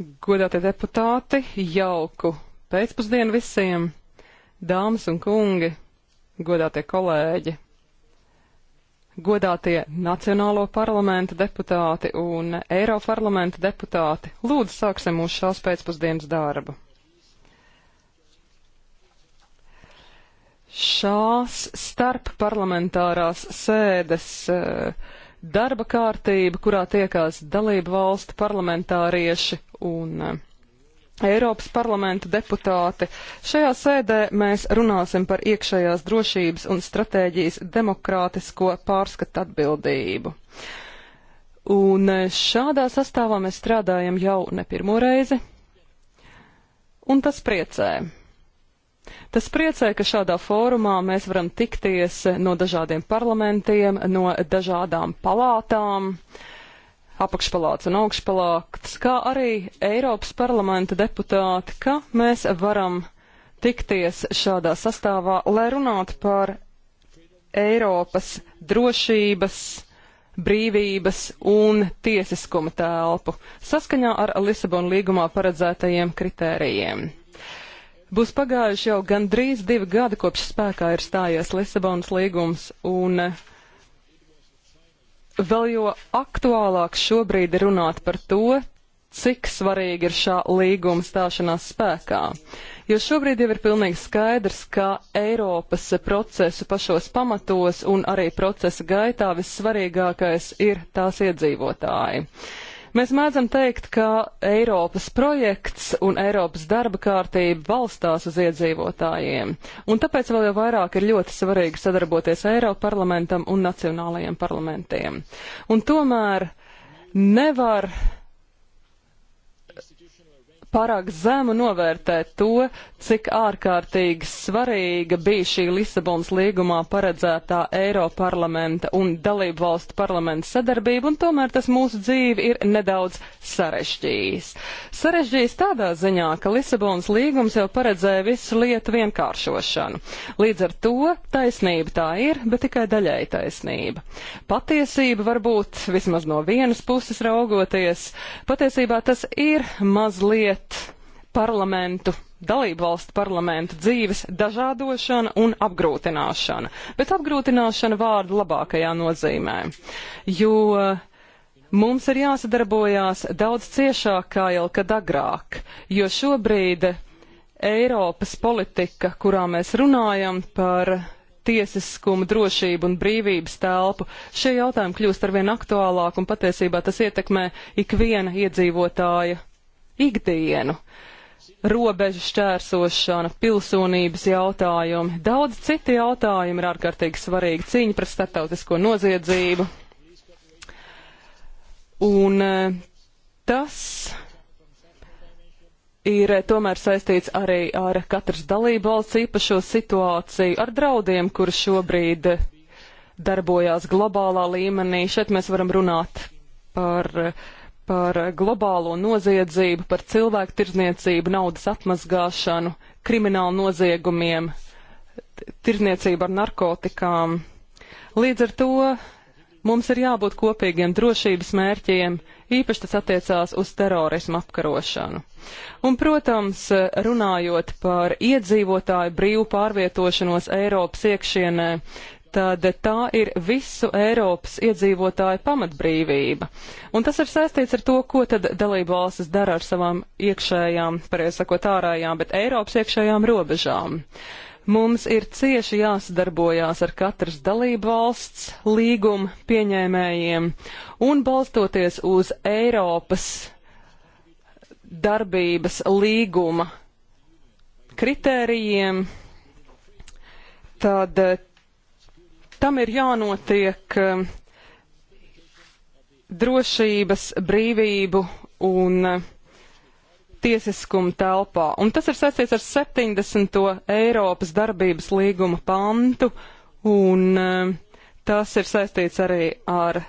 Godātie deputāti, jauku pēcpusdienu visiem, dāmas un kungi, godātie kolēģi, godātie Nacionālo parlamentu deputāti un Eiroparlamenta deputāti, lūdzu sāksim mūsu šās pēcpusdienas darbu. Šās starpparlamentārās sēdes uh, darba kārtība, kurā tiekās dalību valstu parlamentārieši un eh, Eiropas parlamenta deputāti. Šajā sēdē mēs runāsim par iekšējās drošības un stratēģijas demokrātisko pārskatu atbildību. Un eh, šādā sastāvā mēs strādājam jau ne pirmo reizi, un tas priecē. Tas priecē, ka šādā fórumā mēs varam tikties no dažādiem parlamentiem, no dažādām palātām, apakšpalāts un augšpalāts, kā arī Eiropas parlamenta deputāti, ka mēs varam tikties šādā sastāvā, lai runātu par Eiropas drošības, brīvības un tiesiskuma telpu saskaņā ar Lisabonu līgumā paredzētajiem kritērijiem. Būs pagājuši jau gandrīz divi gadi, kopš spēkā ir stājies Lisabonas līgums, un eh, vēl jo aktuālāk šobrīd ir runāt par to, cik svarīgi ir šā līguma stāšanās spēkā. Jo šobrīd jau ir pilnīgi skaidrs, ka Eiropas procesu pašos pamatos un arī procesa gaitā vissvarīgākais ir tās iedzīvotāji. Uh, Mēs mēdzam teikt, ka Eiropas projekts un Eiropas darba kārtība balstās uz iedzīvotājiem, un tāpēc vēl jau vairāk ir ļoti svarīgi sadarboties Eiropa parlamentam un nacionālajiem parlamentiem. Un tomēr nevar pārāk zemu novērtē to, cik ārkārtīgi svarīga bija šī Lisabonas līgumā paredzētā Eiroparlamenta un dalību valstu parlamenta sadarbība, un tomēr tas mūsu dzīvi ir nedaudz sarežģījis. Sarežģījis tādā ziņā, ka Lisabonas līgums jau paredzēja visu lietu vienkāršošanu. Līdz ar to taisnība tā ir, bet tikai daļai taisnība. Patiesība varbūt vismaz no vienas puses raugoties, patiesībā tas ir mazliet pret parlamentu, dalību valstu parlamentu dzīves dažādošana un apgrūtināšana. Bet apgrūtināšana vārdu labākajā nozīmē, jo mums ir jāsadarbojās daudz ciešāk kā jau kad agrāk, jo šobrīd Eiropas politika, kurā mēs runājam par tiesiskumu, drošību un brīvības telpu. Šie jautājumi kļūst arvien aktuālāk un patiesībā tas ietekmē ikviena iedzīvotāja ikdienu. Robežu šķērsošana, pilsonības jautājumi, daudz citi jautājumi ir ārkārtīgi svarīgi. Cīņa pret starptautisko noziedzību. Un eh, tas ir eh, tomēr saistīts arī ar katras dalību valsts īpašo situāciju, ar draudiem, kur šobrīd eh, darbojās globālā līmenī. Šeit mēs varam runāt par uh, par globālo noziedzību, par cilvēku tirzniecību, naudas atmazgāšanu, kriminālu noziegumiem, tirzniecību ar narkotikām. Līdz ar to mums ir jābūt kopīgiem drošības mērķiem, īpaši tas attiecās uz terorismu apkarošanu. Un, protams, runājot par iedzīvotāju brīvu pārvietošanos Eiropas iekšienē, tad tā ir visu Eiropas iedzīvotāju pamatbrīvība. Un tas ir saistīts ar to, ko tad dalību valstis dara ar savām iekšējām, pareizi sakot, ārējām, bet Eiropas iekšējām robežām. Mums ir cieši jāsadarbojās ar katras dalību valsts līguma pieņēmējiem un balstoties uz Eiropas darbības līguma kritērijiem, tad tam ir jānotiek um, drošības, brīvību un um, tiesiskuma telpā. Un tas ir saistīts ar 70. Eiropas darbības līguma pantu, un um, tas ir saistīts arī ar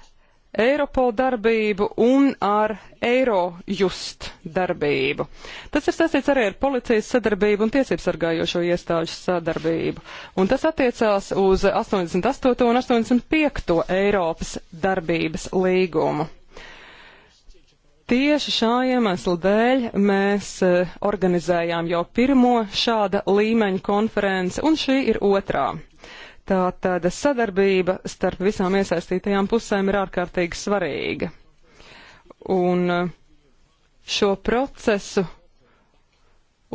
Eiropol darbību un ar Eirojust darbību. Tas ir sasīts arī ar policijas sadarbību un tiesībsargājošo iestāžu sadarbību. Un tas attiecās uz 88. un 85. Eiropas darbības līgumu. Tieši šā iemesla dēļ mēs e, organizējām jau pirmo šāda līmeņa konferenci, un šī ir otrā. Tātad sadarbība starp visām iesaistītajām pusēm ir ārkārtīgi svarīga. Un eh, šo procesu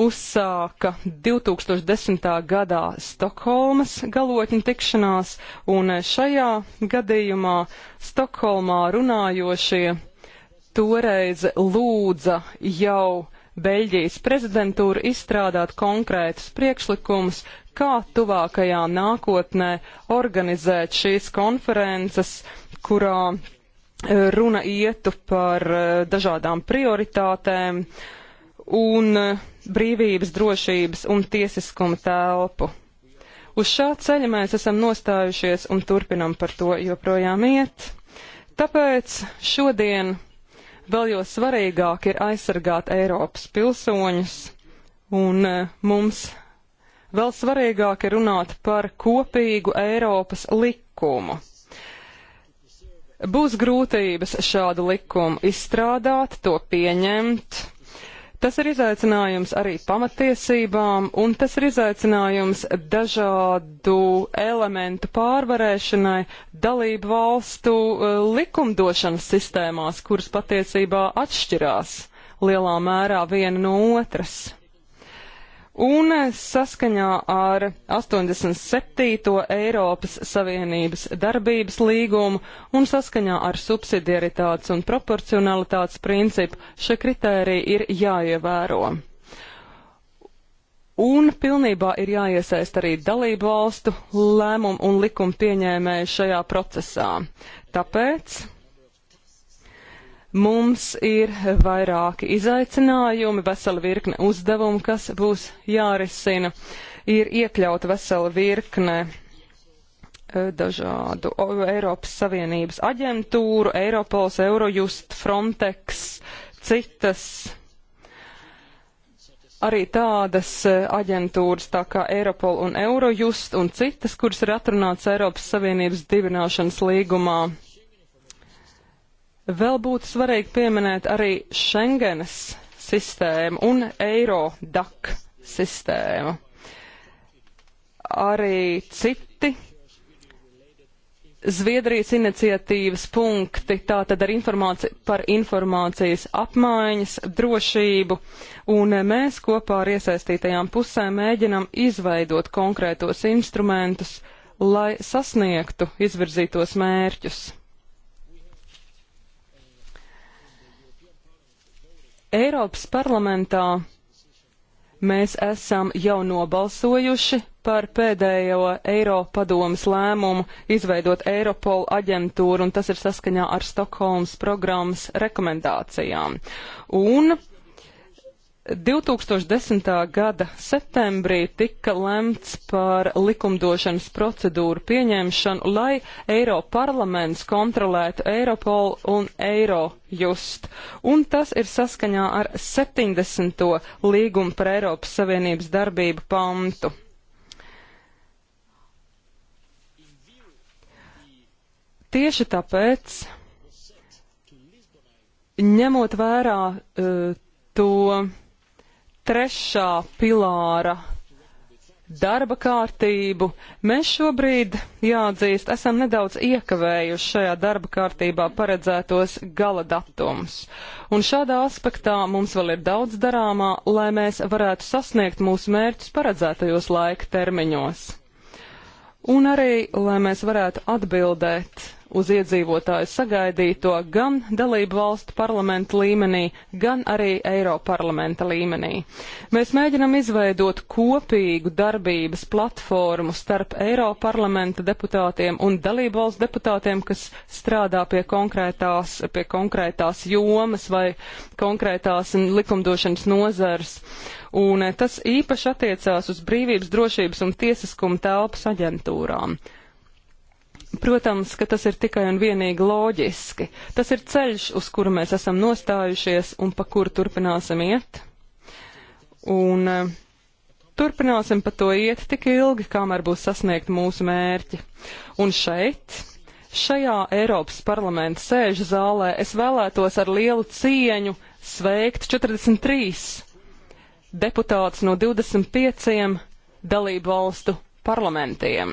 uzsāka 2010. gadā Stokholmas galotņu tikšanās, un eh, šajā gadījumā Stokholmā runājošie toreiz lūdza jau Beļģijas prezidentūru izstrādāt konkrētus priekšlikumus, kā tuvākajā nākotnē organizēt šīs konferences, kurā eh, runa ietu par eh, dažādām prioritātēm un eh, brīvības, drošības un tiesiskuma telpu. Uz šā ceļa mēs esam nostājušies un turpinam par to joprojām iet. Tāpēc šodien vēl jau svarīgāk ir aizsargāt Eiropas pilsoņus, un mums Vēl svarīgāk ir runāt par kopīgu Eiropas likumu. Būs grūtības šādu likumu izstrādāt, to pieņemt. Tas ir izaicinājums arī pamatiesībām, un tas ir izaicinājums dažādu elementu pārvarēšanai dalību valstu eh, likumdošanas sistēmās, kuras patiesībā atšķirās lielā mērā viena no otras un saskaņā ar 87. Eiropas Savienības darbības līgumu un saskaņā ar subsidiaritātes un proporcionalitātes principu šie kritēriji ir jāievēro. Un pilnībā ir jāiesaist arī dalību valstu lēmumu un likumu pieņēmēju šajā procesā. Tāpēc Mums ir vairāki izaicinājumi, vesela virkne uzdevumu, kas būs jārisina. Ir iekļauta vesela virkne e, dažādu Eiropas Savienības aģentūru, Eiropols, Eurojust, Frontex, citas arī tādas e, aģentūras tā kā Eiropol un Eurojust un citas, kuras ir atrunāts Eiropas Savienības dibināšanas līgumā. Vēl būtu svarīgi pieminēt arī Schengenes sistēmu un Eirodak sistēmu. Arī citi Zviedrijas iniciatīvas punkti, tātad ar informāciju, par informācijas apmaiņas drošību, un mēs kopā ar iesaistītajām pusēm mēģinam izveidot konkrētos instrumentus, lai sasniegtu izvirzītos mērķus. Eiropas parlamentā mēs esam jau nobalsojuši par pēdējo Eiropadomas lēmumu izveidot Eiropolu aģentūru, un tas ir saskaņā ar Stokholmas programmas rekomendācijām. Un 2010. gada septembrī tika lemts par likumdošanas procedūru pieņemšanu, lai Eiropa parlaments kontrolētu Eiropolu un Eirojust, un tas ir saskaņā ar 70. līgumu par Eiropas Savienības darbību pantu. Tieši tāpēc, ņemot vērā uh, to, trešā pilāra darba kārtību. Mēs šobrīd, jāatzīst, esam nedaudz iekavējuši šajā darba kārtībā paredzētos gala datums. Un šādā aspektā mums vēl ir daudz darāmā, lai mēs varētu sasniegt mūsu mērķus paredzētajos laika termiņos. Un arī, lai mēs varētu atbildēt uz iedzīvotāju sagaidīto gan dalību valstu parlamentu līmenī, gan arī Eiropa parlamenta līmenī. Mēs mēģinam izveidot kopīgu darbības platformu starp Eiropa parlamenta deputātiem un dalību valstu deputātiem, kas strādā pie konkrētās, pie konkrētās jomas vai konkrētās likumdošanas nozars un eh, tas īpaši attiecās uz brīvības, drošības un tiesiskuma telpas aģentūrām. Protams, ka tas ir tikai un vienīgi loģiski. Tas ir ceļš, uz kuru mēs esam nostājušies un pa kuru turpināsim iet. Un uh, turpināsim pa to iet tik ilgi, kamēr būs sasniegt mūsu mērķi. Un šeit, šajā Eiropas parlamenta sēžu zālē, es vēlētos ar lielu cieņu sveikt 43 deputātus no 25 dalību valstu parlamentiem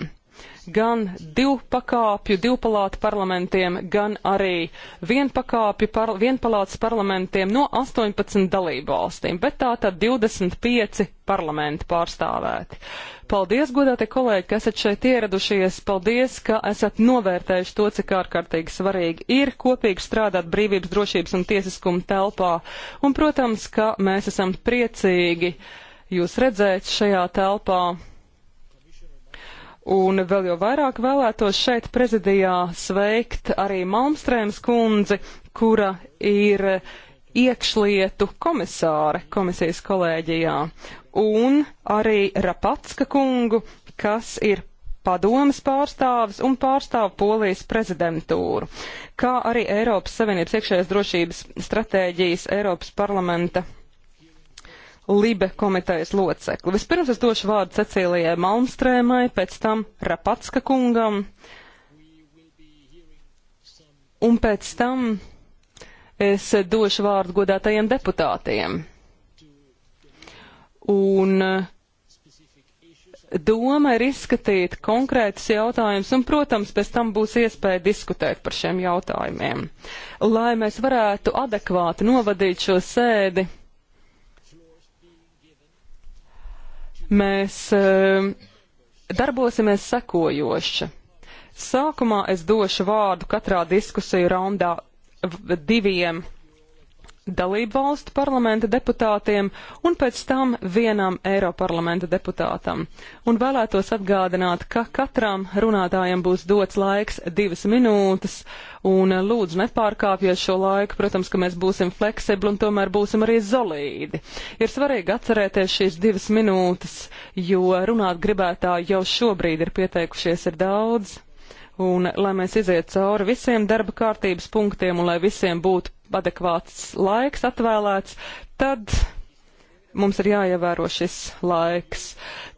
gan divpakāpju, divpalātu parlamentiem, gan arī vienpakāpju, par, vienpalātas parlamentiem no 18 dalību valstīm, bet tā tad 25 parlamenti pārstāvēti. Paldies, godātie kolēģi, ka esat šeit ieradušies. Paldies, ka esat novērtējuši to, cik ārkārtīgi svarīgi ir kopīgi strādāt brīvības, drošības un tiesiskuma telpā. Un, protams, ka mēs esam priecīgi jūs redzēt šajā telpā. Un vēl jau vairāk vēlētos šeit prezidijā sveikt arī Malmstrēms kundzi, kura ir iekšlietu komisāre komisijas kolēģijā, un arī Rapatska kungu, kas ir padomas pārstāvis un pārstāv Polijas prezidentūru, kā arī Eiropas Savienības iekšējās drošības stratēģijas Eiropas parlamenta Libe komitejas locekli. Vispirms es došu vārdu Cecīlijai Malmstrēmai, pēc tam Rapatska kungam, un pēc tam es došu vārdu godātajiem deputātiem. Un eh, doma ir izskatīt konkrētus jautājumus, un, protams, pēc tam būs iespēja diskutēt par šiem jautājumiem. Lai mēs varētu adekvāti novadīt šo sēdi, Mēs eh, darbosimies sekojoši. Sākumā es došu vārdu katrā diskusiju raundā diviem dalību valstu parlamenta deputātiem un pēc tam vienam Eiroparlamenta deputātam. Un vēlētos atgādināt, ka katram runātājam būs dots laiks divas minūtes un eh, lūdzu nepārkāpjies šo laiku. Protams, ka mēs būsim fleksibli un tomēr būsim arī zolīdi. Ir svarīgi atcerēties šīs divas minūtes, jo runāt gribētāji jau šobrīd ir pieteikušies ir daudz un lai mēs iziet cauri visiem darba kārtības punktiem un lai visiem būtu adekvāts laiks atvēlēts, tad mums ir jāievēro šis laiks.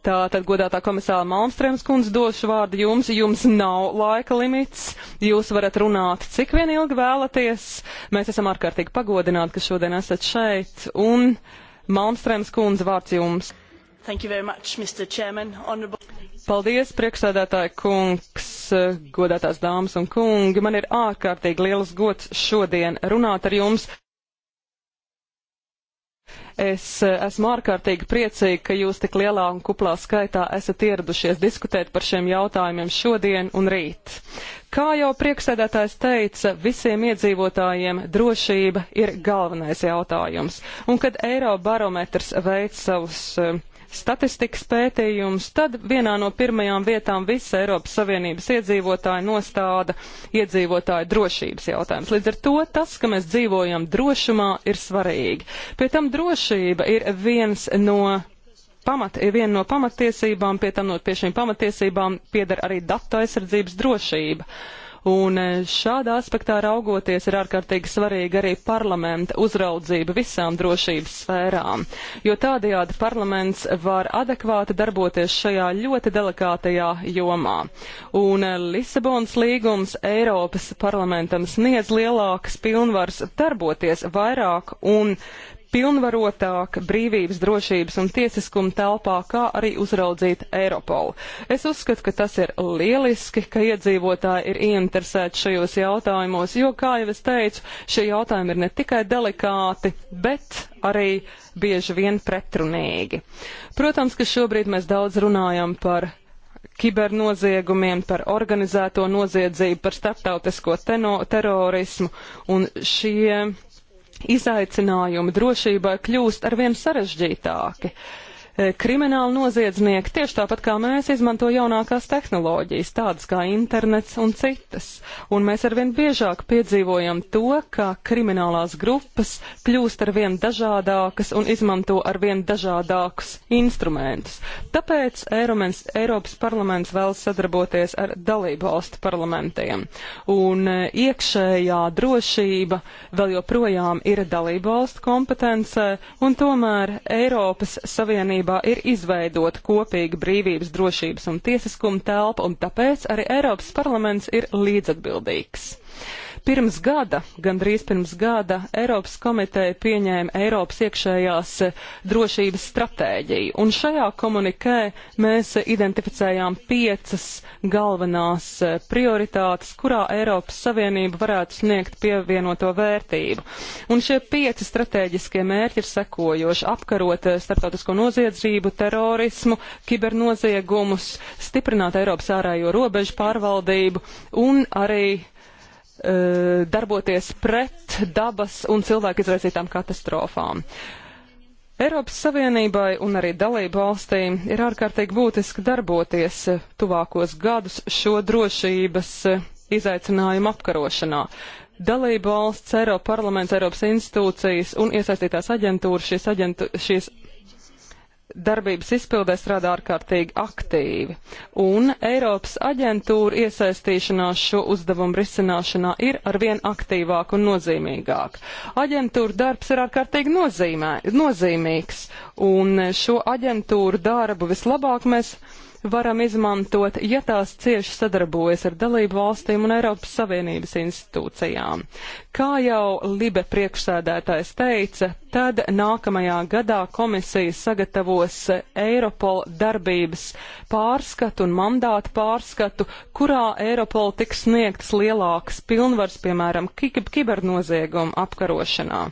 Tā tad, godātā komisāra Malmstrēms kundze, došu vārdu jums. Jums nav laika limits. Jūs varat runāt, cik vien ilgi vēlaties. Mēs esam ārkārtīgi pagodināti, ka šodien esat šeit. Un Malmstrēms kundze, vārds jums. Thank you very much, Mr. Chairman. Honorable... Paldies, priekšsēdētāji kungs, godētās dāmas un kungi. Man ir ārkārtīgi liels gods šodien runāt ar jums. Es esmu ārkārtīgi priecīga, ka jūs tik lielā un kuplā skaitā esat ieradušies diskutēt par šiem jautājumiem šodien un rīt. Kā jau prieksēdētājs teica, visiem iedzīvotājiem drošība ir galvenais jautājums. Un kad Eirobarometrs veic savus uh, statistikas pētījums, tad vienā no pirmajām vietām visa Eiropas Savienības iedzīvotāja nostāda iedzīvotāja drošības jautājums. Līdz ar to tas, ka mēs dzīvojam drošumā, ir svarīgi. Pie tam drošība ir viens no pamat, viena no pamatiesībām, pie tam no pie šīm pamatiesībām pieder arī datu aizsardzības drošība. Un e, šādā aspektā raugoties ir ārkārtīgi svarīga arī parlamenta uzraudzība visām drošības sfērām, jo tādajādi parlaments var adekvāti darboties šajā ļoti delikātajā jomā. Un e, Lisabons līgums Eiropas parlamentam sniedz lielākas pilnvaras darboties vairāk un pilnvarotāk brīvības, drošības un tiesiskuma telpā, kā arī uzraudzīt Eiropolu. Es uzskatu, ka tas ir lieliski, ka iedzīvotāji ir ieinteresēti šajos jautājumos, jo, kā jau es teicu, šie jautājumi ir ne tikai delikāti, bet arī bieži vien pretrunīgi. Protams, ka šobrīd mēs daudz runājam par kibernoziegumiem, par organizēto noziedzību, par starptautisko teno, terorismu, un šie Izaicinājumi drošībai kļūst arvien sarežģītāki. E, krimināli noziedznieki, tieši tāpat kā mēs, izmanto jaunākās tehnoloģijas, tādas kā internets un citas. Un mēs arvien biežāk piedzīvojam to, ka kriminālās grupas kļūst arvien dažādākas un izmanto arvien dažādākus instrumentus. Tāpēc Eiromens, Eiropas parlaments vēlas sadarboties ar dalību valstu parlamentiem. Un e, iekšējā drošība vēl joprojām ir dalību valstu kompetence, un tomēr Eiropas Savienība Savienībā ir izveidota kopīga brīvības, drošības un tiesiskuma telpa, un tāpēc arī Eiropas parlaments ir līdzatbildīgs. Pirms gada, gandrīz pirms gada, Eiropas komiteja pieņēma Eiropas iekšējās eh, drošības stratēģiju, un šajā komunikē mēs identificējām piecas galvenās eh, prioritātes, kurā Eiropas Savienība varētu sniegt pievienoto vērtību. Un šie pieci stratēģiskie mērķi ir sekojoši - apkarot eh, starptautisko noziedzību, terorismu, kibernoziegumus, stiprināt Eiropas ārējo robežu pārvaldību un arī Eh, darboties pret dabas un cilvēku izraisītām katastrofām. Eiropas Savienībai un arī dalību valstīm ir ārkārtīgi būtiski darboties eh, tuvākos gadus šo drošības eh, izaicinājumu apkarošanā. Dalību valsts, Eiropa parlaments, Eiropas institūcijas un iesaistītās aģentūras šīs, aģentu, šīs darbības izpildē strādā ārkārtīgi aktīvi, un Eiropas aģentūra iesaistīšanās šo uzdevumu risināšanā ir arvien aktīvāk un nozīmīgāk. Aģentūra darbs ir ārkārtīgi nozīmē, nozīmīgs, un šo aģentūru darbu vislabāk mēs varam izmantot, ja tās cieši sadarbojas ar dalību valstīm un Eiropas Savienības institūcijām. Kā jau Libe priekšsēdētājs teica, tad nākamajā gadā komisija sagatavos Eiropol darbības pārskatu un mandātu pārskatu, kurā Eiropol tiks sniegtas lielākas pilnvars, piemēram, kibernozieguma apkarošanā.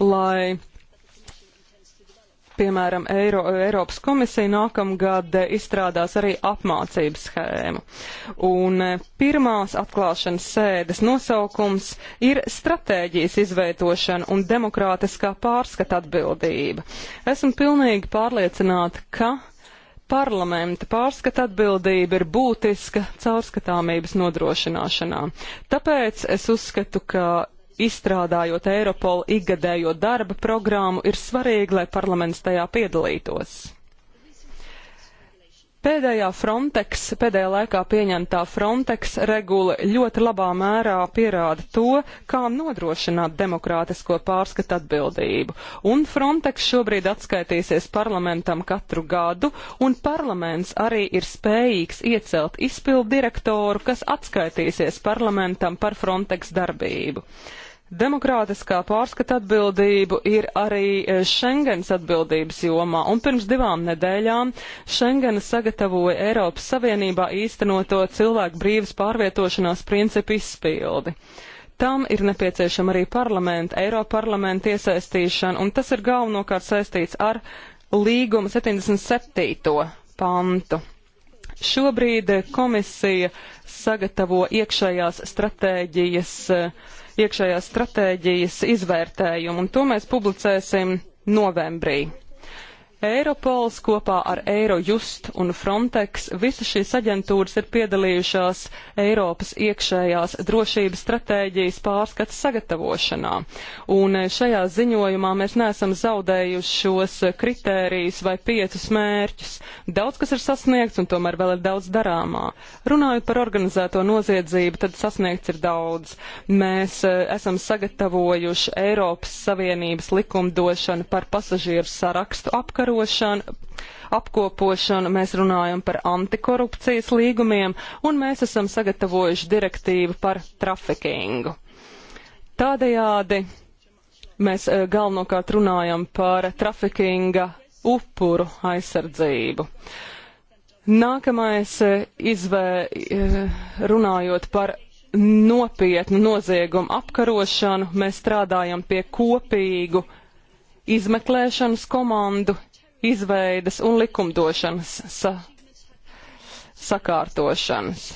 Lai Piemēram, Eiro, Eiropas komisija nākamgad izstrādās arī apmācības schēmu. Un eh, pirmās atklāšanas sēdes nosaukums ir stratēģijas izveidošana un demokrātiskā pārskata atbildība. Esmu pilnīgi pārliecināta, ka parlamenta pārskata atbildība ir būtiska caurskatāmības nodrošināšanā. Tāpēc es uzskatu, ka izstrādājot Eiropola ikgadējo darba programmu, ir svarīgi, lai parlaments tajā piedalītos. Pēdējā Frontex, pēdējā laikā pieņemtā Frontex regula ļoti labā mērā pierāda to, kā nodrošināt demokrātisko pārskatu atbildību. Un Frontex šobrīd atskaitīsies parlamentam katru gadu, un parlaments arī ir spējīgs iecelt izpildu direktoru, kas atskaitīsies parlamentam par Frontex darbību. Demokrātiskā pārskata atbildību ir arī e, Schengens atbildības jomā, un pirms divām nedēļām Schengena sagatavoja Eiropas Savienībā īstenoto cilvēku brīvas pārvietošanās principu izpildi. Tam ir nepieciešama arī parlamenta, Eiropa parlamenta iesaistīšana, un tas ir galvenokārt saistīts ar līguma 77. pantu. Šobrīd e, komisija sagatavo iekšējās stratēģijas uh, iekšējās stratēģijas izvērtējumu, un to mēs publicēsim novembrī. Eiropols kopā ar Eirojust un Frontex visas šīs aģentūras ir piedalījušās Eiropas iekšējās drošības stratēģijas pārskats sagatavošanā. Un šajā ziņojumā mēs neesam zaudējuši šos kritērijus vai piecus mērķus. Daudz kas ir sasniegts un tomēr vēl ir daudz darāmā. Runājot par organizēto noziedzību, tad sasniegts ir daudz. Mēs eh, esam sagatavojuši Eiropas Savienības likumdošanu par pasažieru sarakstu apkarošanu apkarošanu, apkopošanu, mēs runājam par antikorupcijas līgumiem, un mēs esam sagatavojuši direktīvu par trafikingu. Tādējādi mēs eh, galvenokārt runājam par trafikinga upuru aizsardzību. Nākamais eh, izvē, eh, runājot par nopietnu noziegumu apkarošanu, mēs strādājam pie kopīgu izmeklēšanas komandu izveidas un likumdošanas sa sakārtošanas.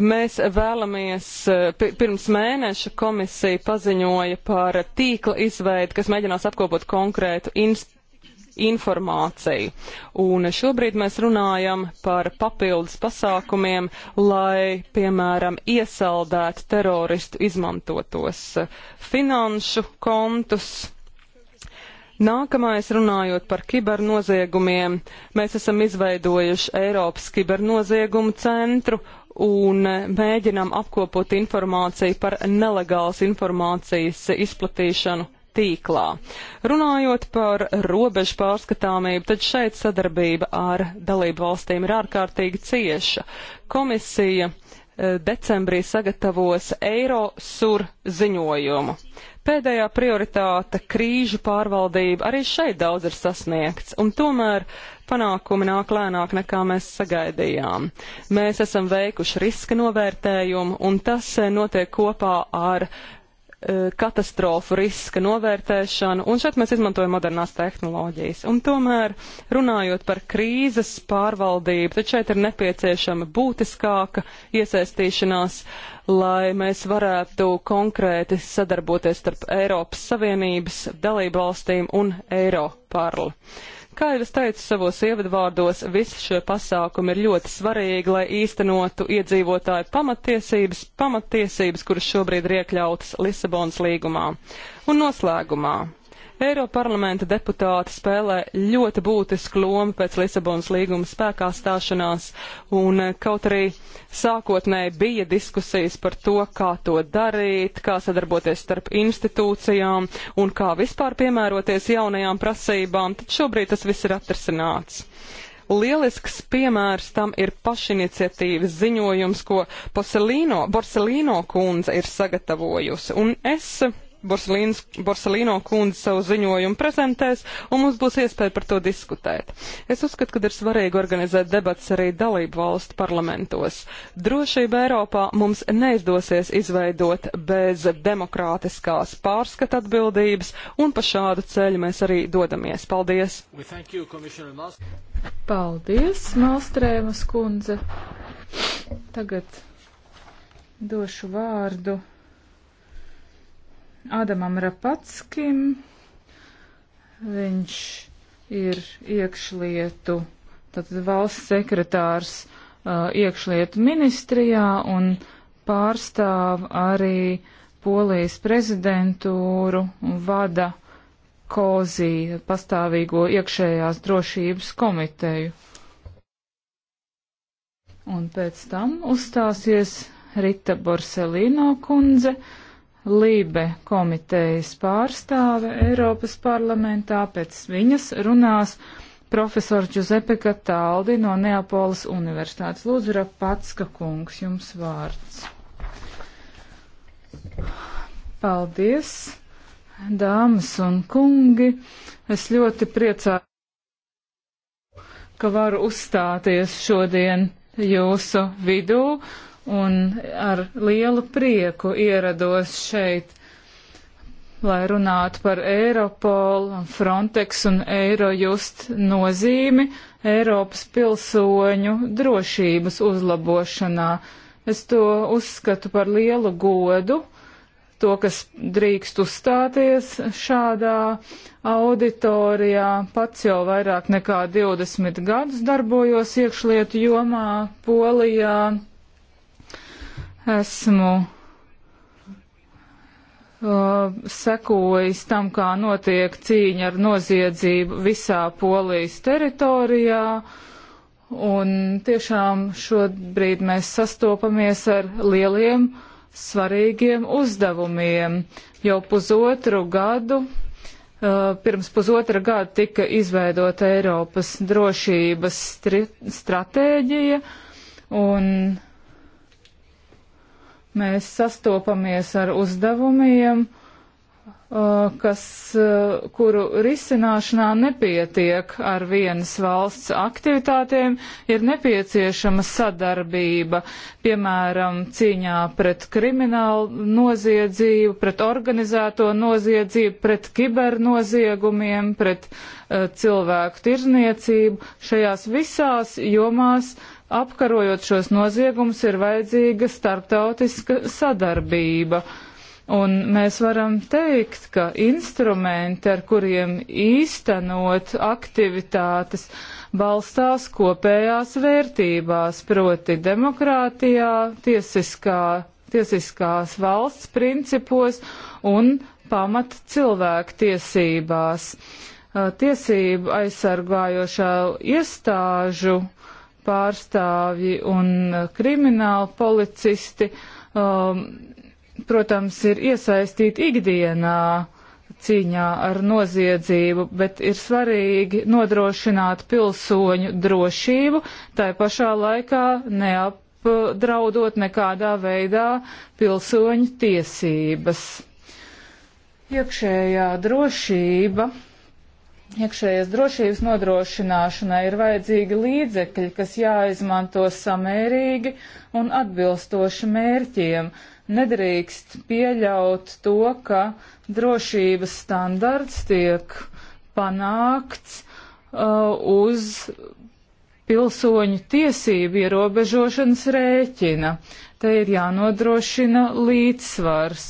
Mēs vēlamies, pirms mēneša komisija paziņoja par tīkla izveidi, kas mēģinās apkopot konkrētu institūciju informāciju. Un šobrīd mēs runājam par papildus pasākumiem, lai, piemēram, iesaldētu teroristu izmantotos finanšu kontus Nākamais runājot par kibernoziegumiem, mēs esam izveidojuši Eiropas kibernoziegumu centru un mēģinām apkopot informāciju par nelegālas informācijas izplatīšanu tīklā. Runājot par robežu pārskatāmību, tad šeit sadarbība ar dalību valstīm ir ārkārtīgi cieša. Komisija eh, decembrī sagatavos Eirosur ziņojumu. Pēdējā prioritāte - krīžu pārvaldība. Arī šeit daudz ir sasniegts, un tomēr panākumi nāk lēnāk nekā mēs sagaidījām. Mēs esam veikuši riska novērtējumu, un tas eh, notiek kopā ar uh, E, katastrofu riska novērtēšanu, un šeit mēs izmantojam modernās tehnoloģijas. Un tomēr, runājot par krīzes pārvaldību, tad šeit ir nepieciešama būtiskāka iesaistīšanās, lai mēs varētu konkrēti sadarboties starp Eiropas Savienības dalību valstīm un Eiroparlu. Kā jau es teicu savos ievadvārdos, visi šie pasākumi ir ļoti svarīgi, lai īstenotu iedzīvotāju pamatiesības, pamatiesības, kuras šobrīd ir iekļautas Lisabonas līgumā. Un noslēgumā. Eiroparlamenta deputāti spēlē ļoti būtisku lomu pēc Lisabonas līguma spēkā stāšanās, un eh, kaut arī sākotnēji bija diskusijas par to, kā to darīt, kā sadarboties starp institūcijām un kā vispār piemēroties jaunajām prasībām, tad šobrīd tas viss ir atrasināts. Lielisks piemērs tam ir pašiniciatīvas ziņojums, ko Porcelino kundze ir sagatavojusi, un es Borsalīns, Borsalīno kundze savu ziņojumu prezentēs, un mums būs iespēja par to diskutēt. Es uzskatu, ka ir svarīgi organizēt debats arī dalību valstu parlamentos. Drošība Eiropā mums neizdosies izveidot bez demokrātiskās pārskata atbildības, un pa šādu ceļu mēs arī dodamies. Paldies! You, Paldies, Malstrēmas kundze! Tagad došu vārdu. Ādamam Rapackim. Viņš ir iekšlietu, tātad valsts sekretārs uh, iekšlietu ministrijā un pārstāv arī Polijas prezidentūru un vada Kozī pastāvīgo iekšējās drošības komiteju. Un pēc tam uzstāsies Rita Borselino kundze Lībe komitejas pārstāve Eiropas parlamentā, pēc viņas runās profesors Giuseppe Cataldi no Neapolas universitātes. Lūdzu, Rapatska kungs, jums vārds. Paldies, dāmas un kungi. Es ļoti priecāju, ka varu uzstāties šodien jūsu vidū un ar lielu prieku ierados šeit, lai runātu par Eiropolu un Frontex un Eirojust nozīmi Eiropas pilsoņu drošības uzlabošanā. Es to uzskatu par lielu godu to, kas drīkst uzstāties šādā auditorijā. Pats jau vairāk nekā 20 gadus darbojos iekšlietu jomā Polijā. Esmu Uh, sekojis tam, kā notiek cīņa ar noziedzību visā Polijas teritorijā. Un tiešām šobrīd mēs sastopamies ar lieliem, svarīgiem uzdevumiem. Jau pusotru gadu, uh, pirms pusotra gada tika izveidota Eiropas drošības stratēģija, un mēs sastopamies ar uzdevumiem, uh, kas, uh, kuru risināšanā nepietiek ar vienas valsts aktivitātēm, ir nepieciešama sadarbība, piemēram, cīņā pret kriminālu noziedzību, pret organizēto noziedzību, pret kibernoziegumiem, pret uh, cilvēku tirzniecību. Šajās visās jomās uh, apkarojot šos noziegumus, ir vajadzīga starptautiska sadarbība. Un mēs varam teikt, ka instrumenti, ar kuriem īstenot aktivitātes, balstās kopējās vērtībās, proti demokrātijā, tiesiskā, tiesiskās valsts principos un pamat cilvēktiesībās. Tiesību aizsargājošā iestāžu uh, pārstāvji un eh, krimināli policisti, um, protams, ir iesaistīti ikdienā cīņā ar noziedzību, bet ir svarīgi nodrošināt pilsoņu drošību, tai pašā laikā neapdraudot nekādā veidā pilsoņu tiesības. Iekšējā drošība iekšējas drošības nodrošināšanai ir vajadzīgi līdzekļi, kas jāizmanto samērīgi un atbilstoši mērķiem. Nedrīkst pieļaut to, ka drošības standarts tiek panākts uh, uz pilsoņu tiesību ierobežošanas rēķina. Te ir jānodrošina līdzsvars.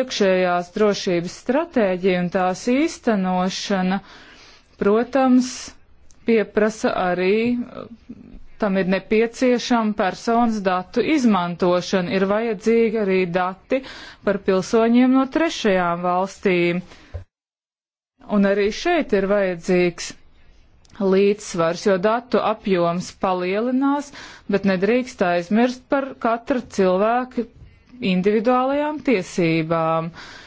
Iekšējās drošības stratēģija un tās īstenošana uh, Protams, pieprasa arī, tam ir nepieciešama personas datu izmantošana, ir vajadzīgi arī dati par pilsoņiem no trešajām valstīm. Un arī šeit ir vajadzīgs līdzsvars, jo datu apjoms palielinās, bet nedrīkst aizmirst par katra cilvēka individuālajām tiesībām. Uh,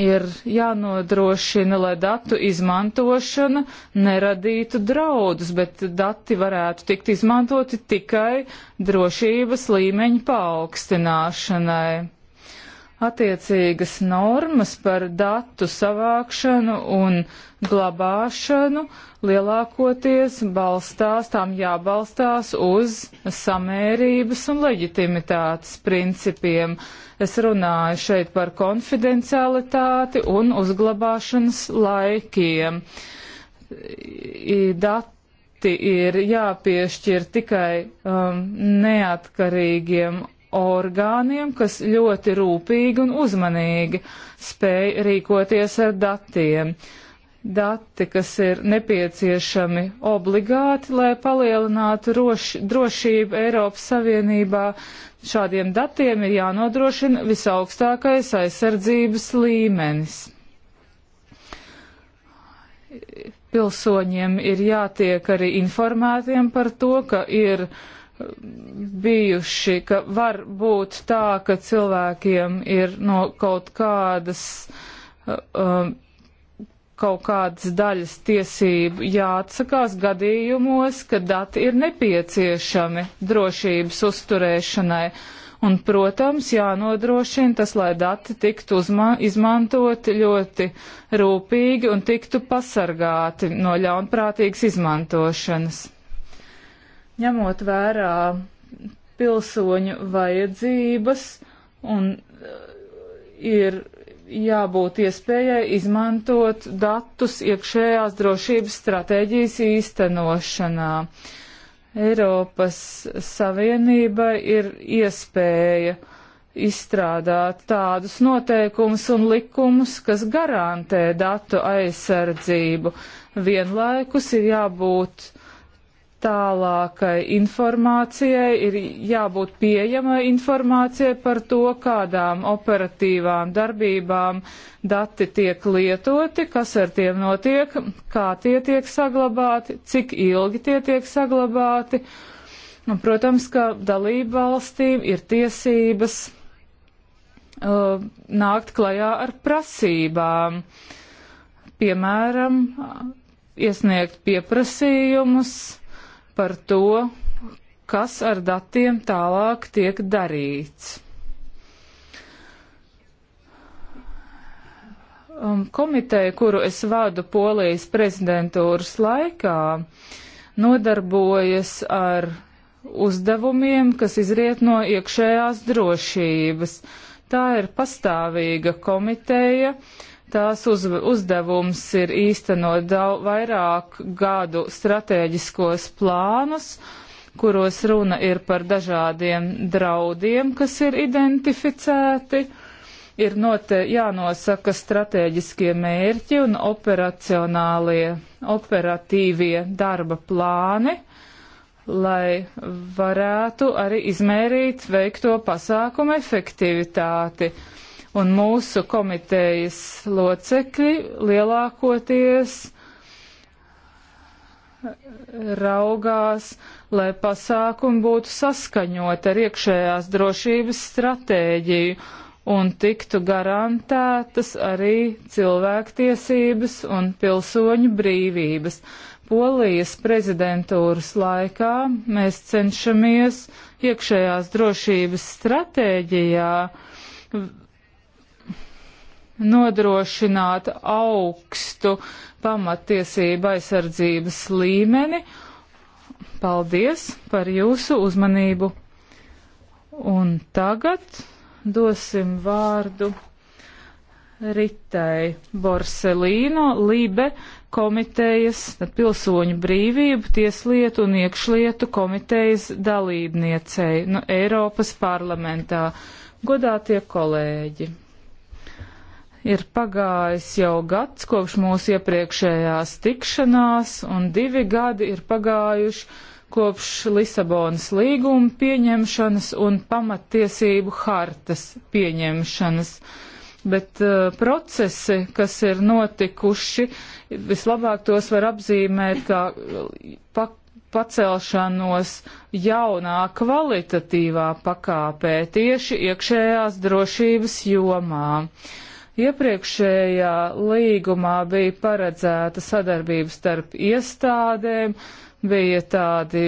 ir jānodrošina, lai datu izmantošana neradītu draudus, bet dati varētu tikt izmantoti tikai drošības līmeņa paaugstināšanai attiecīgas normas par datu savākšanu un glabāšanu lielākoties balstās, tām jābalstās uz samērības un leģitimitātes principiem. Es runāju šeit par konfidencialitāti un uzglabāšanas laikiem. I dati ir jāpiešķir tikai um, neatkarīgiem orgāniem, kas ļoti rūpīgi un uzmanīgi spēj rīkoties ar datiem. Dati, kas ir nepieciešami obligāti, lai palielinātu roši, drošību Eiropas Savienībā, šādiem datiem ir jānodrošina visaugstākais aizsardzības līmenis. Pilsoņiem ir jātiek arī informētiem par to, ka ir uh, bijuši, ka var būt tā, ka cilvēkiem ir no kaut kādas, uh, um, kaut kādas daļas tiesību jāatsakās gadījumos, ka dati ir nepieciešami drošības uzturēšanai. Un, protams, jānodrošina tas, lai dati tiktu izmantoti ļoti rūpīgi un tiktu pasargāti no ļaunprātīgas izmantošanas ņemot vērā pilsoņu vajadzības un e, ir jābūt iespējai izmantot datus iekšējās drošības stratēģijas īstenošanā. Eiropas Savienība ir iespēja izstrādāt tādus noteikumus un likumus, kas garantē datu aizsardzību. Vienlaikus ir jābūt tālākai informācijai, ir jābūt pieejamai informācijai par to, kādām operatīvām darbībām dati tiek lietoti, kas ar tiem notiek, kā tie tiek saglabāti, cik ilgi tie tiek saglabāti. Un, protams, ka dalību valstīm ir tiesības uh, nākt klajā ar prasībām. Piemēram, iesniegt pieprasījumus, par to, kas ar datiem tālāk tiek darīts. Um, komiteja, kuru es vadu Polijas prezidentūras laikā, nodarbojas ar uzdevumiem, kas izriet no iekšējās drošības. Tā ir pastāvīga komiteja, uh, Tās uz, uzdevums ir īstenot daudz vairāk gadu stratēģiskos plānus, kuros runa ir par dažādiem draudiem, kas ir identificēti. Ir note, jānosaka strateģiskie mērķi un operacionālie, operatīvie darba plāni, lai varētu arī izmērīt veikto pasākumu efektivitāti un mūsu komitejas locekļi lielākoties raugās, lai pasākumi būtu saskaņot ar iekšējās drošības stratēģiju un tiktu garantētas arī cilvēktiesības un pilsoņu brīvības. Polijas prezidentūras laikā mēs cenšamies iekšējās drošības stratēģijā nodrošināt augstu pamatiesību aizsardzības līmeni. Paldies par jūsu uzmanību. Un tagad dosim vārdu Ritai Borselīno, Libe komitejas, pilsoņu brīvību, tieslietu un iekšlietu komitejas dalībniecei no Eiropas parlamentā. Godātie kolēģi! Ir pagājis jau gads kopš mūsu iepriekšējās tikšanās, un divi gadi ir pagājuši kopš Lisabonas līguma pieņemšanas un pamattiesību hartas pieņemšanas. Bet uh, procesi, kas ir notikuši, vislabāk tos var apzīmēt kā uh, pak pacelšanos jaunā kvalitatīvā pakāpē tieši iekšējās drošības jomā. Uh, Iepriekšējā līgumā bija paredzēta sadarbība starp iestādēm, bija tādi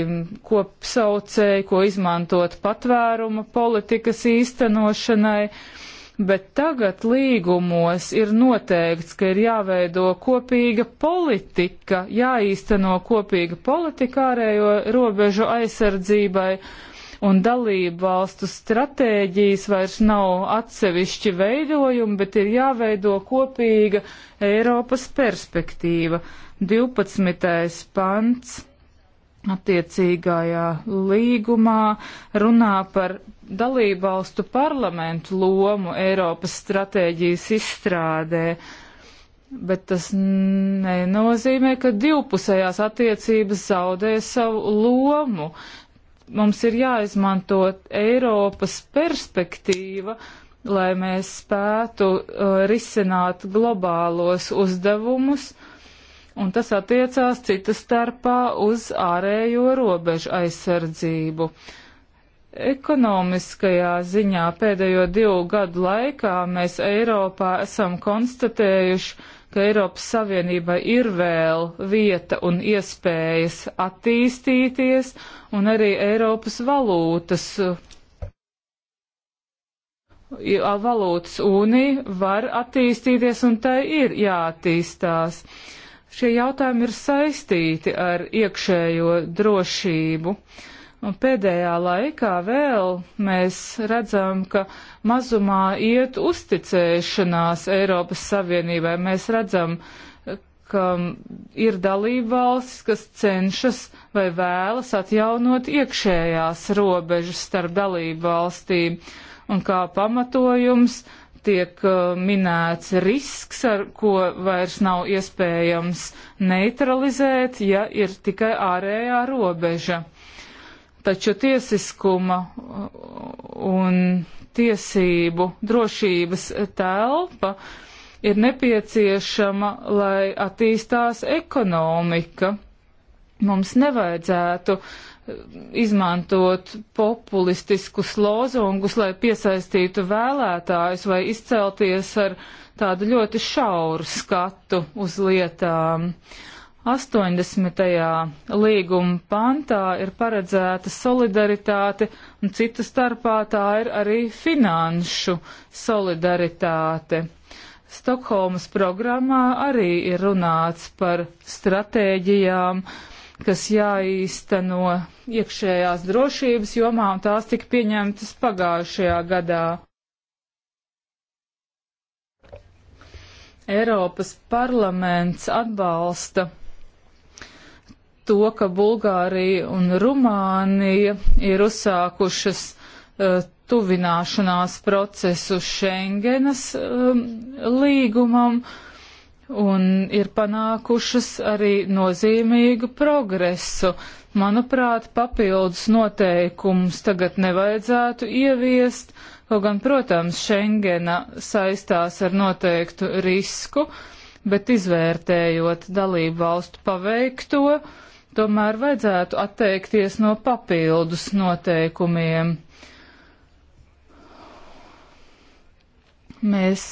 kopsaucēji, ko izmantot patvēruma politikas īstenošanai, bet tagad līgumos ir noteikts, ka ir jāveido kopīga politika, jāīsteno kopīga politika ārējo robežu aizsardzībai un dalību valstu stratēģijas vairs nav atsevišķi veidojumi, bet ir jāveido kopīga Eiropas perspektīva. 12. pants attiecīgajā līgumā runā par dalību valstu parlamentu lomu Eiropas stratēģijas izstrādē. Bet tas nenozīmē, ka divpusējās attiecības zaudē savu lomu mums ir jāizmanto Eiropas perspektīva, lai mēs spētu uh, risināt globālos uzdevumus, un tas attiecās cita starpā uz ārējo robežu aizsardzību. Ekonomiskajā ziņā pēdējo divu gadu laikā mēs Eiropā esam konstatējuši, ka Eiropas Savienība ir vēl vieta un iespējas attīstīties, un arī Eiropas valūtas, valūtas unija var attīstīties, un tai ir jāattīstās. Šie jautājumi ir saistīti ar iekšējo drošību. Un pēdējā laikā vēl mēs redzam, ka uh, mazumā iet uzticēšanās Eiropas Savienībai. Mēs redzam, ka ir dalībvalstis, kas cenšas vai vēlas atjaunot iekšējās robežas starp dalībvalstīm. Un kā pamatojums tiek uh, minēts risks, ar ko vairs nav iespējams neutralizēt, ja ir tikai ārējā robeža. Taču tiesiskuma un tiesību drošības telpa ir nepieciešama, lai attīstās ekonomika. Mums nevajadzētu eh, izmantot populistiskus lozungus, lai piesaistītu vēlētājus vai izcelties ar tādu ļoti šauru skatu uz lietām. Uh, 80. līguma pantā ir paredzēta solidaritāte, un cita starpā tā ir arī finanšu solidaritāte. Stokholmas programmā arī ir runāts par stratēģijām, kas jāīsteno iekšējās drošības jomā, un tās tika pieņemtas pagājušajā gadā. Eiropas parlaments atbalsta to, ka Bulgārija un Rumānija ir uzsākušas uh, tuvināšanās procesu Schengenas um, līgumam un ir panākušas arī nozīmīgu progresu. Manuprāt, papildus noteikums tagad nevajadzētu ieviest, kaut gan, protams, Schengena saistās ar noteiktu risku, bet izvērtējot dalību valstu paveikto, uh, tomēr vajadzētu atteikties no papildus noteikumiem. Mēs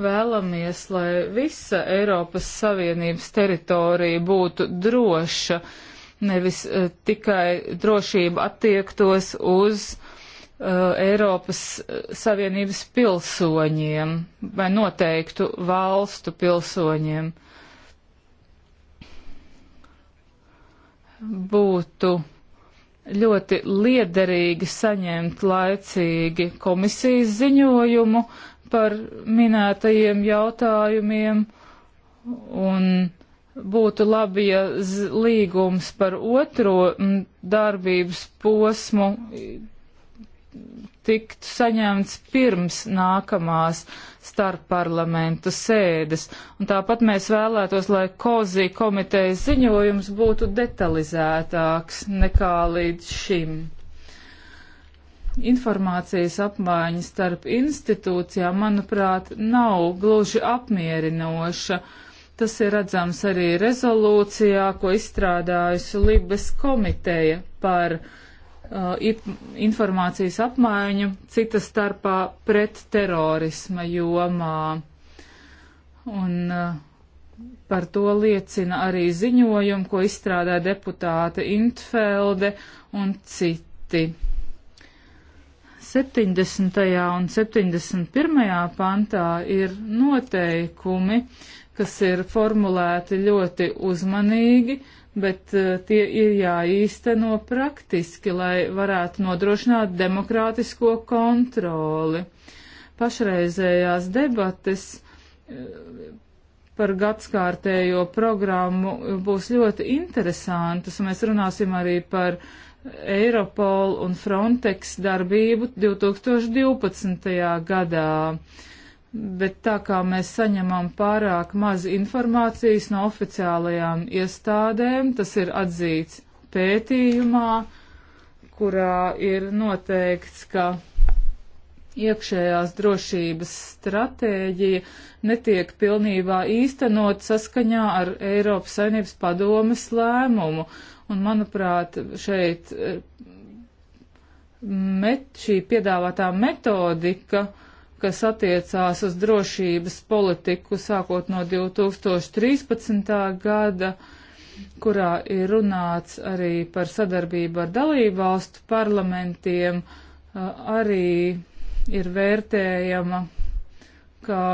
vēlamies, lai visa Eiropas Savienības teritorija būtu droša, nevis uh, tikai drošība attiektos uz uh, Eiropas eh, Savienības pilsoņiem vai noteiktu valstu pilsoņiem. būtu ļoti liederīgi saņemt laicīgi komisijas ziņojumu par minētajiem jautājumiem un būtu labi, ja līgums par otro darbības posmu tiktu saņemts pirms nākamās starpparlamentu sēdes. Un tāpat mēs vēlētos, lai kozī komitejas ziņojums būtu detalizētāks nekā līdz šim. Informācijas apmaiņa starp institūcijām, manuprāt, nav gluži apmierinoša. Tas ir redzams arī rezolūcijā, ko izstrādājusi Libes komiteja par uh, Uh, informācijas apmaiņu, cita starpā pret terorisma jomā. Un uh, par to liecina arī ziņojumi, ko izstrādā deputāte Intfelde un citi. 70. un 71. pantā ir noteikumi, kas ir formulēti ļoti uzmanīgi, bet eh, tie ir jāīsteno praktiski, lai varētu nodrošināt demokrātisko kontroli. Pašreizējās debates eh, par gadskārtējo programmu būs ļoti interesantas, un mēs runāsim arī par Eiropol un Frontex darbību 2012. gadā bet tā kā mēs saņemam pārāk maz informācijas no oficiālajām iestādēm, tas ir atzīts pētījumā, kurā ir noteikts, ka iekšējās drošības stratēģija netiek pilnībā īstenot saskaņā ar Eiropas Savienības padomes lēmumu. Un, manuprāt, šeit eh, met, šī piedāvātā metodika, uh, kas attiecās uz drošības politiku sākot no 2013. gada, kurā ir runāts arī par sadarbību ar dalībvalstu parlamentiem, arī ir vērtējama kā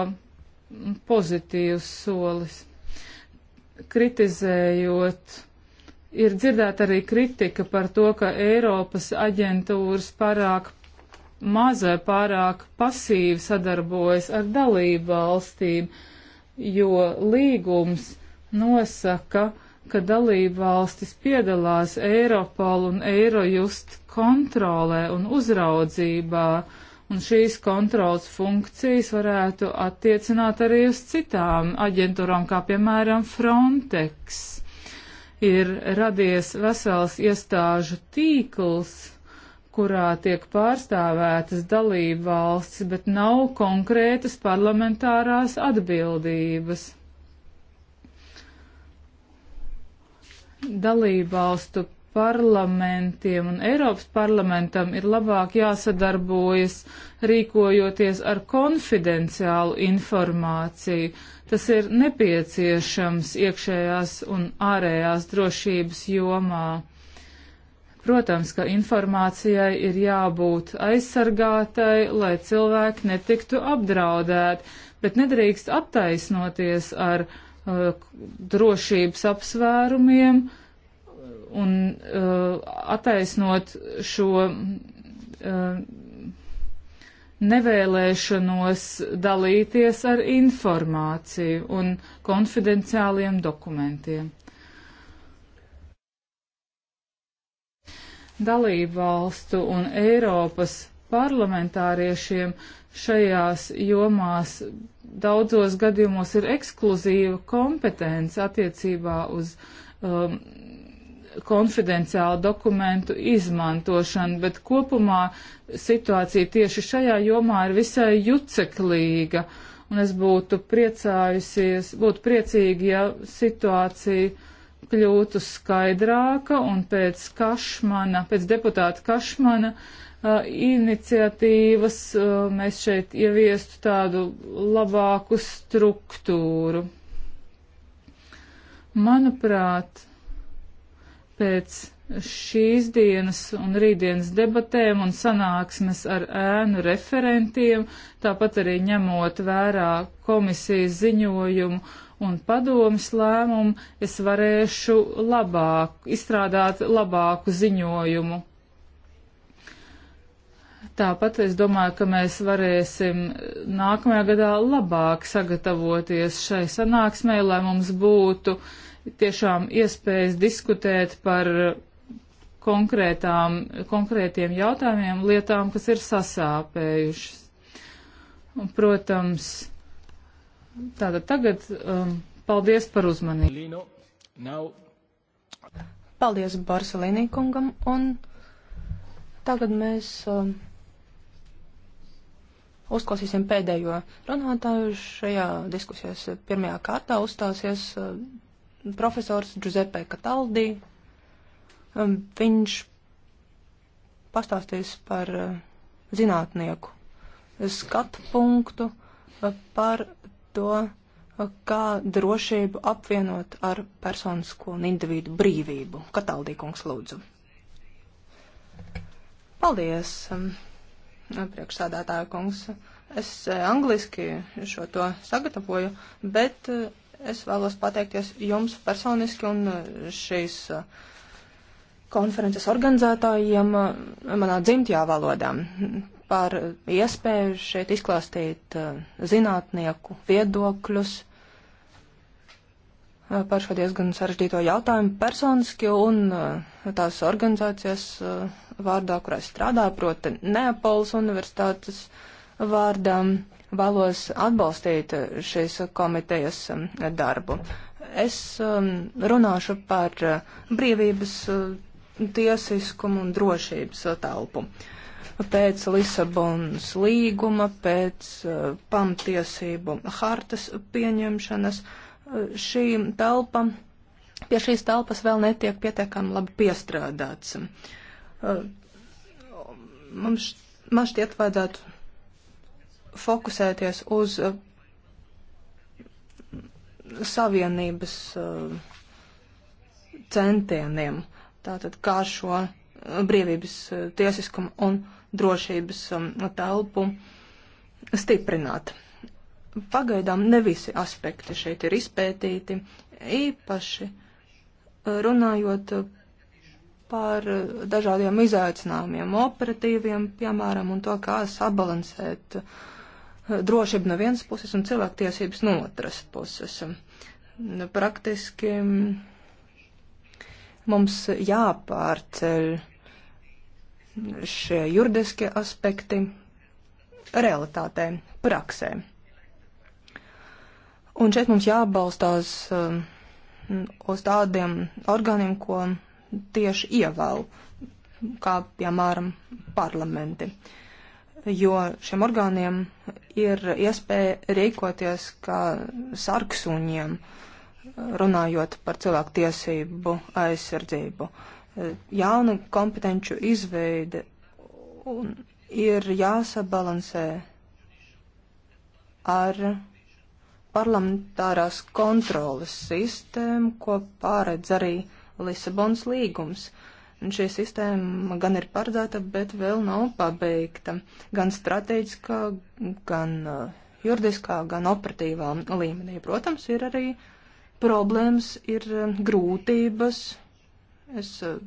pozitīvs solis. Kritizējot, ir dzirdēta arī kritika par to, ka Eiropas aģentūras pārāk maza, pārāk pasīvi sadarbojas ar dalību valstīm, jo līgums nosaka, ka dalību valstis piedalās Eiropol un Eirojust kontrolē un uzraudzībā, un šīs kontrolas funkcijas varētu attiecināt arī uz citām aģentūrām, kā piemēram Frontex. Ir radies vesels iestāžu tīkls, kurā tiek pārstāvētas dalību valsts, bet nav konkrētas parlamentārās atbildības. Dalībvalstu parlamentiem un Eiropas parlamentam ir labāk jāsadarbojas, rīkojoties ar konfidenciālu informāciju. Tas ir nepieciešams iekšējās un ārējās drošības jomā Protams, ka informācijai ir jābūt aizsargātai, lai cilvēki netiktu apdraudēti, bet nedrīkst attaisnoties ar uh, drošības apsvērumiem un uh, attaisnot šo uh, nevēlēšanos dalīties ar informāciju un konfidenciāliem dokumentiem. dalību valstu un Eiropas parlamentāriešiem šajās jomās daudzos gadījumos ir ekskluzīva kompetence attiecībā uz um, konfidenciālu dokumentu izmantošanu, bet kopumā situācija tieši šajā jomā ir visai juceklīga, un es būtu priecājusies, būtu priecīgi, ja situācija kļūtu skaidrāka un pēc Kašmana, pēc deputāta Kašmana uh, iniciatīvas uh, mēs šeit ieviestu tādu labāku struktūru. Manuprāt, pēc šīs dienas un rītdienas debatēm un sanāksmes ar ēnu referentiem, tāpat arī ņemot vērā komisijas ziņojumu un padomas lēmumu, es varēšu labāk, izstrādāt labāku ziņojumu. Tāpat es domāju, ka mēs varēsim nākamajā gadā labāk sagatavoties šai sanāksmē, lai mums būtu tiešām iespējas diskutēt par konkrētām, konkrētiem jautājumiem, lietām, kas ir sasāpējušas. Un, protams, Tātad tagad um, paldies par uzmanību. Paldies Barcelīnī kungam, un tagad mēs um, uzklausīsim pēdējo runātāju šajā diskusijas pirmajā kārtā uzstāsies uh, profesors Giuseppe Cataldi. Um, viņš pastāstīs par uh, zinātnieku skatu punktu uh, par to, kā drošību apvienot ar personisko un individu brīvību. Kataldīkungs lūdzu. Paldies, um, priekšsādātāja kungs. Es eh, angliski šo to sagatavoju, bet eh, es vēlos pateikties jums personiski un eh, šīs konferences organizētājiem manā dzimtajā valodā par iespēju šeit izklāstīt eh, zinātnieku viedokļus eh, par šo diezgan sarežģīto jautājumu personiski un eh, tās organizācijas vārdā, kurā es strādāju, proti Neapols universitātes vārdā, vēlos atbalstīt šīs komitejas darbu. Es runāšu par brīvības, tiesiskumu un drošības telpu. Uh, ka pēc Lisabonas līguma, pēc uh, pamtiesību hartas pieņemšanas uh, šī telpa, pie šīs telpas vēl netiek pietiekami labi piestrādāts. Uh, mums, man šķiet, vajadzētu fokusēties uz uh, savienības uh, centieniem, tātad kā šo brīvības uh, tiesiskumu un drošības um, telpu stiprināt. Pagaidām ne visi aspekti šeit ir izpētīti, īpaši uh, runājot par dažādiem izaicinājumiem, operatīviem, piemēram, un to, kā sabalansēt uh, drošību no vienas puses un cilvēktiesības no otras puses. Nu, praktiski mm, mums jāpārceļ šie juridiskie aspekti realitātē, praksē. Un šeit mums jābalstās uh, uz tādiem orgāniem, ko tieši ievēl, kā piemēram parlamenti. Jo šiem orgāniem ir iespēja rīkoties kā sarksuņiem, runājot par cilvēku tiesību aizsardzību. Uh, E, jaunu kompetenču izveide un ir jāsabalansē ar parlamentārās kontrolas sistēmu, ko pāredz arī Lisabons līgums. Un šī sistēma gan ir paredzēta, bet vēl nav pabeigta. Gan strateģiskā, gan e, juridiskā, gan operatīvā līmenī. Protams, ir arī problēmas, ir e, grūtības Es uh,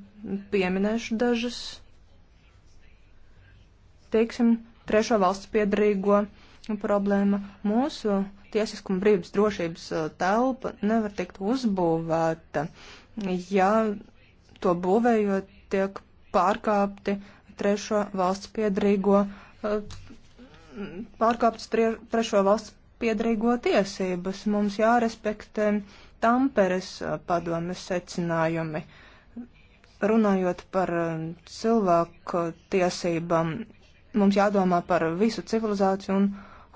pieminēšu dažas, teiksim, trešo valsts piedrīgo problēma. Mūsu tiesiskuma brīvības drošības uh, telpa nevar tikt uzbūvēta, ja to būvējot tiek pārkāpti trešo valsts piedrīgo, uh, pārkāptas trešo valsts piedrīgo tiesības. Mums jārespektē Tamperes padomes secinājumi. Uh, runājot par um, cilvēku tiesībām, mums jādomā par visu civilizāciju un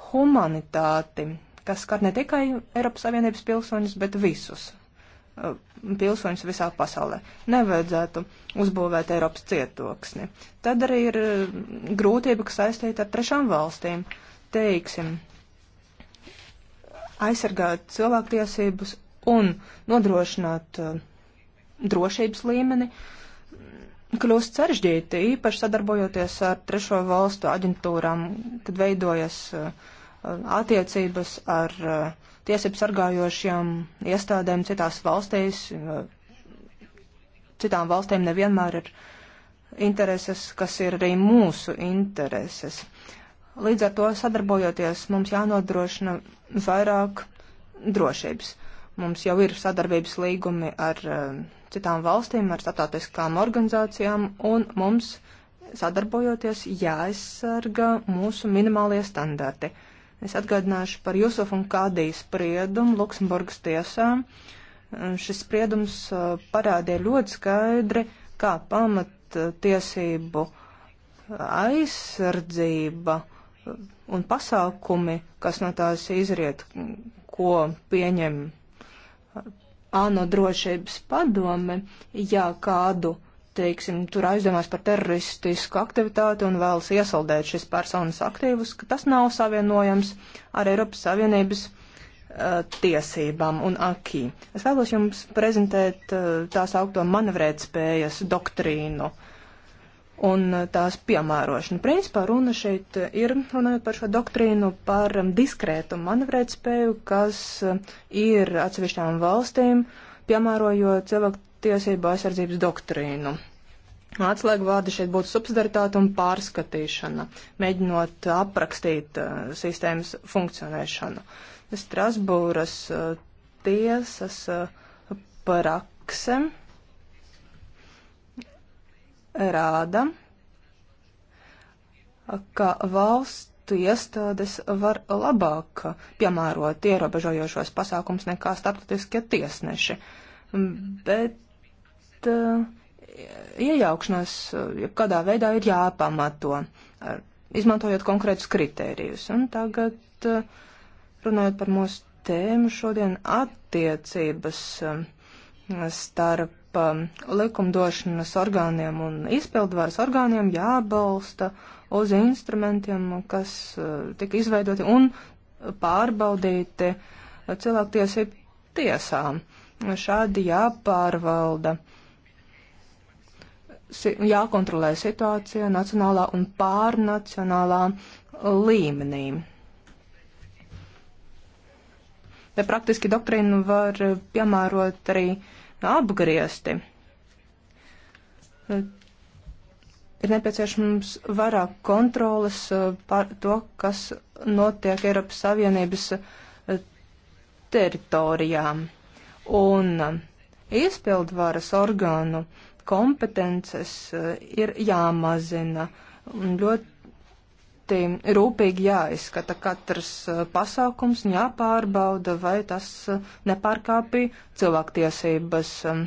humanitāti, kas skar ne tikai Eiropas Savienības pilsoņus, bet visus uh, pilsoņus visā pasaulē. Nevajadzētu uzbūvēt Eiropas cietoksni. Tad arī ir uh, grūtība, kas saistīta ar trešām valstīm. Teiksim, aizsargāt cilvēktiesības un nodrošināt uh, drošības līmeni, uh, kļūst sarežģīti, īpaši sadarbojoties ar trešo valstu aģentūrām, kad veidojas uh, attiecības ar uh, tiesību sargājošiem iestādēm citās valstīs. Uh, citām valstīm nevienmēr ir intereses, kas ir arī mūsu intereses. Līdz ar to sadarbojoties, mums jānodrošina vairāk drošības. Mums jau ir sadarbības līgumi ar uh, citām valstīm, ar starptautiskām organizācijām, un mums, sadarbojoties, jāaizsarga mūsu minimālie standarti. Es atgādināšu par Jusuf un Kādijas spriedumu Luksemburgas tiesā. Šis spriedums uh, parādīja ļoti skaidri, kā pamattiesību aizsardzība uh, un pasākumi, kas no tās izriet, ko pieņem uh, ANO drošības padome, ja kādu, teiksim, tur aizdomās par teroristisku aktivitāti un vēlas iesaldēt šis personas aktīvus, ka tas nav savienojams ar Eiropas Savienības uh, tiesībām un akī. Es vēlos jums prezentēt uh, tās augto manevrētspējas doktrīnu. Uh, un tās piemērošanu. Principā runa šeit ir, runājot par šo doktrīnu, par um, diskrētu manevrētspēju, kas uh, ir atsevišķām valstīm, piemērojot cilvēku tiesību aizsardzības doktrīnu. Atslēga vārdi šeit būtu subsidaritāte un pārskatīšana, mēģinot aprakstīt uh, sistēmas funkcionēšanu. Strasbūras uh, tiesas uh, prakse. Uh, rāda, ka valstu iestādes var labāk piemērot ierobežojošos pasākums nekā starptautiskie tiesneši. Bet uh, iejaukšanās eh, kādā veidā ir jāpamato, ar, izmantojot konkrētus kritērijus. Un tagad, eh, runājot par mūsu tēmu, šodien attiecības starp starp um, likumdošanas orgāniem un izpildvaras orgāniem jābalsta uz instrumentiem, kas uh, tika izveidoti un pārbaudīti cilvēktiesību tiesām. Šādi jāpārvalda, si jākontrolē situācija nacionālā un pārnacionālā līmenī. Te praktiski doktrīnu var piemērot arī uh, apgriezti. Ir nepieciešams vairāk kontrolas eh, par to, kas notiek Eiropas Savienības eh, teritorijām. Un eh, izpildvaras orgānu kompetences ir jāmazina. Ļoti ļoti rūpīgi jāizskata katrs eh, pasākums un jāpārbauda, vai tas eh, nepārkāpj cilvēktiesības eh,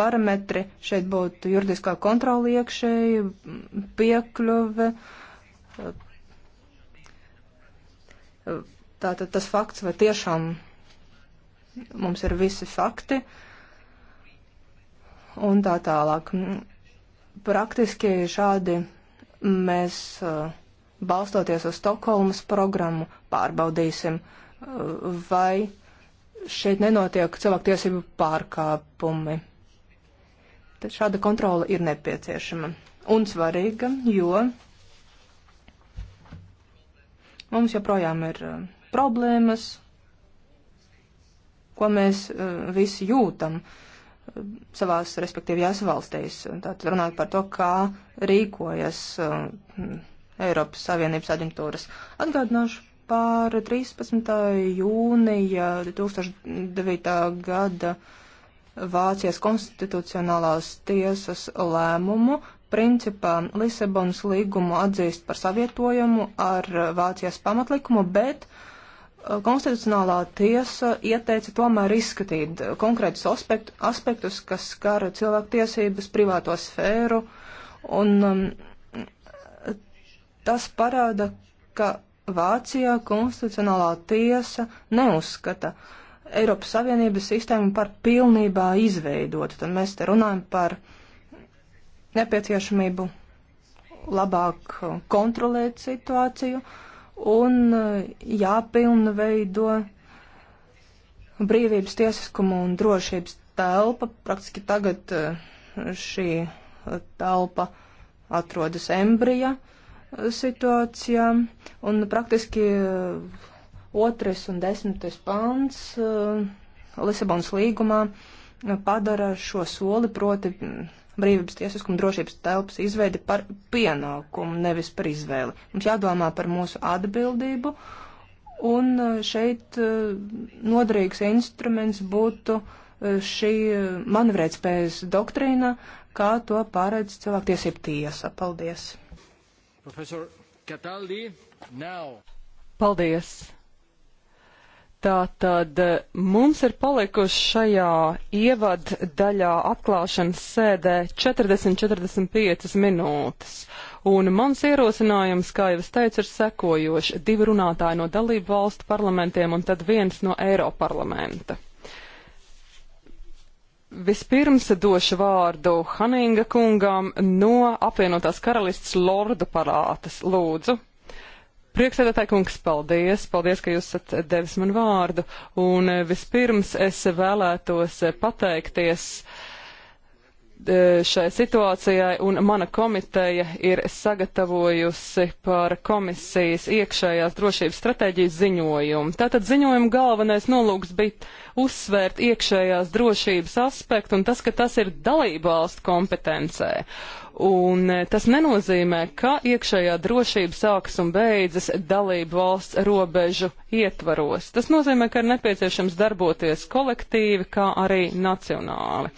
parametri. Šeit būtu juridiskā kontrola iekšēji, mm, piekļuve. Tātad tas fakts, vai tiešām mums ir visi fakti un tā tālāk. Mm, praktiski šādi mēs uh, balstoties uz Stokholmas programmu, pārbaudīsim, vai šeit nenotiek cilvēktiesību pārkāpumi. Tad šāda kontrola ir nepieciešama un svarīga, jo mums joprojām ir uh, problēmas, ko mēs uh, visi jūtam uh, savās respektīvajās valstīs. Tātad runāt par to, kā rīkojas Eiropas Savienības aģentūras. Atgādināšu par 13. jūnija 2009. gada Vācijas konstitucionālās tiesas lēmumu. Principā Lisabonas līgumu atzīst par savietojumu ar Vācijas pamatlikumu, bet uh, Konstitucionālā tiesa ieteica tomēr izskatīt konkrētus aspektu, aspektus, kas skara cilvēku tiesības, privāto sfēru, un um, Tas parāda, ka Vācijā konstitucionālā tiesa neuzskata Eiropas Savienības sistēmu par pilnībā izveidotu. Tad mēs te runājam par nepieciešamību labāk kontrolēt situāciju un uh, jāpilnveido brīvības, tiesiskumu un drošības telpa. Praktiski tagad uh, šī uh, telpa atrodas embrijā. Uh, situācijā, un praktiski eh, otrais un desmitais pants eh, Lisabonas līgumā eh, padara šo soli proti mm, brīvības tiesiskuma drošības telpas izveidi par pienākumu, nevis par izvēli. Mums jādomā par mūsu atbildību, un šeit noderīgs instruments būtu šī manevrētspējas doktrīna, kā to pārēdz cilvēktiesība tiesa. Paldies! Professor Cataldi, now. Paldies! Tātad eh, mums ir palikuši šajā ievaddaļā atklāšanas sēdē 40-45 minūtes. Un mans ierosinājums, kā jau es teicu, ir sekojoši. Divi runātāji no dalību valstu parlamentiem un tad viens no Eiroparlamenta. Vispirms došu vārdu Haninga kungam no apvienotās karalists Lordu parātas. Lūdzu. Priekšsēdētāji kungs, paldies! Paldies, ka jūs esat devis man vārdu. Un eh, vispirms es vēlētos eh, pateikties uh, E, šai situācijai, un mana komiteja ir sagatavojusi par komisijas iekšējās drošības stratēģijas ziņojumu. Tātad ziņojuma galvenais nolūks bija uzsvērt iekšējās drošības aspektu un tas, ka tas ir dalībvalstu kompetencē. Un e, tas nenozīmē, ka iekšējā drošība sākas un beidzas dalību valsts robežu ietvaros. Tas nozīmē, ka ir nepieciešams darboties kolektīvi, kā arī nacionāli.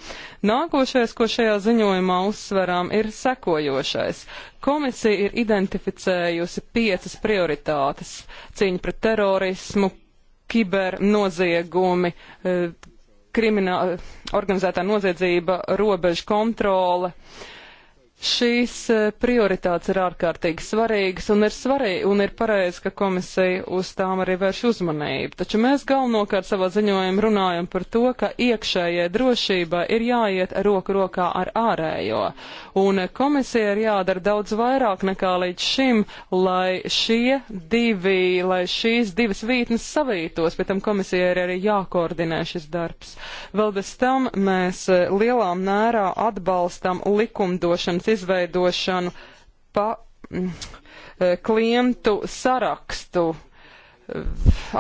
Nākošais, ko šajā ziņojumā uzsverām, ir sekojošais. Komisija ir identificējusi piecas prioritātes - cīņa pret terorismu, kibernoziegumi, e, krimināla organizētā noziedzība, robežu kontrole. Uh, Šīs e, prioritātes ir ārkārtīgi svarīgas un ir svarīgi un ir pareizi, ka komisija uz tām arī vērš uzmanību. Taču mēs galvenokārt savā ziņojumā runājam par to, ka iekšējai drošībai ir jāiet roku rokā ar ārējo. Un komisija ir jādara daudz vairāk nekā līdz šim, lai šie divi, lai šīs divas vītnes savītos, bet tam komisija ir arī jākoordinē šis darbs. Vēl bez tam mēs e, lielām mērā atbalstam likumdošanas sistēmas izveidošanu, pa, mm, eh, klientu sarakstu eh,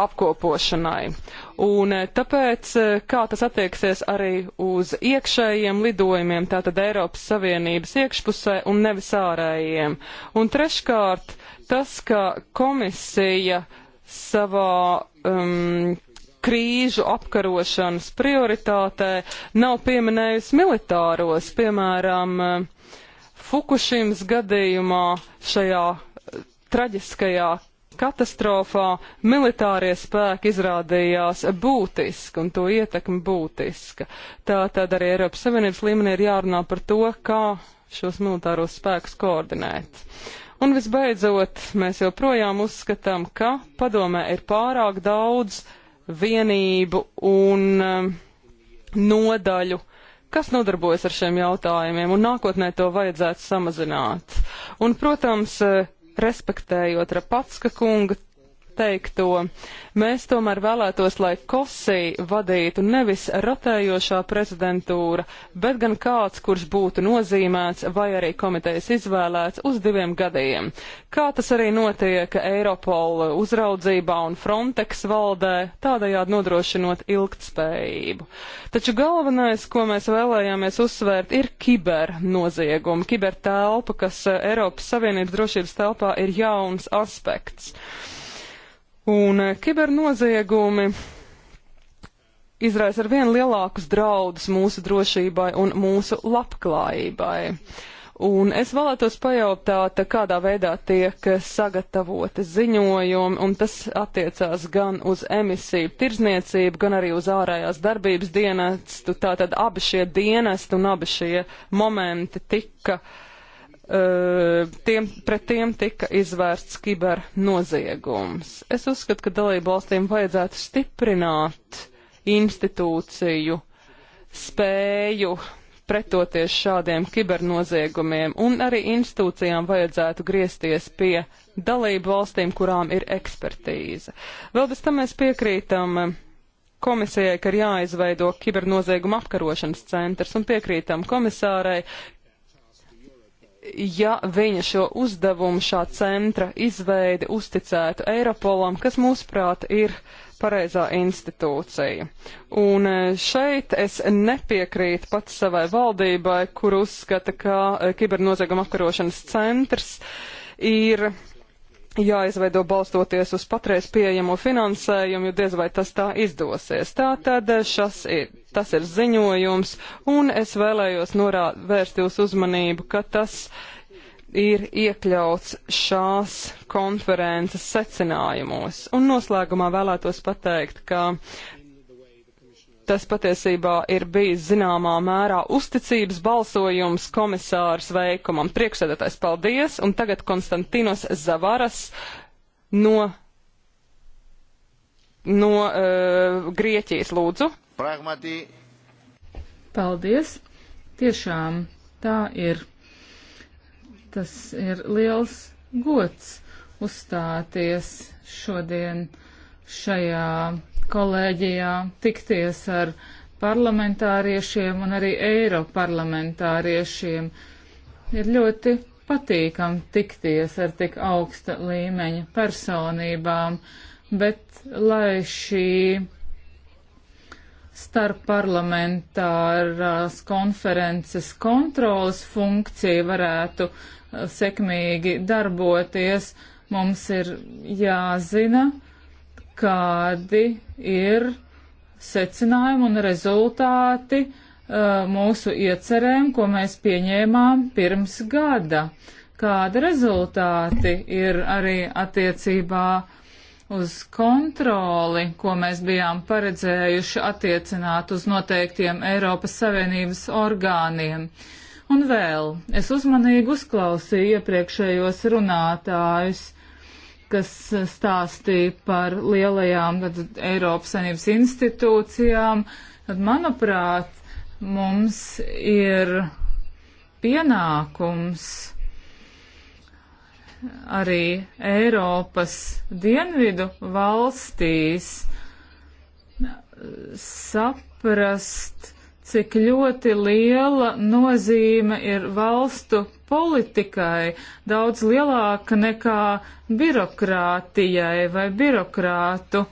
apkopošanai. Un eh, tāpēc, kā tas attieksies arī uz iekšējiem lidojumiem, tātad Eiropas Savienības iekšpusē un nevis ārējiem. Un treškārt, tas, ka komisija savā um, krīžu apkarošanas prioritātē nav pieminējusi militāros, piemēram, uh, Fukušimas gadījumā šajā eh, traģiskajā katastrofā militārie spēki izrādījās būtiski un to ietekmi būtiska. Tā tad arī Eiropas Savienības līmenī ir jārunā par to, kā šos militāros spēkus koordinēt. Un visbeidzot, mēs joprojām uzskatām, ka padomē ir pārāk daudz vienību un um, nodaļu uh, kas nodarbojas ar šiem jautājumiem, un nākotnē to vajadzētu samazināt. Un, protams, eh, respektējot Rapatska kunga teikto. Mēs tomēr vēlētos, lai Kosī vadītu nevis rotējošā prezidentūra, bet gan kāds, kurš būtu nozīmēts vai arī komitejas izvēlēts uz diviem gadiem. Kā tas arī notiek Eiropola uzraudzībā un Frontex valdē, tādējādi nodrošinot ilgtspējību. Taču galvenais, ko mēs vēlējāmies uzsvērt, ir kibernoziegumi, kibertēlpa, kas Eiropas Savienības drošības telpā ir jauns aspekts. Un eh, kibernoziegumi izraisa ar vien lielākus draudus mūsu drošībai un mūsu labklājībai. Un es vēlētos pajautāt, eh, kādā veidā tiek sagatavoti ziņojumi, un tas attiecās gan uz emisiju tirzniecību, gan arī uz ārējās darbības dienestu. Tātad abi šie dienesti un abi šie momenti tika uh, Eh, tiem, pret tiem tika izvērsts kibernoziegums. Es uzskatu, ka dalību valstīm vajadzētu stiprināt institūciju spēju pretoties šādiem kibernoziegumiem, un arī institūcijām vajadzētu griezties pie dalību valstīm, kurām ir ekspertīze. Vēl bez tam mēs piekrītam komisijai, ka ir jāizveido kibernozieguma apkarošanas centrs, un piekrītam komisārai, ja viņa šo uzdevumu šā centra izveidi uzticētu Eiropolam, kas mūsuprāt ir pareizā institūcija. Un e, šeit es nepiekrītu pats savai valdībai, kur uzskata, ka e, kibernozieguma apkarošanas centrs ir jāizveido balstoties uz patreiz pieejamo finansējumu, jo diez vai tas tā izdosies. Tātad eh, šas ir, tas ir ziņojums, un es vēlējos norā, vērst jūs uzmanību, ka tas ir iekļauts šās konferences secinājumos. Un noslēgumā vēlētos pateikt, ka tas patiesībā ir bijis zināmā mērā uzticības balsojums komisārs veikumam. Priekšsēdētājs paldies, un tagad Konstantinos Zavaras no, no uh, Grieķijas lūdzu. Pragmatī. Paldies. Tiešām tā ir. Tas ir liels gods uzstāties šodien šajā kolēģijā tikties ar parlamentāriešiem un arī eiroparlamentāriešiem. Ir ļoti patīkam tikties ar tik augsta līmeņa personībām, bet lai šī starpparlamentārās konferences kontrolas funkcija varētu uh, sekmīgi darboties, mums ir jāzina, kādi ir secinājumi un rezultāti uh, mūsu iecerēm, ko mēs pieņēmām pirms gada. Kādi rezultāti ir arī attiecībā uz kontroli, ko mēs bijām paredzējuši attiecināt uz noteiktiem Eiropas Savienības orgāniem. Un vēl, es uzmanīgi uzklausīju iepriekšējos runātājus kas stāstīja par lielajām tad, Eiropas Savienības institūcijām, tad, manuprāt, mums ir pienākums arī Eiropas dienvidu valstīs saprast, cik ļoti liela nozīme ir valstu politikai daudz lielāka nekā birokrātijai vai birokrātu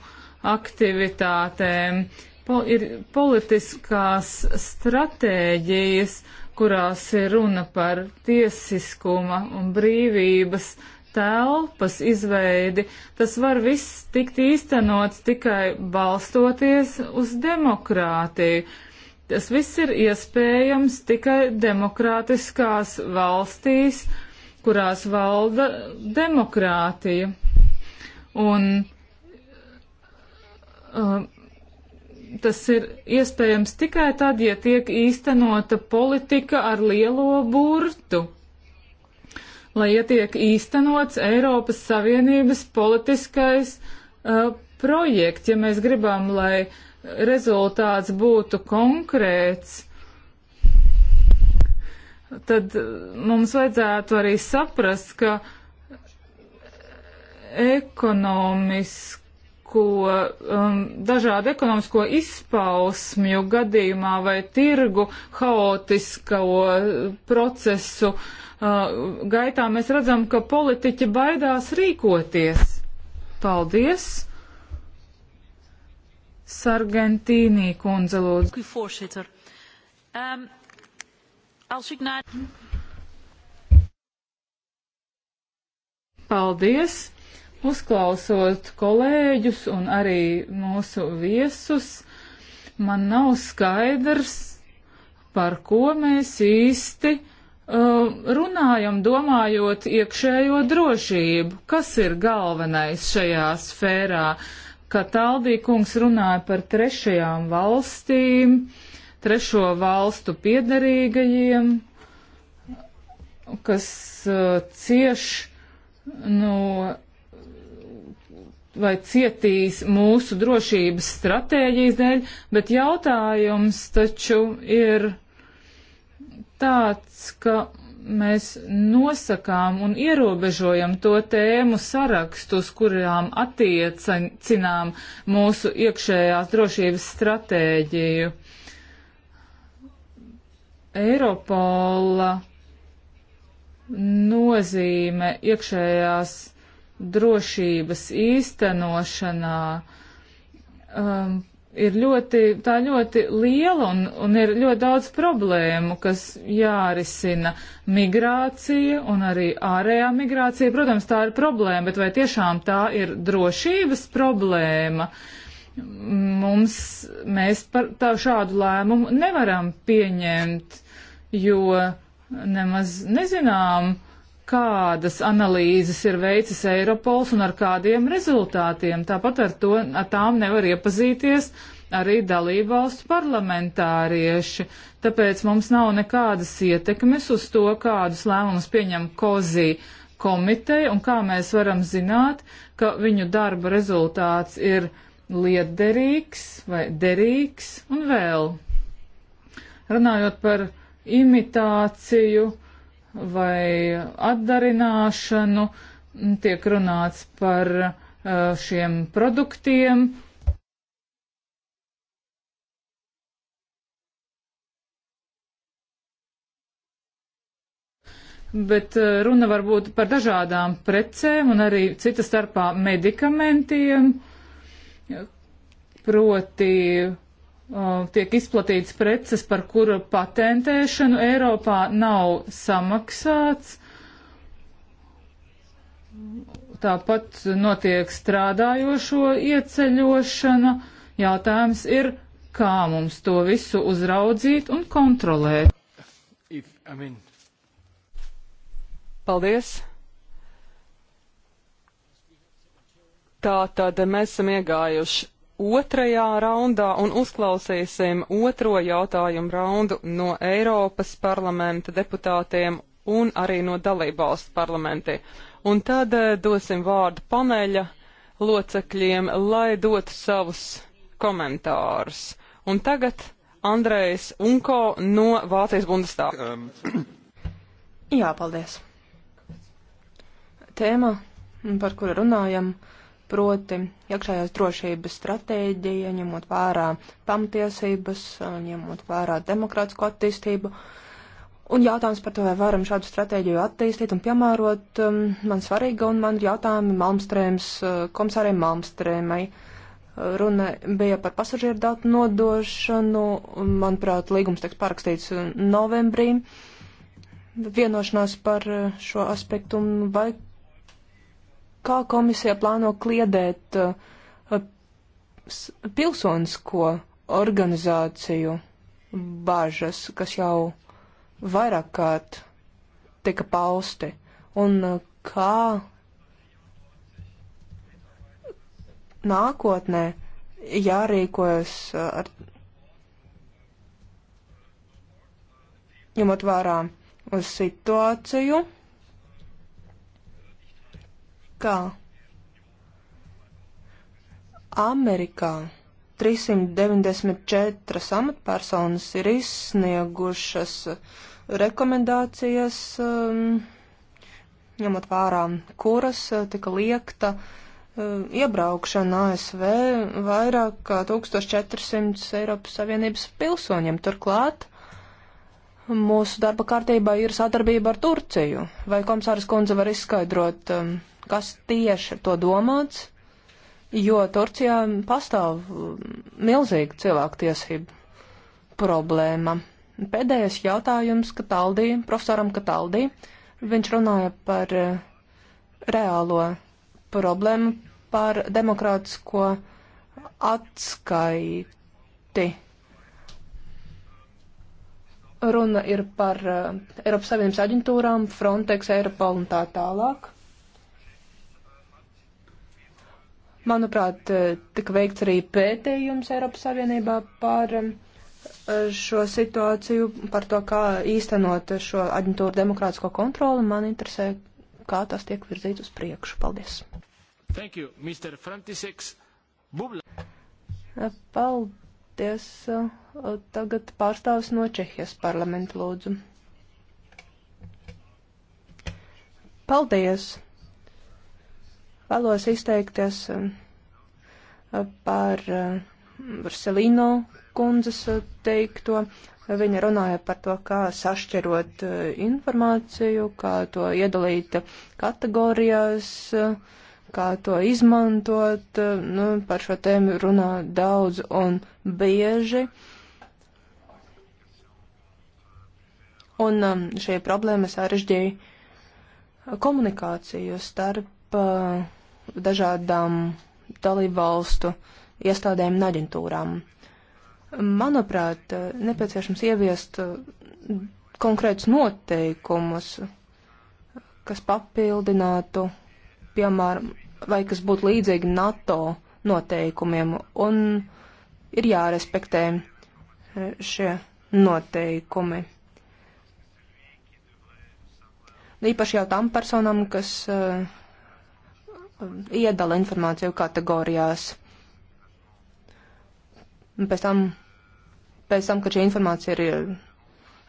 aktivitātēm. Po ir politiskās stratēģijas, kurās ir runa par tiesiskuma un brīvības telpas izveidi, tas var viss tikt īstenots tikai balstoties uz demokrātiju Tas viss ir iespējams tikai demokrātiskās valstīs, kurās valda demokrātija. Un uh, tas ir iespējams tikai tad, ja tiek īstenota politika ar lielo burtu lai ietiek īstenots Eiropas Savienības politiskais uh, projekts. Ja mēs gribam, lai rezultāts būtu konkrēts, tad mums vajadzētu arī saprast, ka ekonomisko, um, dažādu ekonomisko izpausmju gadījumā vai tirgu haotisko procesu uh, gaitā mēs redzam, ka politiķi baidās rīkoties. Paldies! Sargentīnī kundze lūdzu. Ehm, Paldies! Uzklausot kolēģus un arī mūsu viesus, man nav skaidrs, par ko mēs īsti uh, runājam, domājot iekšējo drošību. Kas ir galvenais šajā sfērā? Uh, ka Taldīkungs runāja par trešajām valstīm, trešo valstu piedarīgajiem, kas uh, cieš no nu, vai cietīs mūsu drošības stratēģijas dēļ, bet jautājums taču ir tāds, ka mēs nosakām un ierobežojam to tēmu sarakstu, uz kurām attiecinām mūsu iekšējās drošības stratēģiju. Eiropola nozīme iekšējās drošības īstenošanā um, ir ļoti, tā ļoti liela un, un ir ļoti daudz problēmu, kas jārisina. Migrācija un arī ārējā migrācija, protams, tā ir problēma, bet vai tiešām tā ir drošības problēma? Mums, mēs par tā, šādu lēmumu nevaram pieņemt, jo nemaz nezinām, kādas analīzes ir veicis Eiropols un ar kādiem rezultātiem. Tāpat ar, to, ar tām nevar iepazīties arī dalībvalstu parlamentārieši. Tāpēc mums nav nekādas ietekmes uz to, kādus lēmumus pieņem kozī komiteja un kā mēs varam zināt, ka viņu darba rezultāts ir lietderīgs vai derīgs un vēl. Runājot par imitāciju, uh, vai atdarināšanu, tiek runāts par uh, šiem produktiem. Bet uh, runa var būt par dažādām precēm un arī cita starpā medikamentiem, proti Uh, tiek izplatīts preces, par kuru patentēšanu Eiropā nav samaksāts. Tāpat notiek strādājošo ieceļošana. Jautājums ir, kā mums to visu uzraudzīt un kontrolēt. If, I mean... Paldies! Tā tad mēs esam iegājuši otrajā raundā un uzklausīsim otro jautājumu raundu no Eiropas parlamenta deputātiem un arī no dalībvalstu parlamentiem. Un tad eh, dosim vārdu paneļa locekļiem, lai dotu savus komentārus. Un tagad Andrejs Unko no Vācijas Bundestāga. Um, Jā, paldies. Tēma, par kuru runājam, uh, proti iekšējās drošības stratēģija, ņemot vērā pamtiesības, ņemot vērā demokrātisko attīstību. Un jautājums par to, vai varam šādu stratēģiju attīstīt un piemērot, um, man svarīga un man ir jautājumi Malmstrēms, uh, komisāriem Malmstrēmai. Runa bija par pasažieru datu nodošanu, manuprāt, līgums tiks parakstīts novembrī. Vienošanās par uh, šo aspektu, vai kā komisija plāno kliedēt uh, pilsonisko organizāciju bažas, kas jau vairāk kārt tika pausti, un uh, kā nākotnē jārīkojas uh, ar, ņemot vērā situāciju ka Amerikā 394 amatpersonas ir izsniegušas rekomendācijas, um, ņemot vērā, kuras uh, tika liekta um, iebraukšana ASV vairāk kā 1400 Eiropas Savienības pilsoņiem. Turklāt Mūsu darba kārtībā ir sadarbība ar Turciju. Vai komisārs kundze var izskaidrot, um, kas tieši to domāts? Jo Turcijā pastāv um, milzīga cilvēktiesība problēma. Pēdējais jautājums Kataldī, profesoram Kataldī. Viņš runāja par uh, reālo problēmu, par demokrātisko atskaiti Runa ir par uh, Eiropas Savienības aģentūrām, Frontex, Eiropol un tā tālāk. Manuprāt, eh, tika veikts arī pētījums Eiropas Savienībā par uh, šo situāciju, par to, kā īstenot šo aģentūru demokrātisko kontroli. Man interesē, kā tas tiek virzīts uz priekšu. Paldies! Thank you, Mr. Frantiseks Bubla. Paldies! izteikties uh, tagad pārstāvis no Čehijas parlamenta lūdzu. Paldies! Vēlos izteikties uh, par uh, Varselino kundzes teikto. Viņa runāja par to, kā sašķirot informāciju, kā to iedalīt kategorijās. Uh, kā to izmantot. Nu, par šo tēmu runā daudz un bieži. Un um, šī problēma sarežģīja komunikāciju starp uh, dažādām dalībvalstu iestādēm un aģentūrām. Manuprāt, nepieciešams ieviest uh, konkrētus noteikumus, kas papildinātu, piemēram, vai kas būtu līdzīgi NATO noteikumiem, un ir jārespektē e, šie noteikumi. Īpaši jau tam personam, kas uh, iedala informāciju kategorijās. Un pēc tam, pēc tam, kad šī informācija ir e,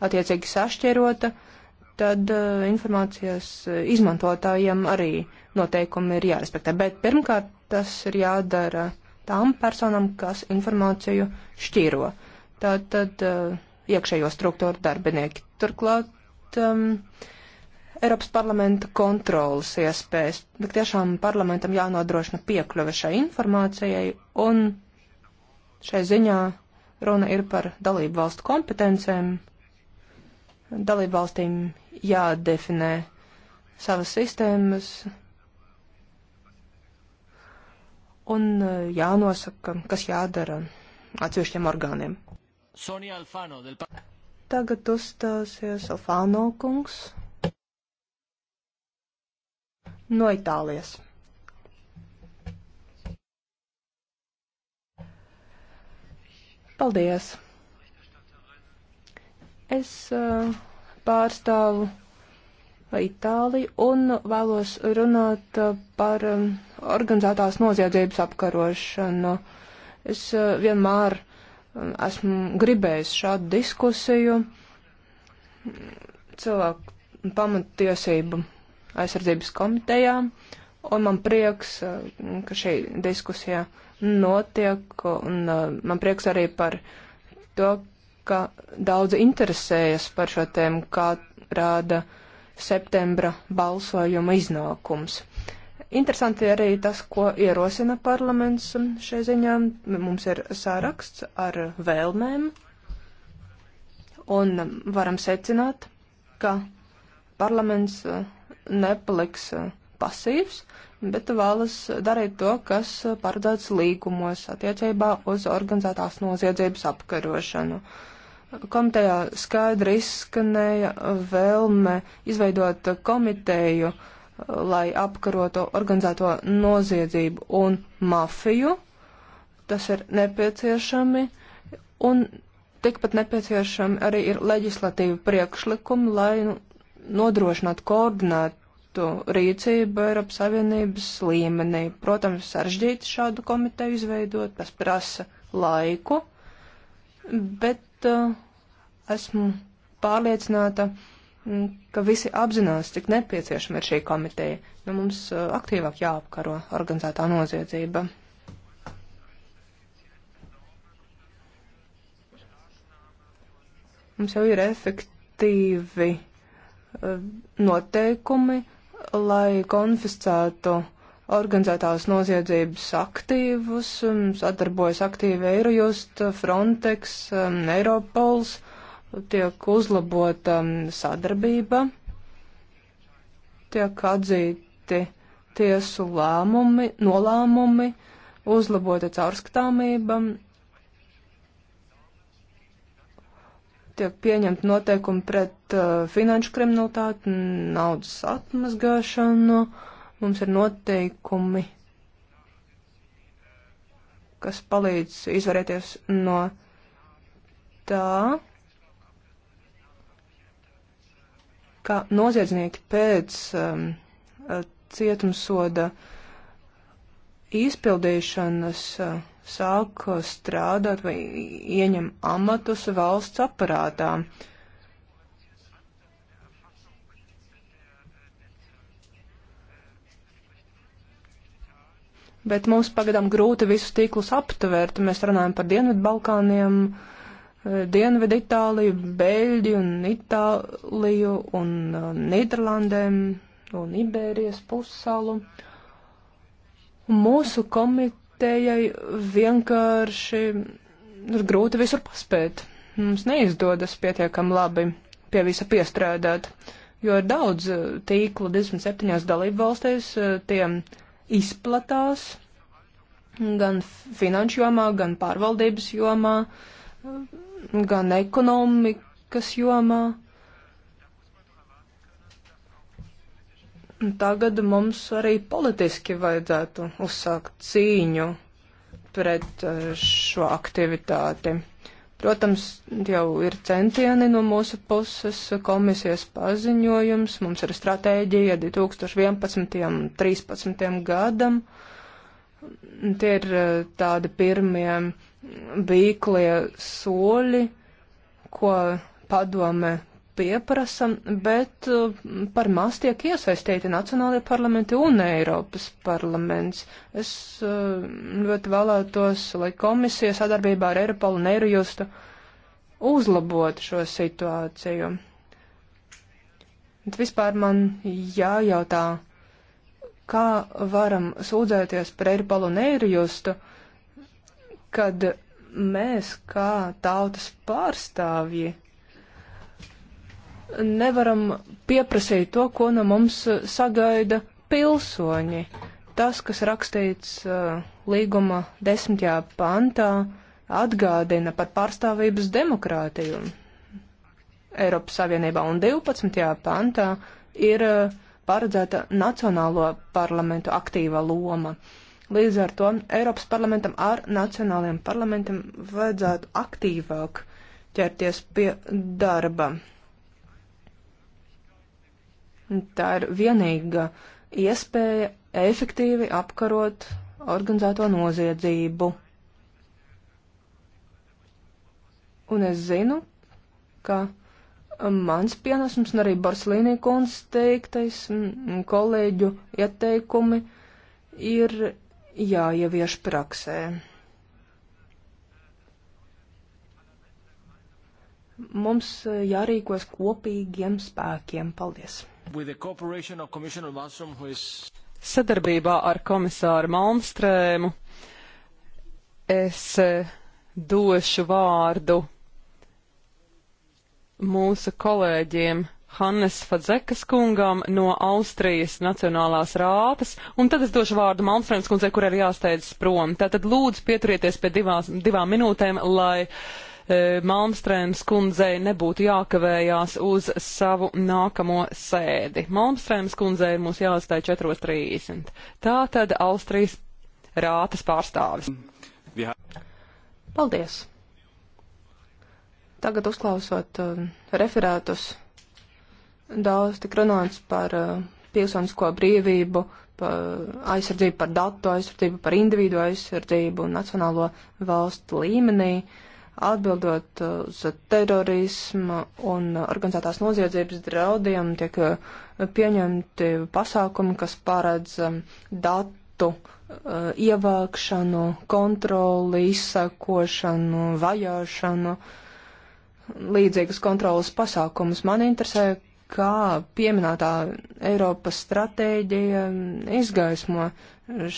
attiecīgi sašķirota, uh, tad uh, informācijas eh, izmantotājiem arī noteikumi ir jārespektē. Bet pirmkārt tas ir jādara tām personām, kas informāciju šķīro. Tātad uh, eh, iekšējo struktūru darbinieki. Turklāt um, Eiropas parlamenta kontrolas iespējas. Tik tiešām parlamentam jānodrošina piekļuve šai informācijai un šai ziņā runa ir par dalību valstu kompetencēm dalībvalstīm jādefinē savas sistēmas un eh, jānosaka, kas jādara atsevišķiem orgāniem. Del... Tagad uzstāsies Alfāno kungs no Itālijas. Paldies! Es uh, pārstāvu Itāliju un vēlos runāt par um, organizētās noziedzības apkarošanu. Es uh, vienmēr um, esmu gribējis šādu diskusiju cilvēku pamatiesību aizsardzības komitejā, un man prieks, uh, ka šī diskusija notiek, un uh, man prieks arī par to, ka daudz interesējas par šo tēmu, kā rāda septembra balsojuma iznākums. Interesanti arī tas, ko ierosina parlaments šai ziņā. Mums ir sāraksts ar vēlmēm, un varam secināt, ka parlaments nepaliks pasīvs, bet vēlas darīt to, kas paredzēts līgumos attiecībā uz organizētās noziedzības apkarošanu. Uh, komitejā skaidri izskanēja vēlme izveidot komiteju, lai apkarotu organizēto noziedzību un mafiju. Tas ir nepieciešami. Un tikpat nepieciešami arī ir leģislatīvi priekšlikumi, lai nu, nodrošinātu koordinētu rīcību Eiropas Savienības līmenī. Protams, sarežģīti šādu komiteju izveidot, tas prasa laiku, bet uh, esmu pārliecināta, mm, ka visi apzinās, cik nepieciešama ir šī komiteja. Nu, mums uh, aktīvāk jāapkaro organizētā noziedzība. Mums jau ir efektīvi uh, noteikumi, lai konfiscētu uh, organizētās noziedzības aktīvus, um, sadarbojas aktīvi Eirojust, Frontex, um, Eiropols, tiek uzlabota um, sadarbība, tiek atzīti tiesu lēmumi, nolēmumi, uzlabota caurskatāmība, tiek pieņemti noteikumi pret uh, finanšu kriminalitāti, naudas atmazgāšanu. Uh, Mums ir noteikumi, kas palīdz izvarēties no tā, ka noziedznieki pēc um, uh, cietumsoda izpildīšanas uh, sāk strādāt vai ieņem amatus valsts aparātā. Uh, bet mums pagadām grūti visus tīklus aptvērt. Mēs runājam par Dienvidu Balkāniem, eh, Dienvidu Itāliju, Beļģiju un Itāliju un eh, Nīderlandēm un Iberijas pussalu. Mūsu komitejai vienkārši ir grūti visur paspēt. Mums neizdodas pietiekam labi pie visa piestrādāt, jo ir daudz eh, tīklu 27 dalību valstīs, tiem izplatās gan finanšu jomā, gan pārvaldības jomā, gan ekonomikas jomā. Tagad mums arī politiski vajadzētu uzsākt cīņu pret eh, šo aktivitāti. Protams, jau ir centieni no mūsu puses, komisijas paziņojums, mums ir stratēģija 2011. un 2013. gadam. Tie ir eh, tādi pirmie bīklie soļi, ko padome pieprasa, bet uh, par maz tiek iesaistīti Nacionālajie parlamenti un Eiropas parlaments. Es uh, ļoti vēlētos, lai komisija sadarbībā ar Eiropalu un Eirojustu uzlabot šo situāciju. Bet vispār man jājautā, kā varam sūdzēties par Eiropalu un Eirojustu, kad mēs kā tautas pārstāvji nevaram pieprasīt to, ko no mums sagaida pilsoņi. Tas, kas rakstīts uh, līguma desmitajā pantā, atgādina par pārstāvības demokrātiju Eiropas Savienībā, un 12. pantā ir uh, paredzēta Nacionālo parlamentu aktīva loma. Līdz ar to Eiropas parlamentam ar nacionālajiem parlamentiem vajadzētu aktīvāk ķerties pie darba. Tā ir vienīga iespēja efektīvi apkarot organizēto noziedzību. Un es zinu, ka mans pienesums un arī Barslīnī kundz teiktais kolēģu ieteikumi ir jāievieš praksē. Mums eh, jārīkos kopīgiem spēkiem. Paldies! Is... Sadarbībā ar komisāru Malmstrēmu es eh, došu vārdu mūsu kolēģiem Hannes Fadzekas kungam no Austrijas Nacionālās rātas, un tad es došu vārdu Malmstrēms kundzei, kur ir jāsteidzas prom. Tātad lūdzu pieturieties pie divās, divām minūtēm, lai uh, E, Malmstrēmas kundzei nebūtu jākavējās uz savu nākamo sēdi. Malmstrēmas kundzei mums jāatstāj 4.30. Tā tad Austrijas rātas pārstāvis. Paldies! Tagad uzklausot uh, referātus, daudz tik runāts par uh, pilsonisko brīvību, aizsardzību par datu, aizsardzību par individu aizsardzību un nacionālo valstu līmenī. Atbildot uz terorismu un organizētās noziedzības draudiem, tiek eh, pieņemti pasākumi, kas paredz um, datu eh, ievākšanu, kontroli, izsakošanu, vajāšanu, līdzīgas kontrolas pasākumus. Man interesē, kā pieminētā Eiropas stratēģija izgaismo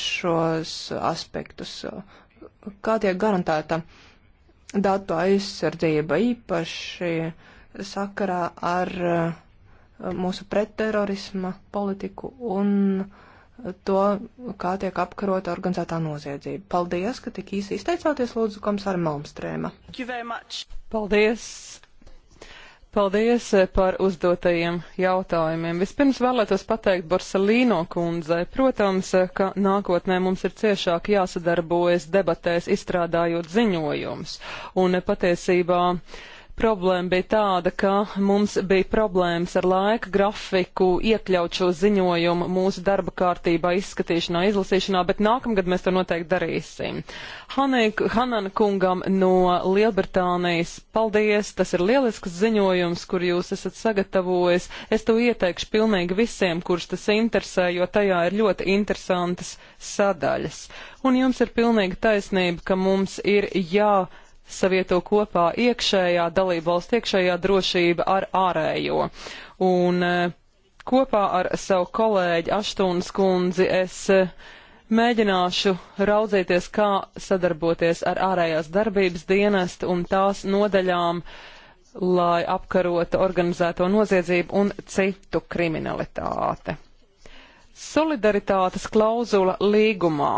šos aspektus, kā tiek garantēta uh, datu aizsardzība īpaši sakarā ar eh, mūsu pretterorisma politiku un to, kā tiek apkarota organizētā noziedzība. Paldies, ka tik īsi izteicāties, lūdzu, komisāra Malmstrēma. Paldies! Paldies eh, par uzdotajiem jautājumiem. Vispirms vēlētos pateikt Borsalīno kundzei. Protams, eh, ka nākotnē mums ir ciešāk jāsadarbojas debatēs, izstrādājot ziņojumus. Un eh, patiesībā uh, problēma bija tāda, ka mums bija problēmas ar laika grafiku iekļaut šo ziņojumu mūsu darba kārtībā, izskatīšanā, izlasīšanā, bet nākamgad mēs to noteikti darīsim. Hanan kungam no Lielbritānijas paldies, tas ir lielisks ziņojums, kur jūs esat sagatavojis. Es to ieteikšu pilnīgi visiem, kurš tas interesē, jo tajā ir ļoti interesantas sadaļas. Un jums ir pilnīgi taisnība, ka mums ir jā. Ja savieto kopā iekšējā dalību valsts iekšējā drošība ar ārējo. Un e, kopā ar savu kolēģi Aštūnas kundzi es e, mēģināšu raudzīties, kā sadarboties ar ārējās darbības dienestu un tās nodaļām, lai apkarotu organizēto noziedzību un citu kriminalitāti. Solidaritātes klauzula līgumā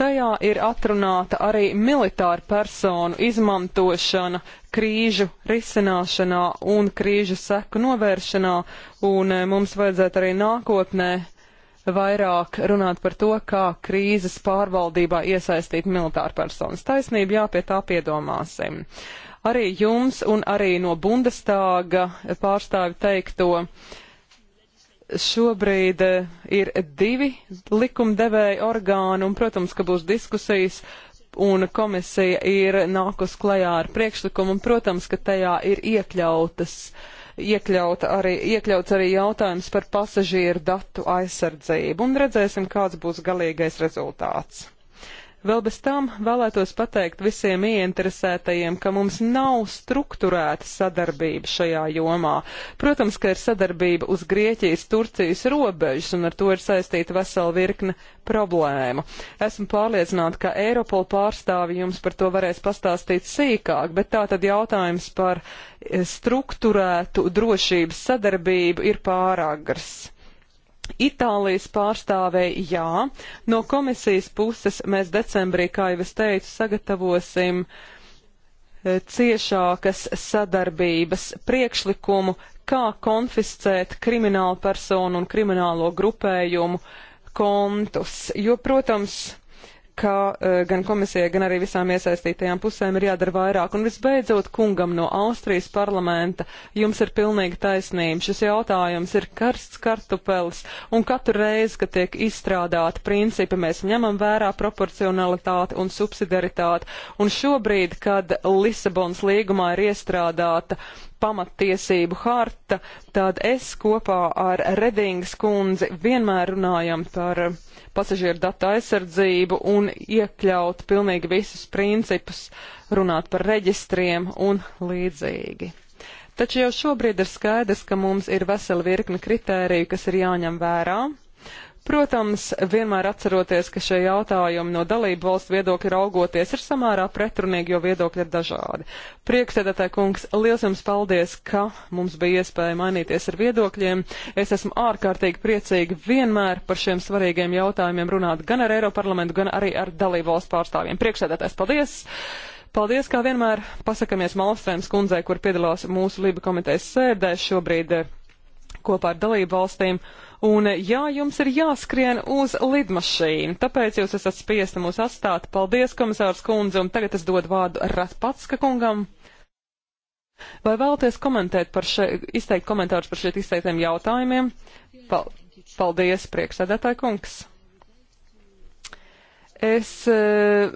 Tajā ir atrunāta arī militāra personu izmantošana krīžu risināšanā un krīžu seku novēršanā, un eh, mums vajadzētu arī nākotnē vairāk runāt par to, kā krīzes pārvaldībā iesaistīt militāru personas. Taisnība jāpie tā piedomāsim. Arī jums un arī no Bundestāga pārstāvi teikto uh, šobrīd eh, ir divi likumdevēja orgāni, un, protams, ka būs diskusijas, un komisija ir nākus klajā ar priekšlikumu, un, protams, ka tajā ir iekļautas, iekļaut arī, iekļauts arī jautājums par pasažieru datu aizsardzību, un redzēsim, kāds būs galīgais rezultāts. Vēl bez tam vēlētos pateikt visiem ieinteresētajiem, ka mums nav strukturēta sadarbība šajā jomā. Protams, ka ir sadarbība uz Grieķijas-Turcijas robežas, un ar to ir saistīta vesela virkne problēmu. Esmu pārliecināta, ka Eiropola pārstāvi jums par to varēs pastāstīt sīkāk, bet tā tad jautājums par eh, strukturētu drošības sadarbību ir pāragrs. Itālijas pārstāvēji, jā, no komisijas puses mēs decembrī, kā jau es teicu, sagatavosim e, ciešākas sadarbības priekšlikumu, kā konfiscēt kriminālu personu un kriminālo grupējumu kontus, jo, protams, ka e, gan komisijai, gan arī visām iesaistītajām pusēm ir jādara vairāk. Un visbeidzot, kungam no Austrijas parlamenta, jums ir pilnīga taisnība. Šis jautājums ir karsts kartupels, un katru reizi, kad tiek izstrādāti principi, mēs ņemam vērā proporcionalitāti un subsidiaritāti. Un šobrīd, kad Lisabons līgumā ir iestrādāta pamattiesību harta, tad es kopā ar Redingas kundzi vienmēr runājam par pasažieru datu aizsardzību un iekļaut pilnīgi visus principus, runāt par reģistriem un līdzīgi. Taču jau šobrīd ir skaidrs, ka mums ir vesela virkne kritēriju, kas ir jāņem vērā, Protams, vienmēr atceroties, ka šie jautājumi no dalību valstu viedokļa raugoties ir samērā pretrunīgi, jo viedokļi ir dažādi. Priekšsēdētāji kungs, liels jums paldies, ka mums bija iespēja mainīties ar viedokļiem. Es esmu ārkārtīgi priecīgi vienmēr par šiem svarīgiem jautājumiem runāt gan ar Eiroparlamentu, gan arī ar dalību valstu pārstāvjiem. Priekšsēdētājs, paldies! Paldies, kā vienmēr, pasakamies Malstrēms kundzei, kur piedalās mūsu Lība komitejas sēdē šobrīd eh, kopā ar dalību valstīm. Un jā, jums ir jāskrien uz lidmašīnu, tāpēc jūs esat spiesti mūs atstāt. Paldies, komisārs kundze, un tagad es dodu vārdu Raspatska kungam. Vai vēlaties komentēt par še, izteikt komentārus par šeit izteiktiem jautājumiem? Pal, paldies, priekšsēdētāji kungs. Es eh,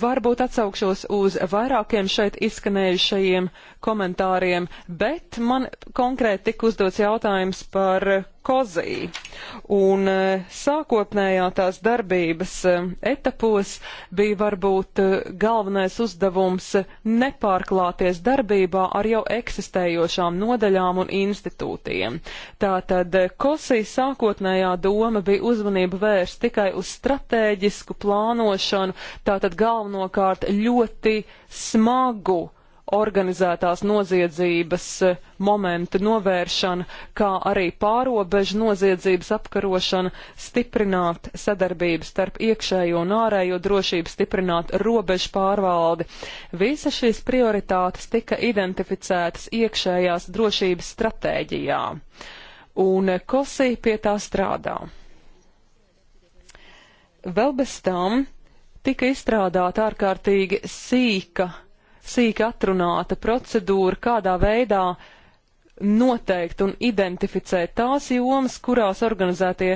varbūt atsaukšos uz vairākiem šeit izskanējušajiem komentāriem, bet man konkrēti tika uzdots jautājums par Sarkozī. Un e, sākotnējā tās darbības e, etapos bija varbūt e, galvenais uzdevums nepārklāties darbībā ar jau eksistējošām nodaļām un institūtiem. Tātad Kosī sākotnējā doma bija uzmanība vērst tikai uz stratēģisku plānošanu, tātad galvenokārt ļoti smagu organizētās noziedzības eh, momenta novēršana, kā arī pārobežu noziedzības apkarošana, stiprināt sadarbību starp iekšējo un ārējo drošību, stiprināt robežu pārvaldi. Visa šīs prioritātes tika identificētas iekšējās drošības stratēģijā, un eh, Kosī pie tā strādā. Vēl bez tam tika izstrādāta ārkārtīgi sīka sīk atrunāta procedūra, kādā veidā noteikt un identificēt tās jomas, kurās organizētie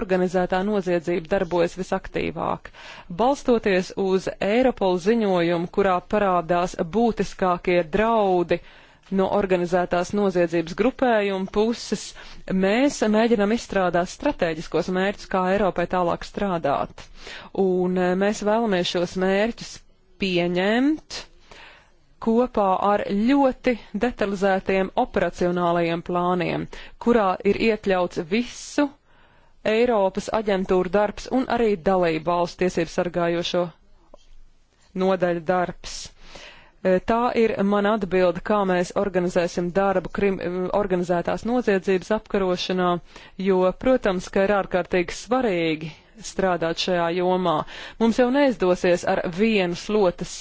organizētā noziedzība darbojas visaktīvāk. Balstoties uz Eiropolu ziņojumu, kurā parādās būtiskākie draudi no organizētās noziedzības grupējuma puses, mēs mēģinam izstrādāt strateģiskos mērķus, kā Eiropai tālāk strādāt. Un eh, mēs vēlamies šos mērķus pieņemt kopā ar ļoti detalizētiem operacionālajiem plāniem, kurā ir iekļauts visu Eiropas aģentūra darbs un arī dalību valsts tiesību sargājošo nodaļu darbs. E, tā ir mana atbilde, kā mēs organizēsim darbu krim, e, organizētās noziedzības apkarošanā, jo, protams, ka ir ārkārtīgi svarīgi strādāt šajā jomā. Mums jau neizdosies ar vienu slotas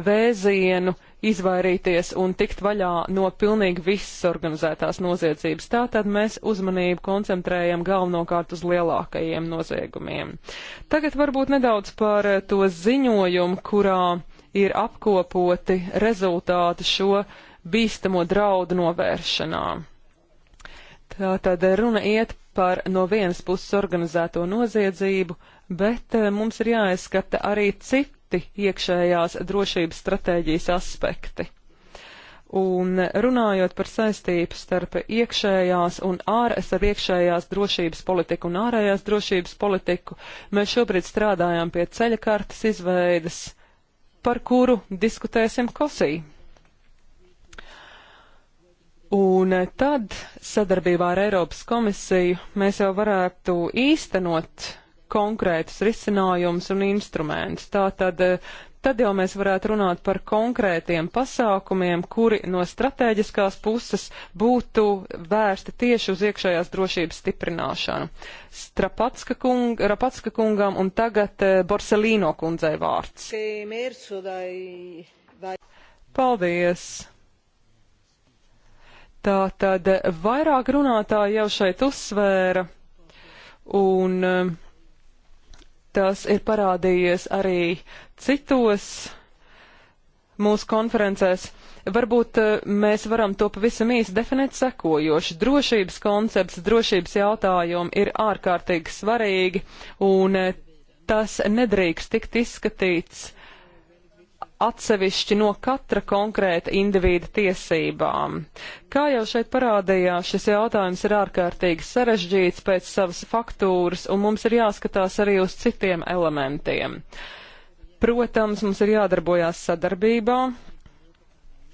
vēzienu uh, izvairīties un tikt vaļā no pilnīgi visas organizētās noziedzības. Tātad mēs uzmanību koncentrējam galvenokārt uz lielākajiem noziegumiem. Tagad varbūt nedaudz par eh, to ziņojumu, kurā ir apkopoti rezultāti šo bīstamo draudu novēršanā. Tātad runa iet par no vienas puses organizēto noziedzību, bet eh, mums ir jāizskata arī citi citi iekšējās drošības stratēģijas aspekti. Un runājot par saistību starp iekšējās un ārēs ar iekšējās drošības politiku un ārējās drošības politiku, mēs šobrīd strādājam pie ceļa kartas izveidas, par kuru diskutēsim kosī. Un tad sadarbībā ar Eiropas komisiju mēs jau varētu īstenot konkrētus risinājumus un instrumentus. Tātad, eh, tad jau mēs varētu runāt par konkrētiem pasākumiem, kuri no strateģiskās puses būtu vērsti tieši uz iekšējās drošības stiprināšanu. Strapatska kung, Rapatska kungam un tagad eh, Borselīno kundzei vārds. Paldies! Tā tad vairāk runātāji jau šeit uzsvēra, un eh, tas ir parādījies arī citos mūsu konferencēs. Varbūt eh, mēs varam to pavisam īsi definēt sekojoši. Drošības koncepts, drošības jautājumi ir ārkārtīgi svarīgi, un eh, tas nedrīkst tikt izskatīts atsevišķi no katra konkrēta individa tiesībām. Kā jau šeit parādījās, šis jautājums ir ārkārtīgi sarežģīts pēc savas faktūras, un mums ir jāskatās arī uz citiem elementiem. Protams, mums ir jādarbojās sadarbībā,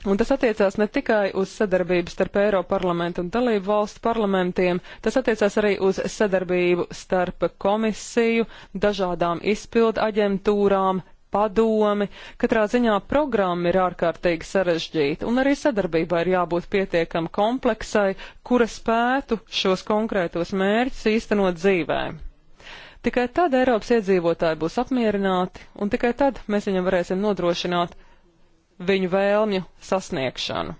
Un tas attiecās ne tikai uz sadarbību starp Eiropa parlamentu un dalību valstu parlamentiem, tas attiecās arī uz sadarbību starp komisiju, dažādām izpildu aģentūrām, padomi. Katrā ziņā programma ir ārkārtīgi sarežģīta, un arī sadarbībā ir jābūt pietiekam kompleksai, kura spētu šos konkrētos mērķus īstenot dzīvē. Tikai tad Eiropas iedzīvotāji būs apmierināti, un tikai tad mēs viņam varēsim nodrošināt viņu vēlmju sasniegšanu.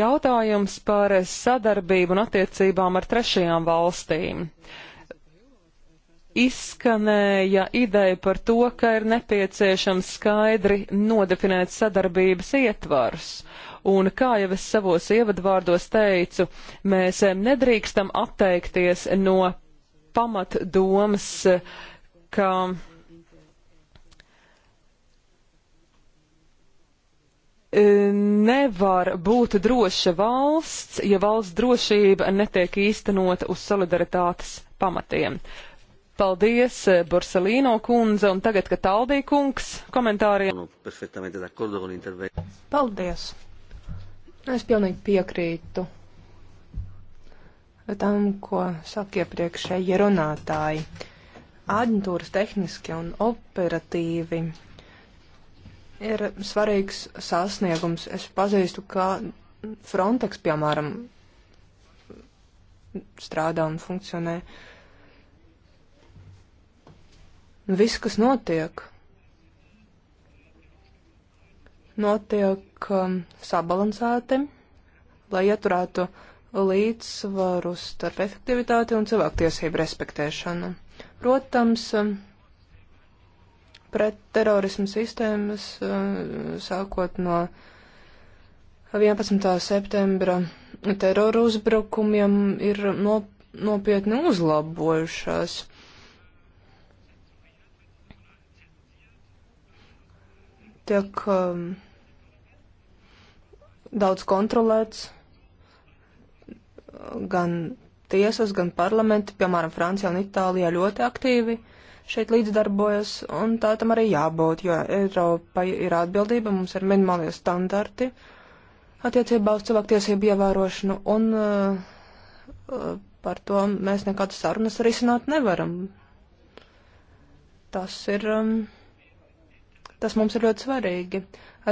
Jautājums par sadarbību un attiecībām ar trešajām valstīm izskanēja ideja par to, ka ir nepieciešams skaidri nodefinēt sadarbības ietvarus. Un kā jau es savos ievadvārdos teicu, mēs nedrīkstam atteikties no pamatdomas, ka nevar būt droša valsts, ja valsts drošība netiek īstenota uz solidaritātes pamatiem. Paldies, eh, Borsalīno kundze, un tagad, kad Taldī kungs komentāriem. Paldies. Es pilnīgi piekrītu tam, ko saka iepriekšēji runātāji. Aģentūras tehniski un operatīvi ir svarīgs sasniegums. Es pazīstu, ka Frontex, piemēram, strādā un funkcionē uh, Viss, kas notiek, notiek um, sabalansēti, lai ieturētu līdzsvaru starp efektivitāti un cilvēktiesību respektēšanu. Protams, um, pret terorismu sistēmas uh, sākot no 11. septembra teroru uzbrukumiem ir no, nopietni uzlabojušās. tiek um, daudz kontrolēts gan tiesas, gan parlamenti, piemēram, Francijā un Itālijā ļoti aktīvi šeit līdzdarbojas, un tā tam arī jābūt, jo Eiropai ir atbildība, mums ir minimālie standarti attiecībā uz cilvēktiesību ievērošanu, un uh, uh par to mēs nekādas sarunas risināt nevaram. Tas ir um, Tas mums ir ļoti svarīgi.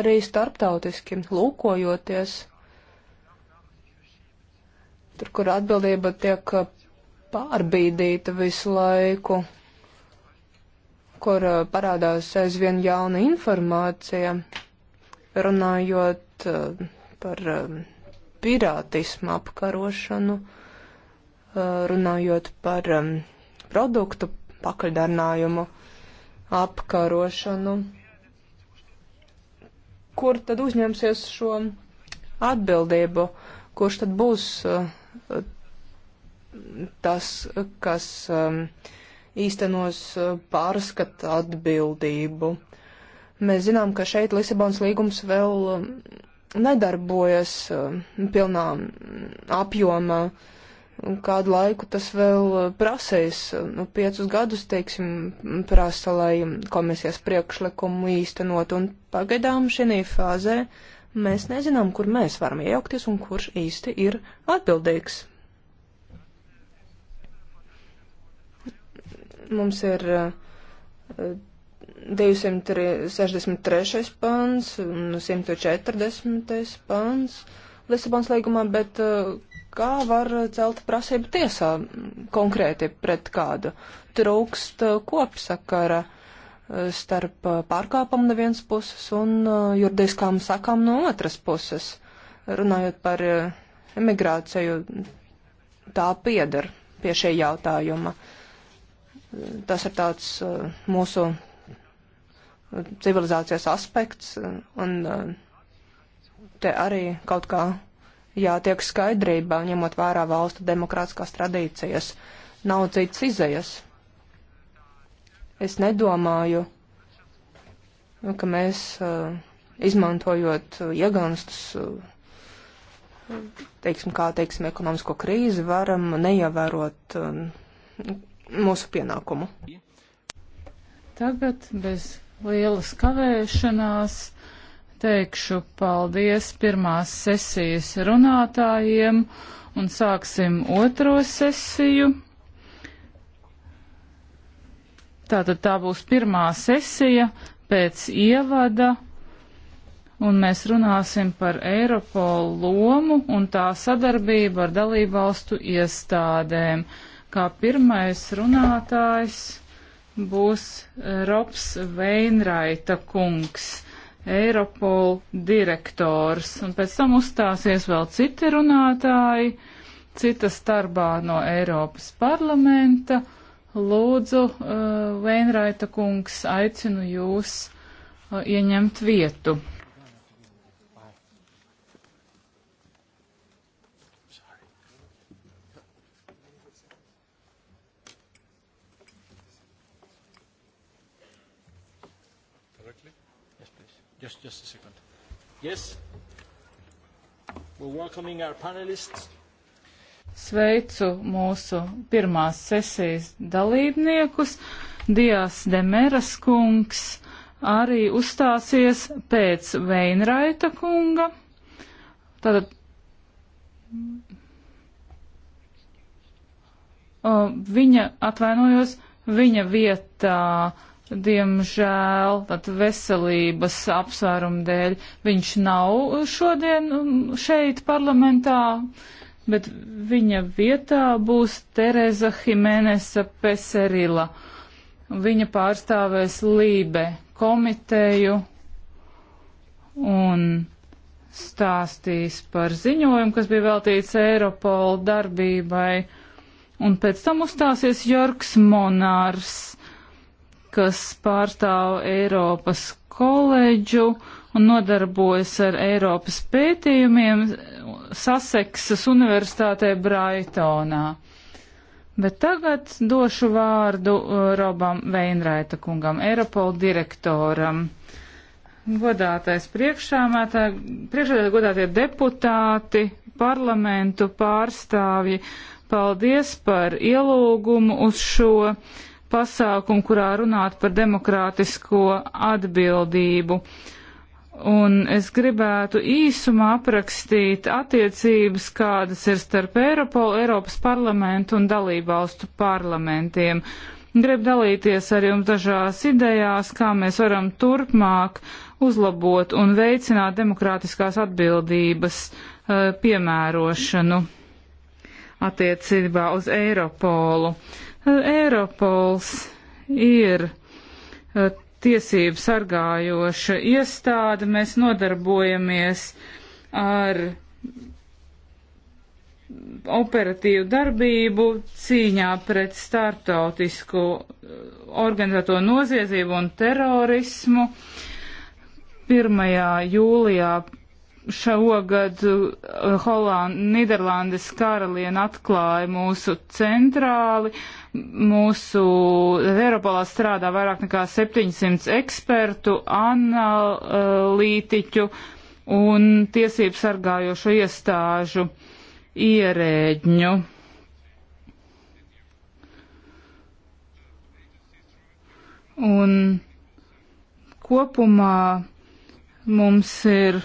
Arī starptautiski lūkojoties, tur, kur atbildība tiek pārbīdīta visu laiku, kur eh, parādās aizvien jauna informācija, runājot eh, par eh, pirātismu apkarošanu, runājot par produktu pakaļdarinājumu apkarošanu kur tad uzņemsies šo atbildību, kurš tad būs eh, tas, kas eh, īstenos eh, pārskata atbildību. Mēs zinām, ka šeit Lisabons līgums vēl nedarbojas pilnā mm, apjomā. Uh, Un kādu laiku tas vēl eh, prasīs, nu, piecus gadus, teiksim, prasa, lai komisijas priekšlikumu īstenot, un pagaidām šī fāzē mēs nezinām, kur mēs varam iejaukties un kurš īsti ir atbildīgs. Mums ir 263. Eh, pants un 140. pants Lisabons līgumā, bet eh, kā var celt prasību tiesā konkrēti pret kādu. Trūkst uh, kopsakara uh, starp uh, pārkāpumu no vienas puses un juridiskām sakām no otras puses. Runājot par emigrāciju, tā piedar pie šī jautājuma. Tas ir tāds mūsu civilizācijas aspekts, un te arī kaut kā jātiek skaidrībā, ņemot vērā valstu demokrātiskās tradīcijas. Nav cits izējas. Es nedomāju, ka mēs, uh, izmantojot uh, ieganstus, uh, teiksim, kā teiksim, ekonomisko krīzi, varam neievērot mūsu pienākumu. Tagad bez lielas kavēšanās teikšu paldies pirmās sesijas runātājiem un sāksim otro sesiju. Tātad tā būs pirmā sesija pēc ievada un mēs runāsim par Eiropolu lomu un tā sadarbību ar dalībvalstu iestādēm. Kā pirmais runātājs būs Robs Veinraita kungs. Eiropol direktors, un pēc tam uzstāsies vēl citi runātāji, cita starpā no Eiropas parlamenta. Lūdzu, uh, Veinraita kungs, aicinu jūs uh, ieņemt vietu. Just, just a second. Yes? We're welcoming our panelists. Sveicu mūsu pirmās sesijas dalībniekus. Dijas Demeras kungs arī uzstāsies pēc Veinraita kunga. Tātad viņa atvainojos, viņa vietā uh, Diemžēl, pat veselības apsvērumu dēļ, viņš nav šodien um, šeit parlamentā, bet viņa vietā būs Tereza Jimenesa Peserila. Viņa pārstāvēs Lībe komiteju un stāstīs par ziņojumu, kas bija veltīts Eiropola darbībai, un pēc tam uzstāsies Jorgs Monārs kas pārstāv Eiropas koledžu un nodarbojas ar Eiropas pētījumiem Saseksas universitātē Braitonā. Bet tagad došu vārdu uh, Robam Veinraita kungam, Eiropola direktoram. Godātais priekšsēdētāji, godātie deputāti, parlamentu pārstāvji, paldies par ielūgumu uz šo pasākumu, kurā runāt par demokrātisko atbildību. Un es gribētu īsumā aprakstīt attiecības, kādas ir starp Eiropolu, Eiropas parlamentu un dalībvalstu parlamentiem. Gribu dalīties ar jums dažās idejās, kā mēs varam turpmāk uzlabot un veicināt demokrātiskās atbildības uh, piemērošanu attiecībā uz Eiropolu. Uh, Eiropols ir eh, tiesību sargājoša iestāde. Mēs nodarbojamies ar operatīvu darbību cīņā pret starptautisku eh, organizēto noziedzību un terorismu. 1. jūlijā šogad eh, Holand, Niderlandes karaliena atklāja mūsu centrāli, Mūsu Eiropolā strādā vairāk nekā 700 ekspertu, analītiķu un tiesību sargājošu iestāžu ierēģņu. Un kopumā mums ir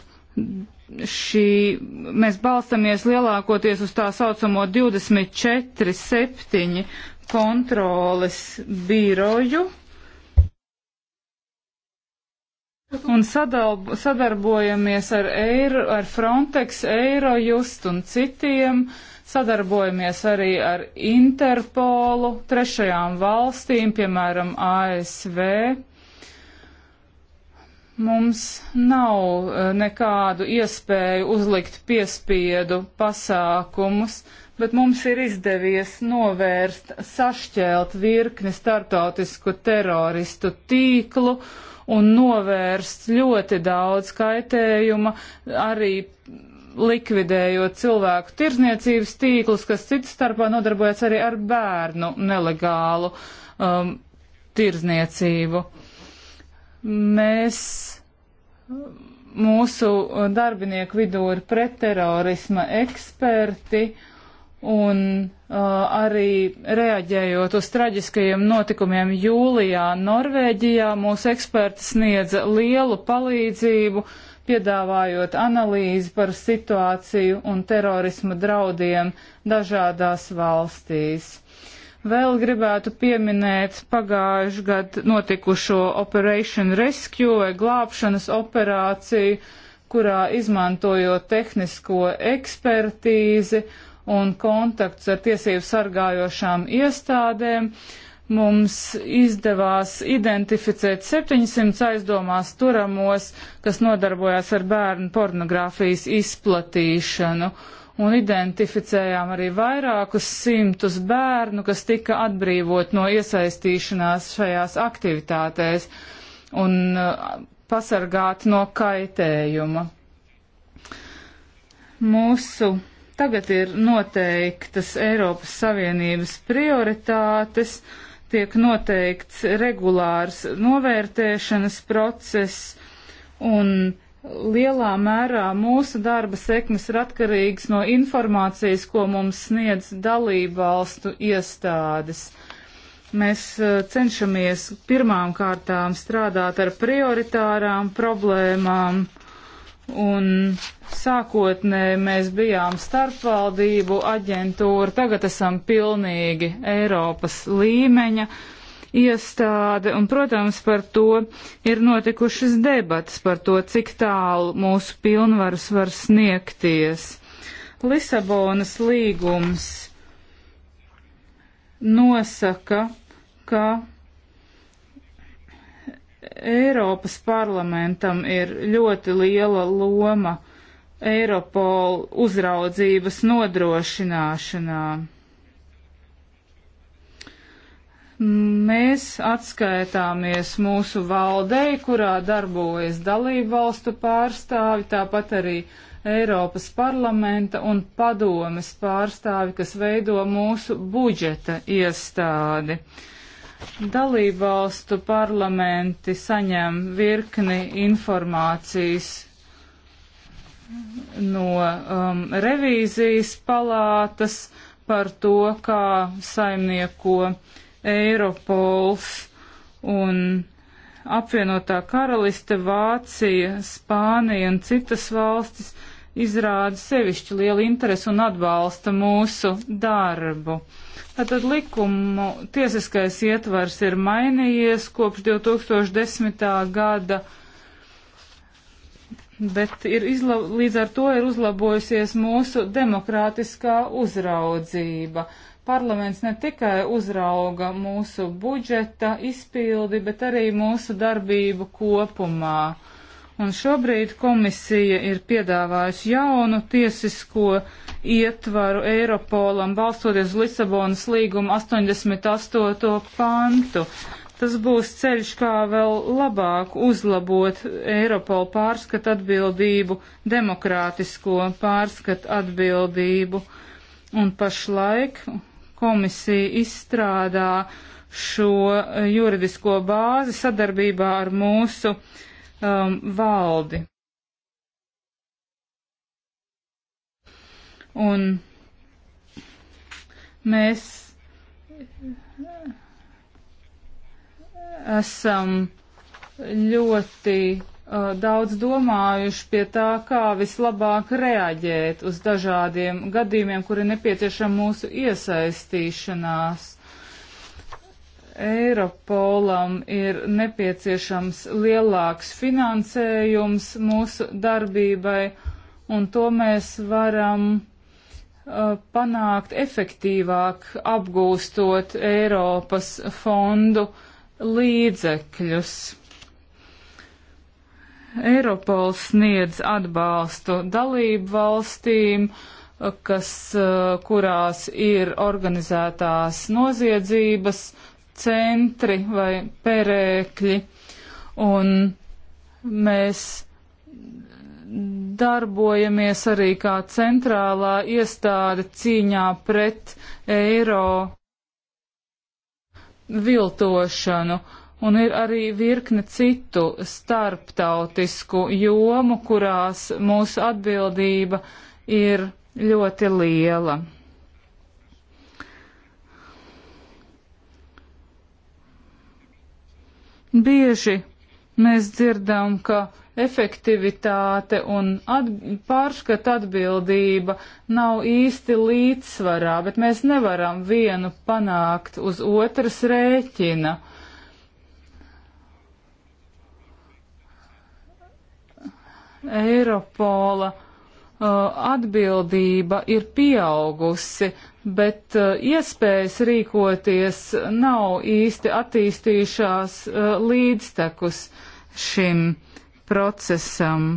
šī, mēs balstamies lielākoties uz tā saucamo 24-7 kontroles biroju un sadalb, sadarbojamies ar, Eiro, ar Frontex, Eirojust un citiem, sadarbojamies arī ar Interpolu, trešajām valstīm, piemēram, ASV. Mums nav eh, nekādu iespēju uzlikt piespiedu pasākumus, bet mums ir izdevies novērst sašķelt virkni startautisku teroristu tīklu un novērst ļoti daudz kaitējuma arī likvidējot cilvēku tirzniecības tīklus, kas citas starpā nodarbojas arī ar bērnu nelegālu um, tirzniecību. Mēs mūsu darbinieku vidū ir pretterorisma eksperti, uh, un uh, arī reaģējot uz traģiskajiem notikumiem jūlijā Norvēģijā, mūsu eksperti sniedza lielu palīdzību, piedāvājot analīzi par situāciju un terorisma draudiem dažādās valstīs. Vēl gribētu pieminēt pagājušu gadu notikušo Operation Rescue vai glābšanas operāciju, kurā izmantojot tehnisko ekspertīzi, uh, un kontakts ar tiesību sargājošām iestādēm mums izdevās identificēt 700 aizdomās turamos, kas nodarbojās ar bērnu pornogrāfijas izplatīšanu. Un identificējām arī vairākus simtus bērnu, kas tika atbrīvot no iesaistīšanās šajās aktivitātēs un uh, pasargāti no kaitējuma. Mūsu Tagad ir noteiktas Eiropas Savienības prioritātes, tiek noteikts regulārs novērtēšanas process un lielā mērā mūsu darba sekmes ir atkarīgs no informācijas, ko mums sniedz dalībvalstu iestādes. Mēs eh, cenšamies pirmām kārtām strādāt ar prioritārām problēmām un sākotnēji mēs bijām starpvaldību aģentūra, tagad esam pilnīgi Eiropas līmeņa iestāde, un, protams, par to ir notikušas debats, par to, cik tālu mūsu pilnvaras var sniegties. Lisabonas līgums nosaka, ka Eiropas parlamentam ir ļoti liela loma Eiropola uzraudzības nodrošināšanā. Mēs atskaitāmies mūsu valdei, kurā darbojas dalību valstu pārstāvi, tāpat arī Eiropas parlamenta un padomes pārstāvi, kas veido mūsu budžeta iestādi. Uh, Dalībvalstu parlamenti saņem virkni informācijas no um, revīzijas palātas par to, kā saimnieko Eiropols un apvienotā karaliste, Vācija, Spānija un citas valstis izrāda sevišķi lielu interesi un atbalsta mūsu darbu. Tātad likumu tiesiskais ietvars ir mainījies kopš 2010. gada, bet ir izlab, līdz ar to ir uzlabojusies mūsu demokrātiskā uzraudzība. Parlaments ne tikai uzrauga mūsu budžeta izpildi, bet arī mūsu darbību kopumā un šobrīd komisija ir piedāvājusi jaunu tiesisko ietvaru Eiropolam, balstoties uz Lisabonas līguma 88. pantu. Tas būs ceļš, kā vēl labāk uzlabot Eiropola pārskatu atbildību, demokrātisko pārskatu atbildību. Un pašlaik komisija izstrādā šo juridisko bāzi sadarbībā ar mūsu uh, um, valdi. Un mēs esam ļoti uh, daudz domājuši pie tā, kā vislabāk reaģēt uz dažādiem gadījumiem, kuri nepieciešama mūsu iesaistīšanās. Eiropolam ir nepieciešams lielāks finansējums mūsu darbībai, un to mēs varam uh, panākt efektīvāk apgūstot Eiropas fondu līdzekļus. Eiropols sniedz atbalstu dalību valstīm, uh, kas, uh, kurās ir organizētās noziedzības, uh, centri vai perēkļi, un mēs darbojamies arī kā centrālā iestāde cīņā pret eiro viltošanu. Un ir arī virkne citu starptautisku jomu, kurās mūsu atbildība ir ļoti liela. Bieži mēs dzirdam, ka efektivitāte un at pārskata atbildība nav īsti līdzsvarā, bet mēs nevaram vienu panākt uz otras rēķina. Eiropola uh, atbildība ir pieaugusi, bet uh, iespējas rīkoties nav īsti attīstījušās uh, līdztekus šim procesam.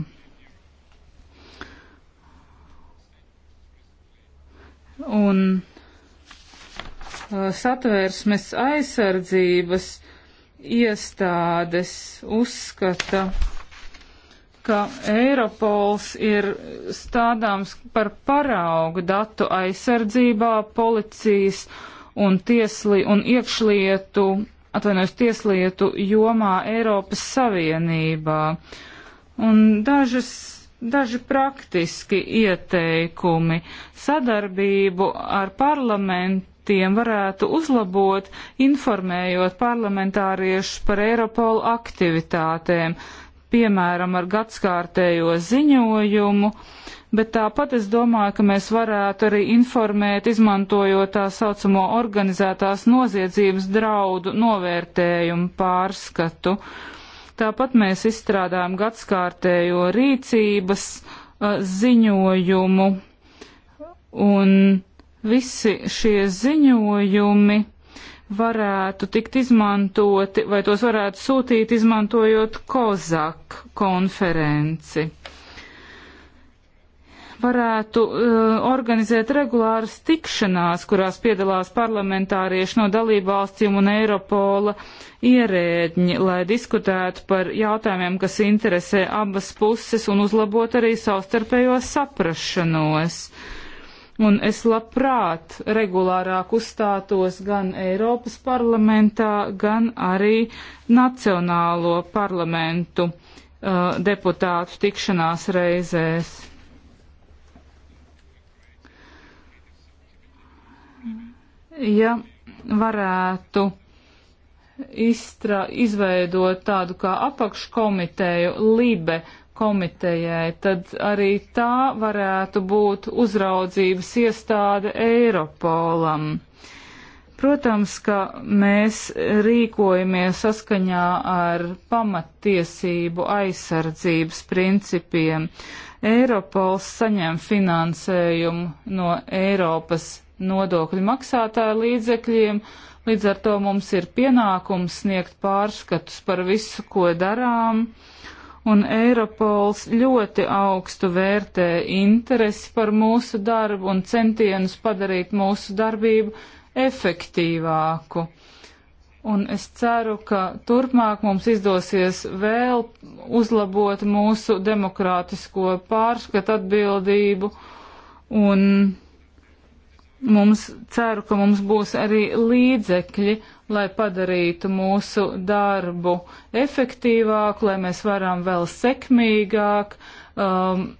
Un uh, satvērsmes aizsardzības iestādes uzskata, ka Eiropols ir stādāms par paraugu datu aizsardzībā policijas un, tiesli, un iekšlietu, atvainojos, tieslietu jomā Eiropas Savienībā. Un dažas, daži praktiski ieteikumi sadarbību ar parlamentu tiem varētu uzlabot, informējot parlamentāriešus par Eiropolu aktivitātēm, piemēram, ar gadskārtējo ziņojumu, bet tāpat es domāju, ka mēs varētu arī informēt, izmantojot tā saucamo organizētās noziedzības draudu novērtējumu pārskatu. Tāpat mēs izstrādājam gadskārtējo rīcības uh, ziņojumu, un visi šie ziņojumi varētu tikt izmantoti, vai tos varētu sūtīt izmantojot Kozak konferenci. Varētu uh, organizēt regulāras tikšanās, kurās piedalās parlamentārieši no dalībvalstīm un Eiropola ierēdņi, lai diskutētu par jautājumiem, kas interesē abas puses un uzlabot arī savstarpējo saprašanos. Uh, un es labprāt regulārāk uzstātos gan Eiropas parlamentā, gan arī Nacionālo parlamentu uh, deputātu tikšanās reizēs. Ja varētu izstra, izveidot tādu kā apakškomiteju libe komitejai, tad arī tā varētu būt uzraudzības iestāde Eiropolam. Protams, ka mēs rīkojamies saskaņā ar pamattiesību aizsardzības principiem. Eiropols saņem finansējumu no Eiropas nodokļu maksātāju līdzekļiem, līdz ar to mums ir pienākums sniegt pārskatus par visu, ko darām. Uh, un Eiropols ļoti augstu vērtē interesi par mūsu darbu un centienus padarīt mūsu darbību efektīvāku. Un es ceru, ka turpmāk mums izdosies vēl uzlabot mūsu demokrātisko pārskatu atbildību un mums ceru, ka mums būs arī līdzekļi, lai padarītu mūsu darbu efektīvāku, lai mēs varam vēl sekmīgāk um,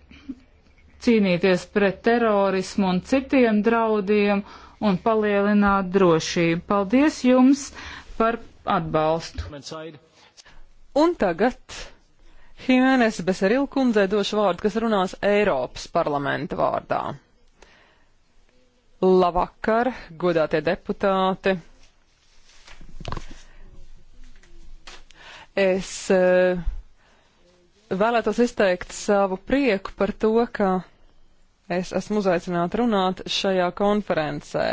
cīnīties pret terorismu un citiem draudiem un palielināt drošību. Paldies jums par atbalstu. Un tagad Jimenez Beserilkundzei došu vārdu, kas runās Eiropas parlamenta vārdā. Labvakar, godātie deputāti! Es eh, vēlētos izteikt savu prieku par to, ka es esmu uzaicināta runāt šajā konferencē.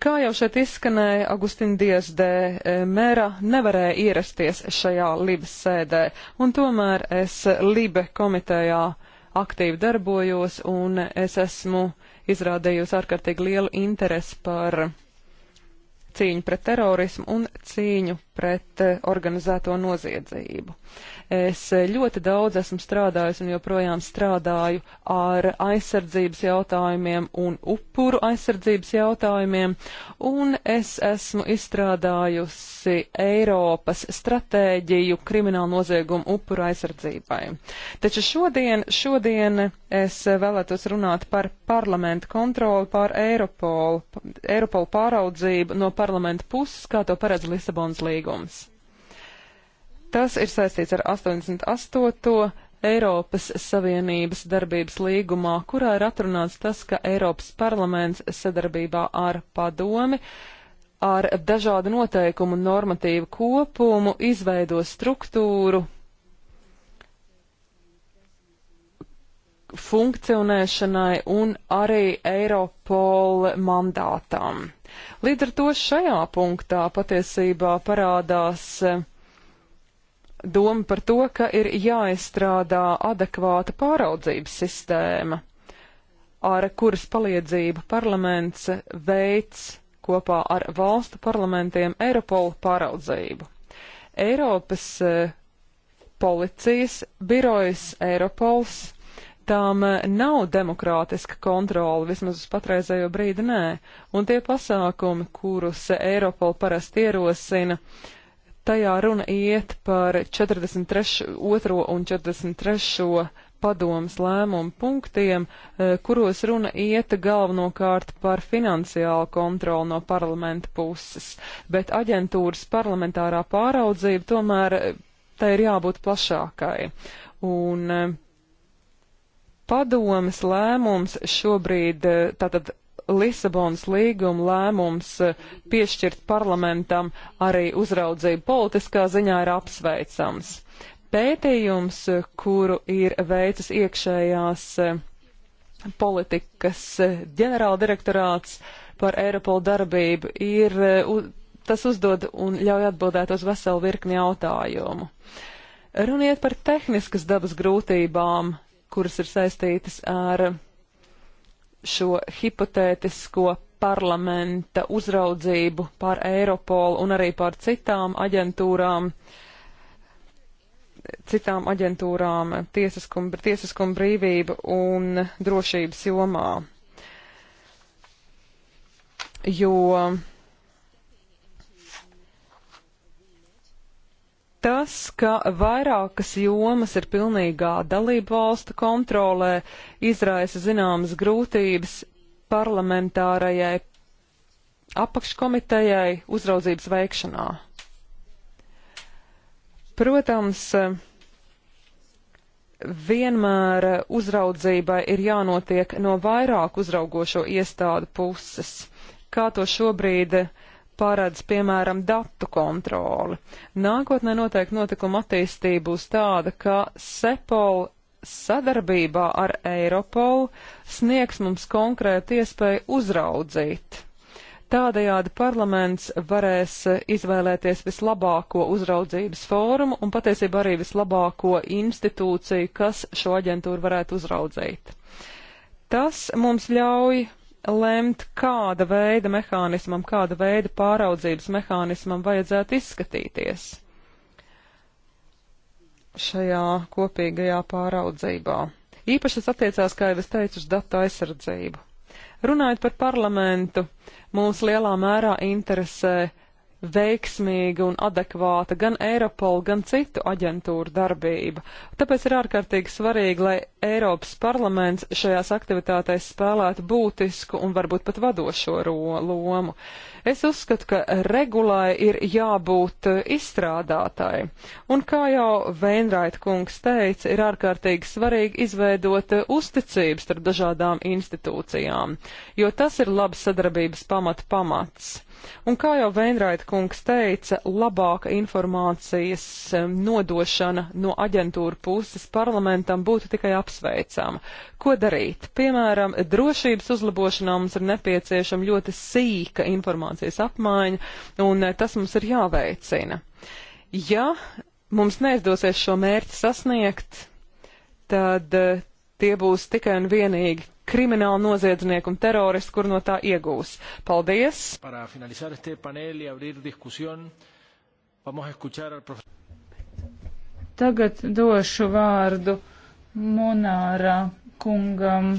Kā jau šeit izskanēja, Agustin Dies de eh, Mera nevarēja ierasties šajā Libes sēdē, un tomēr es Libe komitejā aktīvi darbojos, un es esmu uh, izrādījusi ārkārtīgi lielu interesi par cīņu pret terorismu un cīņu pret eh, organizēto noziedzību. Es ļoti daudz esmu strādājis un joprojām strādāju ar aizsardzības jautājumiem un upuru aizsardzības jautājumiem, un es esmu izstrādājusi Eiropas stratēģiju kriminālu noziegumu upuru aizsardzībai. Taču šodien, šodien es vēlētos runāt par parlamentu kontroli pār Eiropolu, Eiropolu pāraudzību no parlamentu puses, kā to paredz Lisabonas līgums. Tas ir saistīts ar 88. Eiropas Savienības darbības līgumā, kurā ir atrunāts tas, ka Eiropas parlaments sadarbībā ar padomi ar dažādu noteikumu normatīvu kopumu izveido struktūru funkcionēšanai un arī Eiropola mandātām. Līdz ar to šajā punktā patiesībā parādās doma par to, ka ir jāizstrādā adekvāta pāraudzības sistēma, ar kuras palīdzību parlaments veids kopā ar valstu parlamentiem Eiropolu pāraudzību. Eiropas eh, policijas birojas Eiropols tām eh, nav demokrātiska kontrola, vismaz uz patreizējo brīdi nē, un tie pasākumi, kurus Eiropola parasti ierosina, uh, Tajā runa iet par 43. un 43. padomas lēmumu punktiem, e, kuros runa iet galvenokārt par finansiālu kontroli no parlamenta puses, bet aģentūras parlamentārā pāraudzība tomēr e, tai ir jābūt plašākai. Un e, padomas lēmums šobrīd, tātad Lisabonas līguma lēmums eh, piešķirt parlamentam arī uzraudzību politiskā ziņā ir apsveicams. Pētījums, eh, kuru ir veicis iekšējās eh, politikas ģenerāldirektorāts par Eiropolu darbību, ir, tas uzdod un ļauj atbildēt uz veselu virkni jautājumu. Runiet par tehniskas dabas grūtībām, kuras ir saistītas ar šo hipotētisko parlamenta uzraudzību pār Eiropolu un arī pār citām aģentūrām, citām aģentūrām tiesiskuma, tiesiskuma brīvība un drošības jomā. Jo tas, ka vairākas jomas ir pilnīgā dalību valstu kontrolē, izraisa zināmas grūtības parlamentārajai apakškomitejai uzraudzības veikšanā. Protams, vienmēr uzraudzībai ir jānotiek no vairāku uzraugošo iestādu puses, kā to šobrīd uh, paredz, piemēram, datu kontroli. Nākotnē noteikti notikuma attīstība būs tāda, ka SEPOL sadarbībā ar Eiropolu sniegs mums konkrēti iespēju uzraudzīt. Tādējādi parlaments varēs izvēlēties vislabāko uzraudzības fórumu un patiesībā arī vislabāko institūciju, kas šo aģentūru varētu uzraudzīt. Tas mums ļauj lemt, kāda veida mehānismam, kāda veida pāraudzības mehānismam vajadzētu izskatīties šajā kopīgajā pāraudzībā. Īpaši tas attiecās, kā jau es teicu, uz datu aizsardzību. Runājot par parlamentu, mūs lielā mērā interesē veiksmīga un adekvāta gan Eiropola, gan citu aģentūru darbība. Tāpēc ir ārkārtīgi svarīgi, lai Eiropas parlaments šajās aktivitātēs spēlētu būtisku un varbūt pat vadošo lomu. Es uzskatu, ka regulai ir jābūt eh, izstrādātai. Un kā jau Veinraita kungs teica, ir ārkārtīgi svarīgi izveidot eh, uzticības starp dažādām institūcijām, jo tas ir labs sadarbības pamata pamats. Un kā jau Veinraita kungs teica, labāka informācijas nodošana no aģentūra puses parlamentam būtu tikai apsveicama. Ko darīt? Piemēram, drošības uzlabošanā mums ir nepieciešama ļoti sīka informācijas apmaiņa, un eh, tas mums ir jāveicina. Ja mums neizdosies šo mērķi sasniegt, tad eh, tie būs tikai un vienīgi krimināli noziedznieki un teroristi, kur no tā iegūs. Paldies! Tagad došu vārdu Monāra kungam.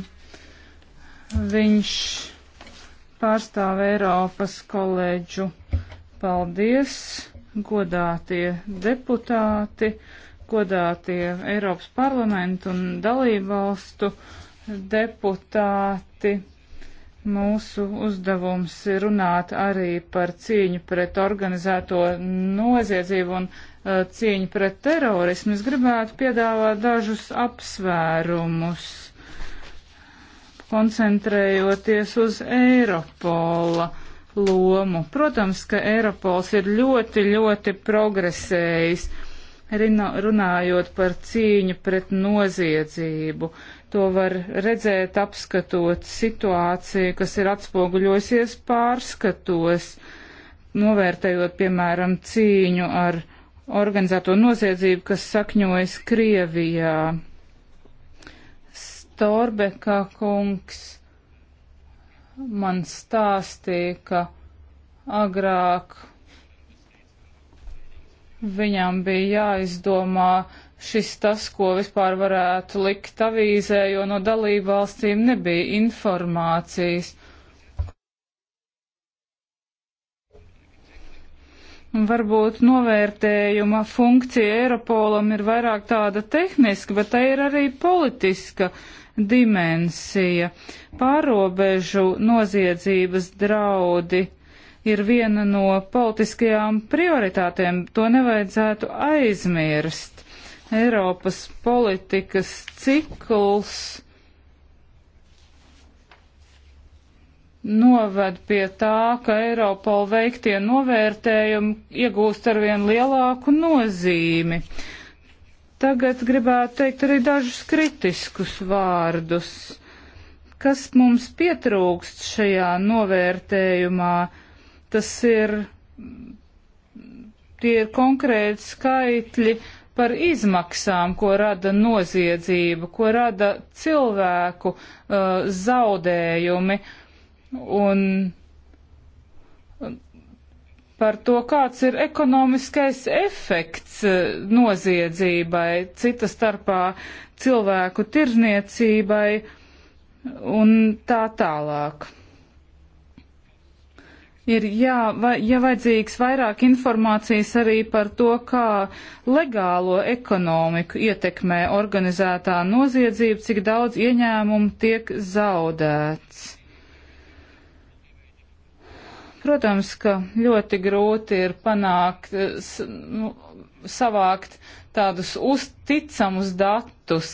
Viņš pārstāv Eiropas koledžu. Paldies, godātie deputāti, godātie Eiropas parlamentu un dalību valstu deputāti. Mūsu uzdevums ir runāt arī par cīņu pret organizēto noziedzību un uh, cīņu pret terorismu. Es gribētu piedāvāt dažus apsvērumus, koncentrējoties uz Eiropola lomu. Protams, ka Eiropols ir ļoti, ļoti progresējis, runājot par cīņu pret noziedzību To var redzēt, apskatot situāciju, kas ir atspoguļosies pārskatos, novērtējot, piemēram, cīņu ar organizēto noziedzību, kas sakņojas Krievijā. Storbeka kungs man stāstīja, ka agrāk viņam bija jāizdomā, šis tas, ko vispār varētu likt avīzē, jo no dalību valstīm nebija informācijas. Un varbūt novērtējuma funkcija Eiropolam ir vairāk tāda tehniska, bet tai ir arī politiska dimensija. Pārobežu noziedzības draudi ir viena no politiskajām prioritātēm. To nevajadzētu aizmirst. Eiropas politikas cikls noved pie tā, ka Eiropola veiktie novērtējumi iegūst arvien lielāku nozīmi. Tagad gribētu teikt arī dažus kritiskus vārdus. Kas mums pietrūkst šajā novērtējumā? Tas ir, tie ir konkrēti skaitļi par izmaksām, ko rada noziedzība, ko rada cilvēku uh, zaudējumi un par to, kāds ir ekonomiskais efekts uh, noziedzībai, cita starpā cilvēku tirzniecībai un tā tālāk ir jā, vai, ja vajadzīgs vairāk informācijas arī par to, kā legālo ekonomiku ietekmē organizētā noziedzība, cik daudz ieņēmumu tiek zaudēts. Protams, ka ļoti grūti ir panākt, nu, savākt tādus uzticamus datus,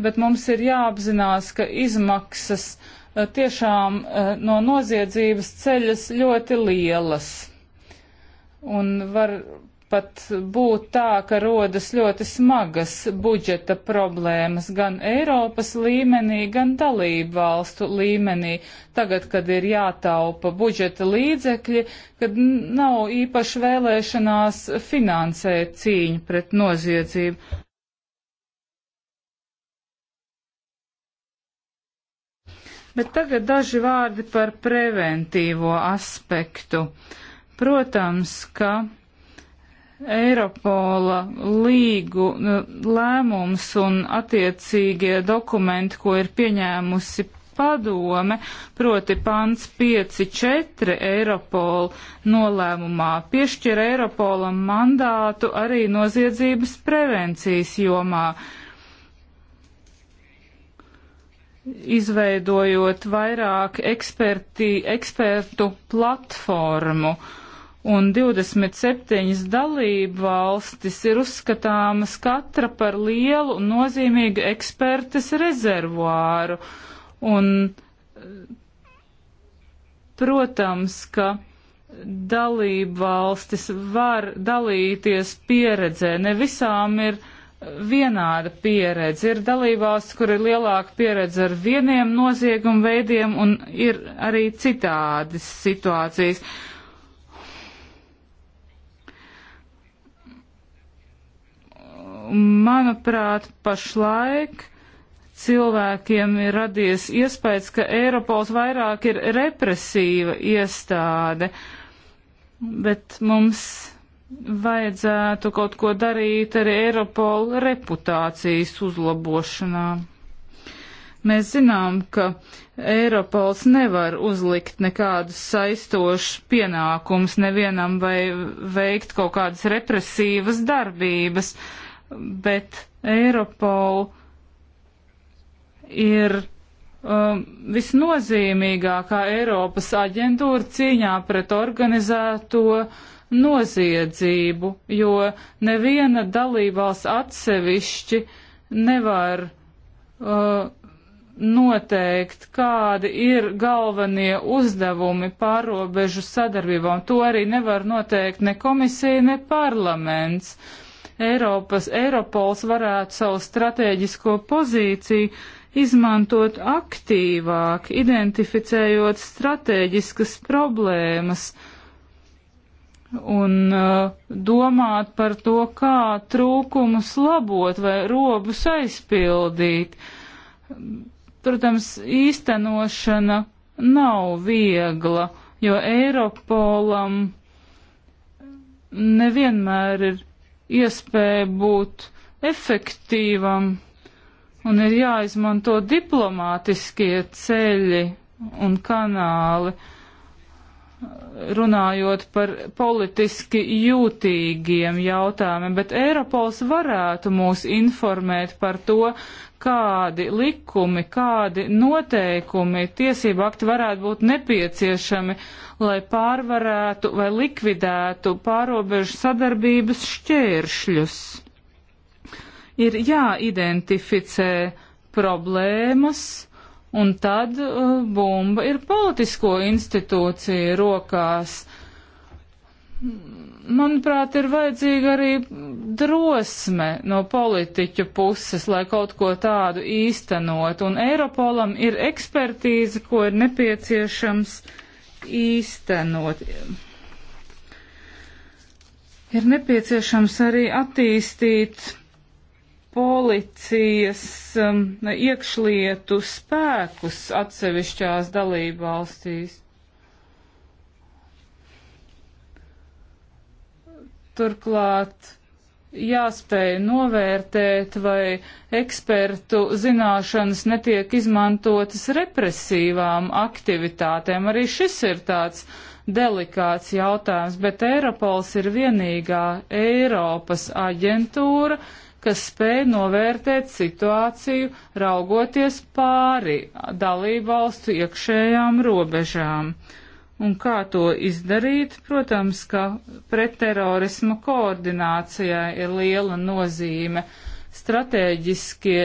bet mums ir jāapzinās, ka izmaksas uh, Eh, tiešām eh, no noziedzības ceļas ļoti lielas. Un var pat būt tā, ka rodas ļoti smagas budžeta problēmas gan Eiropas līmenī, gan dalību valstu līmenī. Tagad, kad ir jātaupa budžeta līdzekļi, kad nav īpaši vēlēšanās finansēt cīņu pret noziedzību. Bet tagad daži vārdi par preventīvo aspektu. Protams, ka Eiropola līgu nu, lēmums un attiecīgie dokumenti, ko ir pieņēmusi padome, proti pants 5.4 Eiropola nolēmumā piešķir Eiropolam mandātu arī noziedzības prevencijas jomā. izveidojot vairāk eksperti, ekspertu platformu. Un 27 dalību valstis ir uzskatāmas katra par lielu un nozīmīgu ekspertes rezervuāru. Un, protams, ka dalību valstis var dalīties pieredzē. Ne visām ir vienāda pieredze. Ir dalībvalsts, kur ir lielāka pieredze ar vieniem noziegumu veidiem un ir arī citādas situācijas. Manuprāt, pašlaik cilvēkiem ir radies iespējas, ka Eiropols vairāk ir represīva iestāde, bet mums vajadzētu kaut ko darīt arī Eiropola reputācijas uzlabošanā. Mēs zinām, ka Eiropols nevar uzlikt nekādus saistošus pienākumus nevienam vai veikt kaut kādas represīvas darbības, bet Eiropol ir um, visnozīmīgākā Eiropas aģentūra cīņā pret organizēto uh, noziedzību, jo neviena dalībvalsts atsevišķi nevar uh, noteikt, kādi ir galvenie uzdevumi pārobežu sadarbībām. To arī nevar noteikt ne komisija, ne parlaments. Eiropas, Eiropols varētu savu strateģisko pozīciju izmantot aktīvāk, identificējot strateģiskas problēmas, uh, un uh, domāt par to, kā trūkumus labot vai robus aizpildīt. Protams, īstenošana nav viegla, jo Eiropolam nevienmēr ir iespēja būt efektīvam un ir jāizmanto diplomātiskie ceļi un kanāli. Uh, runājot par politiski jūtīgiem jautājumiem, bet Eiropols varētu mūs informēt par to, kādi likumi, kādi noteikumi, tiesību akti varētu būt nepieciešami, lai pārvarētu vai likvidētu pārobežu sadarbības šķēršļus. Ir jāidentificē problēmas, un tad uh, bumba ir politisko institūciju rokās. Manuprāt, ir vajadzīga arī drosme no politiķu puses, lai kaut ko tādu īstenot, un Eiropolam ir ekspertīze, ko ir nepieciešams īstenot. Ir nepieciešams arī attīstīt policijas um, iekšlietu spēkus atsevišķās dalībvalstīs. Turklāt jāspēj novērtēt, vai ekspertu zināšanas netiek izmantotas represīvām aktivitātēm. Arī šis ir tāds delikāts jautājums, bet Eiropols ir vienīgā Eiropas aģentūra, kas spēj novērtēt situāciju, raugoties pāri dalībvalstu iekšējām robežām. Un kā to izdarīt? Protams, ka pretterorisma koordinācijai ir liela nozīme. Stratēģiskie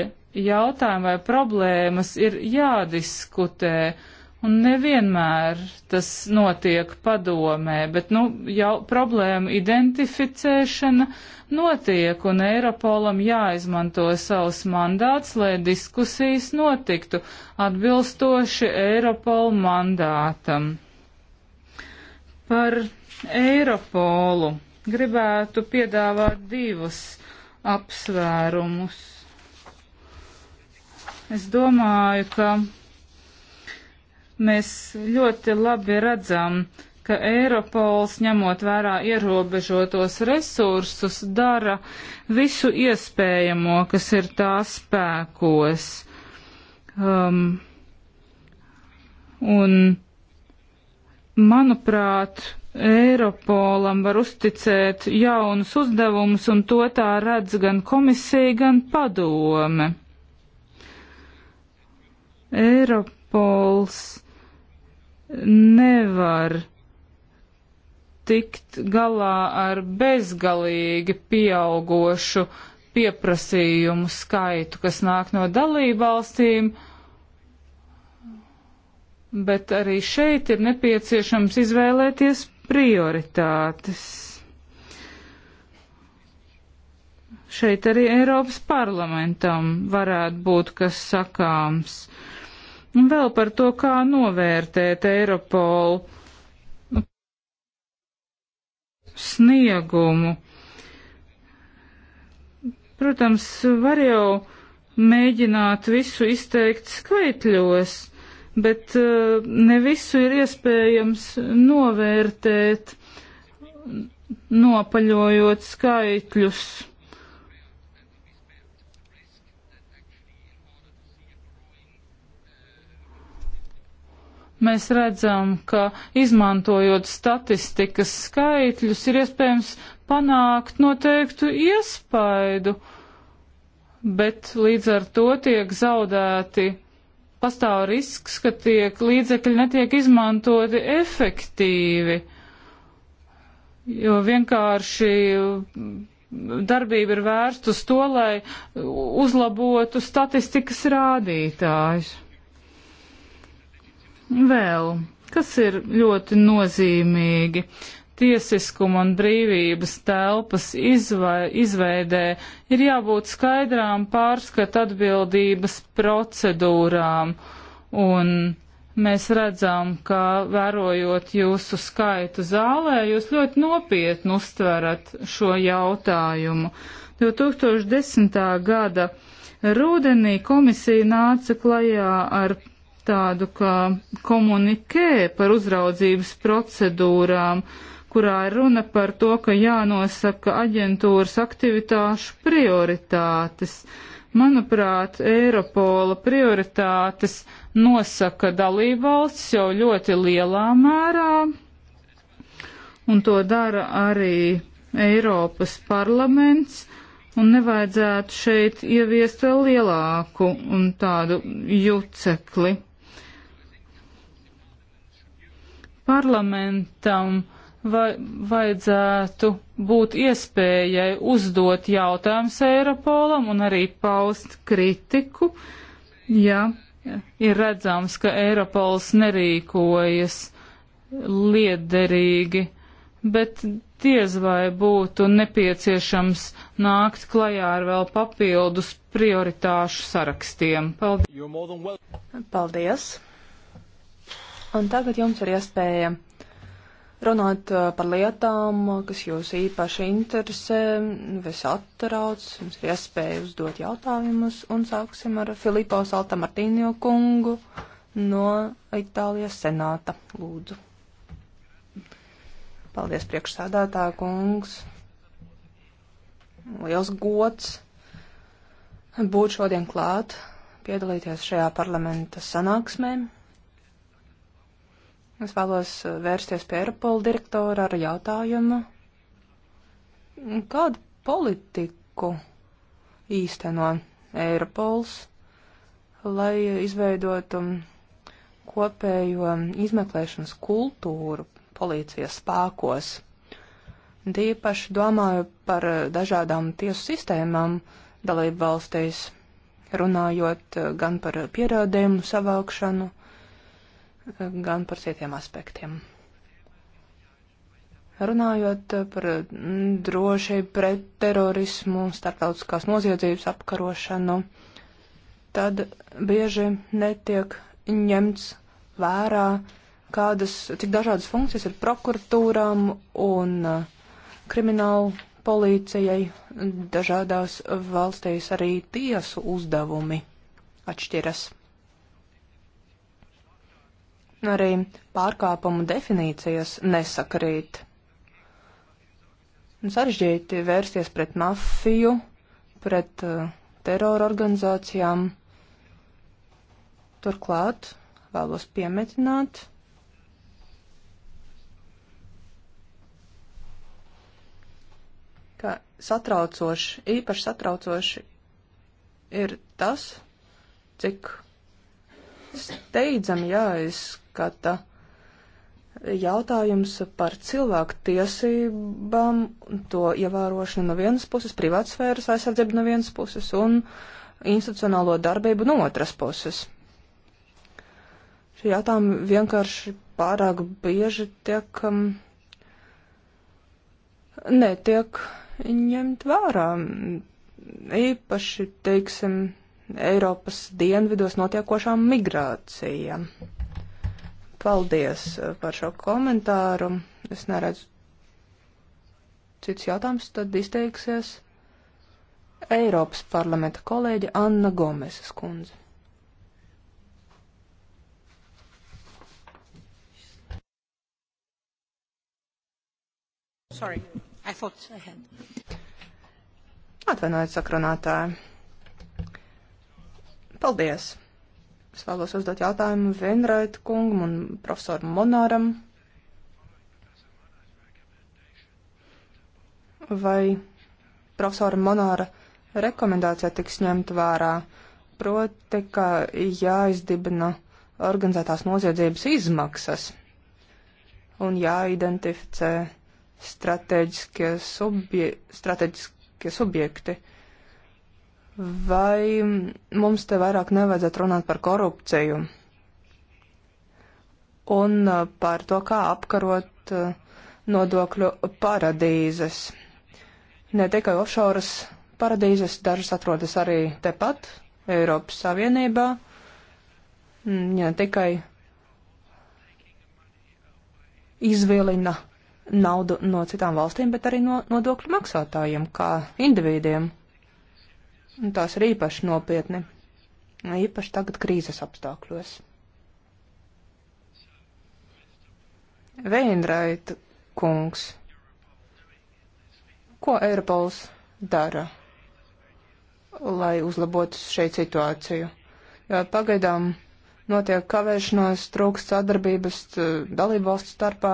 jautājumi vai problēmas ir jādiskutē Un nevienmēr tas notiek padomē, bet, nu, jau problēma identificēšana notiek, un Eiropolam jāizmanto savs mandāts, lai diskusijas notiktu atbilstoši Eiropola mandātam. Par Eiropolu gribētu piedāvāt divus apsvērumus. Es domāju, ka Mēs ļoti labi redzam, ka Eiropols, ņemot vērā ierobežotos resursus, dara visu iespējamo, kas ir tā spēkos. Um, un, manuprāt, Eiropolam var uzticēt jaunus uzdevumus, un to tā redz gan komisija, gan padome. Eiropols nevar tikt galā ar bezgalīgi pieaugošu pieprasījumu skaitu, kas nāk no dalībvalstīm, bet arī šeit ir nepieciešams izvēlēties prioritātes. Šeit arī Eiropas parlamentam varētu būt kas sakāms. Uh, Un vēl par to, kā novērtēt Eiropolu sniegumu. Protams, var jau mēģināt visu izteikt skaitļos, bet uh, ne visu ir iespējams novērtēt, nopaļojot skaitļus. mēs redzam, ka izmantojot statistikas skaitļus ir iespējams panākt noteiktu iespaidu, bet līdz ar to tiek zaudēti, pastāv risks, ka tiek līdzekļi netiek izmantoti efektīvi, jo vienkārši darbība ir vērsta uz to, lai uzlabotu statistikas rādītājus. Vēl, kas ir ļoti nozīmīgi, tiesiskuma un brīvības telpas izvai, izveidē ir jābūt skaidrām pārskat atbildības procedūrām. Un mēs redzam, ka vērojot jūsu skaitu zālē, jūs ļoti nopietni uztverat šo jautājumu. 2010. gada rudenī komisija nāca klajā ar tādu kā komunikē par uzraudzības procedūrām, kurā ir runa par to, ka jānosaka aģentūras aktivitāšu prioritātes. Manuprāt, Eiropola prioritātes nosaka dalībvalsts jau ļoti lielā mērā, un to dara arī Eiropas parlaments, un nevajadzētu šeit ieviest vēl lielāku un tādu jucekli. parlamentam vai, vajadzētu būt iespējai uzdot jautājumus Eiropolam un arī paust kritiku, ja ir redzams, ka Eiropols nerīkojas liederīgi, bet diez vai būtu nepieciešams nākt klajā ar vēl papildus prioritāšu sarakstiem. Paldies! Paldies. Un tagad jums ir iespēja runāt uh, par lietām, uh, kas jūs īpaši interesē, vis atturauc, jums ir iespēja uzdot jautājumus, un sāksim ar Filipo Saltamartīnio kungu no Itālijas senāta. Lūdzu. Paldies priekšsādātā kungs. Liels gods būt šodien klāt, piedalīties šajā parlamenta sanāksmē. Es vēlos uh, vērsties pie Eiropola direktora ar jautājumu, kādu politiku īsteno Eiropols, lai izveidotu kopējo izmeklēšanas kultūru policijas spēkos. Tīpaši domāju par uh, dažādām tiesu sistēmām dalību valstīs, runājot uh, gan par pierādījumu savākšanu, gan par citiem aspektiem. Runājot par drošību pret terorismu, starptautiskās noziedzības apkarošanu, tad bieži netiek ņemts vērā, kādas, cik dažādas funkcijas ir prokuratūrām un uh, kriminālu policijai dažādās valstīs arī tiesu uzdevumi atšķiras. Arī pārkāpumu definīcijas nesakrīt. Saržģīti vērsties pret mafiju, pret uh, terora organizācijām. Turklāt vēlos piemetināt, ka satraucoši, īpaši satraucoši ir tas, cik steidzami jāizskata jautājums par cilvēku tiesībām, to ievērošanu no vienas puses, privātsfēras aizsardzību no vienas puses un institucionālo darbību no otras puses. Šie jautājumi vienkārši pārāk bieži tiek, um, netiek ņemt vērā. Īpaši, teiksim, Eiropas dienvidos notiekošām migrācijām. Paldies uh, par šo komentāru. Es neredzu cits jautājums, tad izteiksies Eiropas parlamenta kolēģe Anna Gomeses kundze. Sorry, I thought I had. Atvainojiet, sakronātāji. Paldies! Es vēlos uzdot jautājumu Venraita kungam un profesoram Monāram. Vai profesora Monāra rekomendācija tiks ņemta vērā? Proti, ka jāizdibina organizētās noziedzības izmaksas un jāidentificē strateģiskie, subje, strateģiskie subjekti Vai mums te vairāk nevajadzētu runāt par korupciju un uh, par to, kā apkarot uh, nodokļu paradīzes? Ne tikai offshore paradīzes, dažas atrodas arī tepat Eiropas Savienībā, ne mm, tikai izvilina naudu no citām valstīm, bet arī no nodokļu maksātājiem, kā individiem. Un tās ir īpaši nopietni, īpaši tagad krīzes apstākļos. Veinraita kungs, ko Eiropols dara, lai uzlabotu šeit situāciju? Jo pagaidām notiek kavēšanās, trūkst sadarbības dalībvalstu starpā.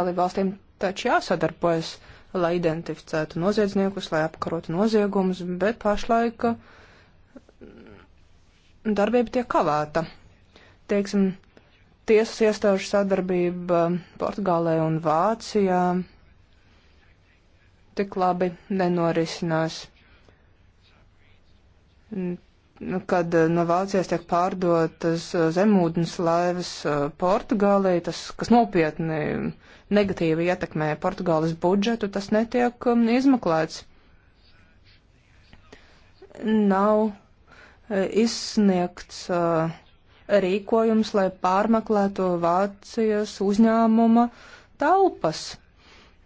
Dalībvalstīm taču jāsadarbojas. Uh, lai identificētu noziedzniekus, lai apkarotu noziegumus, bet pašlaik mm, darbība tiek kavēta. Teiksim, tiesas iestāžu sadarbība Portugālē un Vācijā tik labi nenorisinās kad eh, no Vācijas tiek pārdotas eh, zemūdens laivas eh, Portugālē, tas, kas nopietni negatīvi ietekmē Portugāles budžetu, tas netiek um, izmeklēts. Nav izsniegts rīkojums, lai pārmeklētu Vācijas uzņēmuma telpas.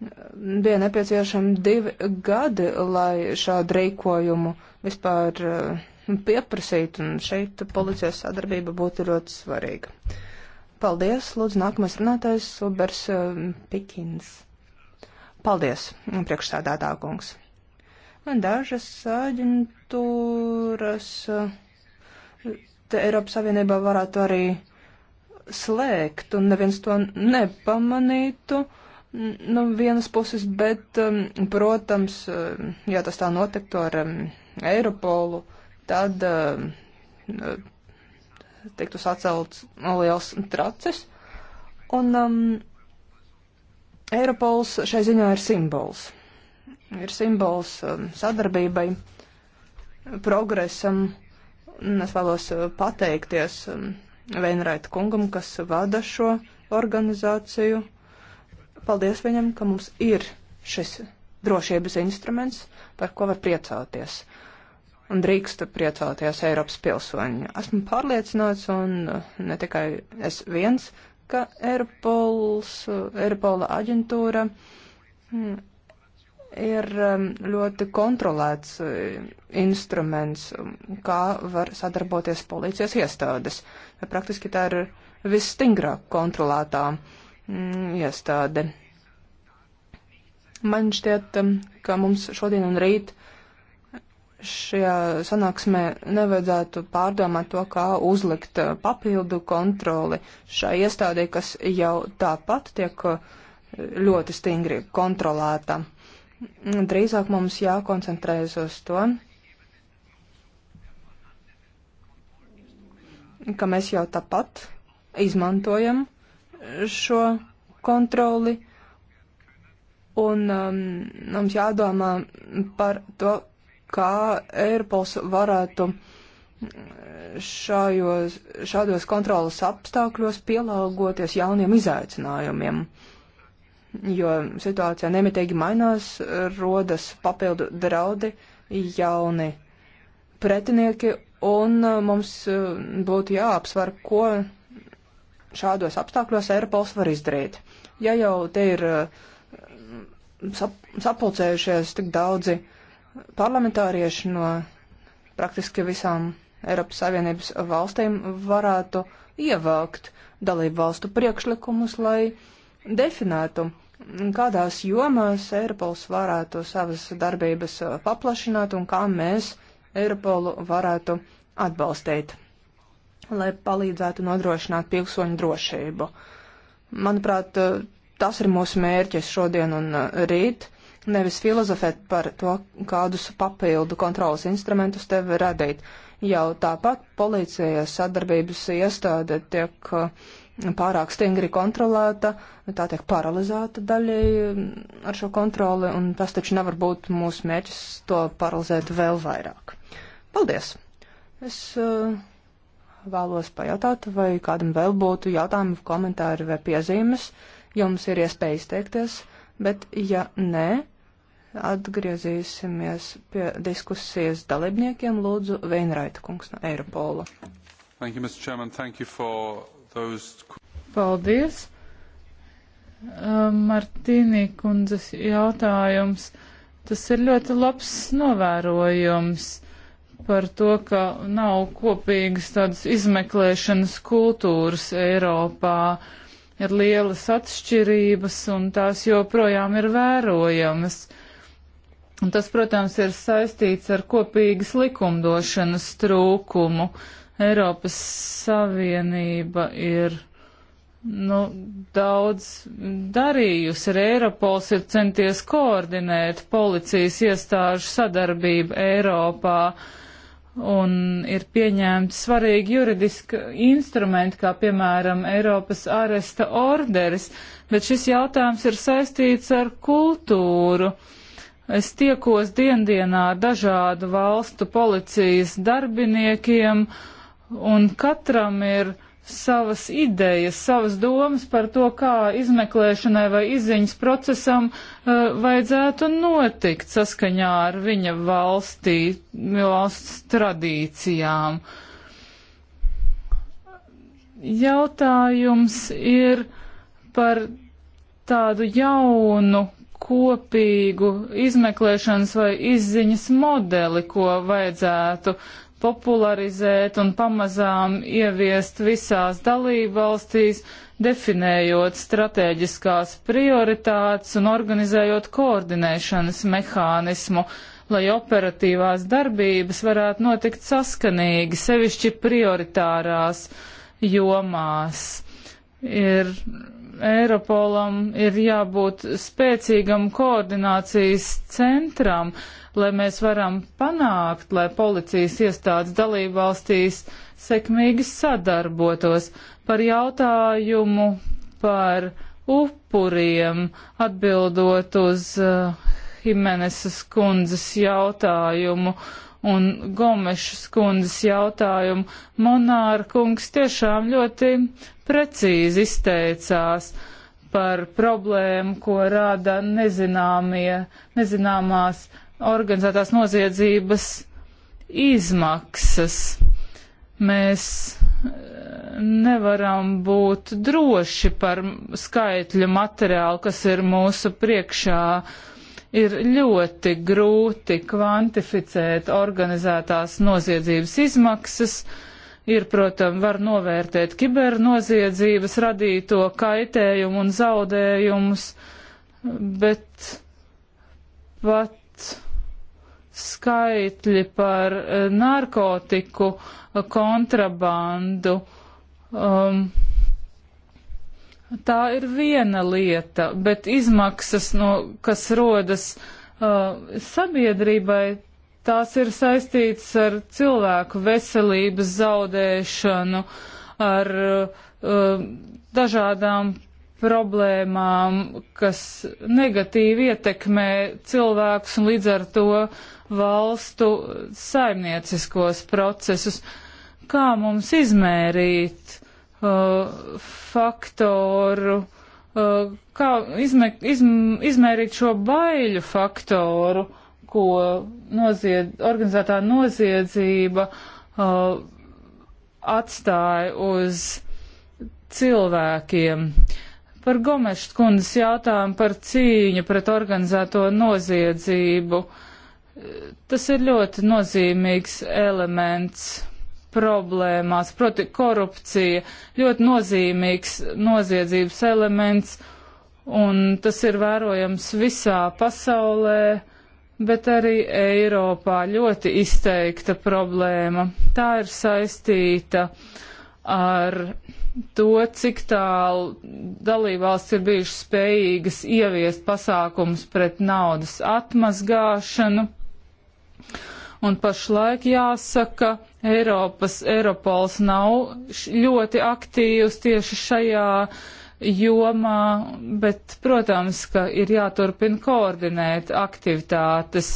Bija nepieciešami divi gadi, lai šādu rīkojumu vispār uh, pieprasīt, un šeit policijas sadarbība būtu ļoti svarīga. Paldies, lūdzu, nākamais runātājs Ubers eh, Pikins. Paldies, priekšsādātā kungs. Dažas aģentūras eh, te Eiropas Savienībā varētu arī slēgt, un neviens to nepamanītu no vienas puses, bet, eh, protams, ja tas tā notiktu ar Eiropolu, tad ehm, eh, tiktu sacelts liels tracis. Un um, Eiropols šai ziņā ir simbols. Ir simbols um, sadarbībai, progresam. Un es vēlos eh, pateikties um, Veinraita kungam, kas vada šo organizāciju. Paldies viņam, ka mums ir šis drošības instruments, par ko var priecāties. Uh, un drīkstu priecāties Eiropas pilsoņi. Esmu pārliecināts, un uh, ne tikai es viens, ka Eiropols, uh, Eiropola aģentūra mm, ir um, ļoti kontrolēts uh, instruments, um, kā var sadarboties policijas iestādes. Praktiski tā ir visstingrāk kontrolētā mm, iestāde. Man šķiet, um, ka mums šodien un rīt uh, šajā sanāksmē nevajadzētu pārdomāt to, kā uzlikt uh, papildu kontroli šai iestādē, kas jau tāpat tiek uh, ļoti stingri kontrolēta. Drīzāk mums jākoncentrējas uz to, ka mēs jau tāpat izmantojam šo kontroli, un um, mums jādomā par to, kā Eiropols varētu šajos, šādos kontrolas apstākļos pielāgoties jauniem izaicinājumiem, jo situācijā nemitīgi mainās, rodas papildu draudi, jauni pretinieki, un mums e, būtu jāapsver, ko šādos apstākļos Eiropols var izdarīt. Ja jau te ir e, sap, sapulcējušies tik daudzi uh, parlamentārieši no praktiski visām Eiropas Savienības valstīm varētu ievākt dalību valstu priekšlikumus, lai definētu, kādās jomās Eiropols varētu savas darbības paplašināt un kā mēs Eiropolu varētu atbalstīt, lai palīdzētu nodrošināt pilsoņu drošību. Manuprāt, tas ir mūsu mērķis šodien un rīt nevis filozofēt par to, kādus papildu kontrolas instrumentus tev radīt. Jau tāpat policijas sadarbības iestāde tiek uh, pārāk stingri kontrolēta, tā tiek paralizēta daļai um, ar šo kontroli, un tas taču nevar būt mūsu mērķis to paralizēt vēl vairāk. Paldies! Es uh, vēlos pajautāt, vai kādam vēl būtu jautājumi, komentāri vai piezīmes. Jums ir iespēja izteikties. Uh, bet ja nē, atgriezīsimies pie diskusijas dalībniekiem. Lūdzu, Veinraita kungs no Eiropola. Thank you, Mr. Chairman. Thank you for those... Paldies. Uh, Martīnī kundzes jautājums. Tas ir ļoti labs novērojums par to, ka nav kopīgas tādas izmeklēšanas kultūras Eiropā. Uh, ir lielas atšķirības un tās joprojām ir vērojamas. Un tas, protams, ir saistīts ar kopīgas likumdošanas trūkumu. Eiropas Savienība ir nu, daudz darījusi, ir Eiropols ir centies koordinēt policijas iestāžu sadarbību Eiropā. Uh, un ir pieņemti svarīgi juridiski instrumenti, kā piemēram Eiropas aresta orderis, bet šis jautājums ir saistīts ar kultūru. Es tiekos diendienā ar dažādu valstu policijas darbiniekiem, un katram ir savas idejas, savas domas par to, kā izmeklēšanai vai izziņas procesam uh, vajadzētu notikt saskaņā ar viņa valstī, valsts tradīcijām. Jautājums ir par tādu jaunu kopīgu izmeklēšanas vai izziņas modeli, ko vajadzētu popularizēt un pamazām ieviest visās dalībvalstīs, definējot stratēģiskās prioritātes un organizējot koordinēšanas mehānismu, lai operatīvās darbības varētu notikt saskanīgi, sevišķi prioritārās jomās. Ir Eiropolam ir jābūt spēcīgam koordinācijas centram, lai mēs varam panākt, lai policijas iestādes dalībvalstīs sekmīgi sadarbotos par jautājumu par upuriem, atbildot uz uh, Himenesas kundzes jautājumu un Gomešas kundzes jautājumu. Monāra kungs tiešām ļoti precīzi izteicās par problēmu, ko rāda nezināmie, nezināmās organizētās noziedzības izmaksas. Mēs eh, nevaram būt droši par skaitļu materiālu, kas ir mūsu priekšā. Uh, ir ļoti grūti kvantificēt organizētās noziedzības izmaksas. Ir, protams, var novērtēt kibernoziedzības radīto kaitējumu un zaudējumus, bet pat skaitļi par eh, narkotiku kontrabandu. Um, tā ir viena lieta, bet izmaksas, no, kas rodas uh, sabiedrībai, tās ir saistītas ar cilvēku veselības zaudēšanu, ar uh, dažādām problēmām, kas negatīvi ietekmē cilvēkus un līdz ar to valstu saimnieciskos procesus. Kā mums izmērīt uh, faktoru, uh, kā izme, izm, izmērīt šo baiļu faktoru, ko nozied, organizētā noziedzība uh, atstāja uz cilvēkiem. Par Gomešas kundzes jautājumu par cīņu pret organizēto noziedzību. Tas ir ļoti nozīmīgs elements problēmās, proti korupcija, ļoti nozīmīgs noziedzības elements, un tas ir vērojams visā pasaulē, bet arī Eiropā ļoti izteikta problēma. Tā ir saistīta ar to, cik tālu dalībvalsts ir bijušas spējīgas ieviest pasākums pret naudas atmazgāšanu. Uh, Un pašlaik jāsaka, Eiropas Eiropols nav ļoti aktīvs tieši šajā jomā, bet, protams, ka ir jāturpina koordinēt aktivitātes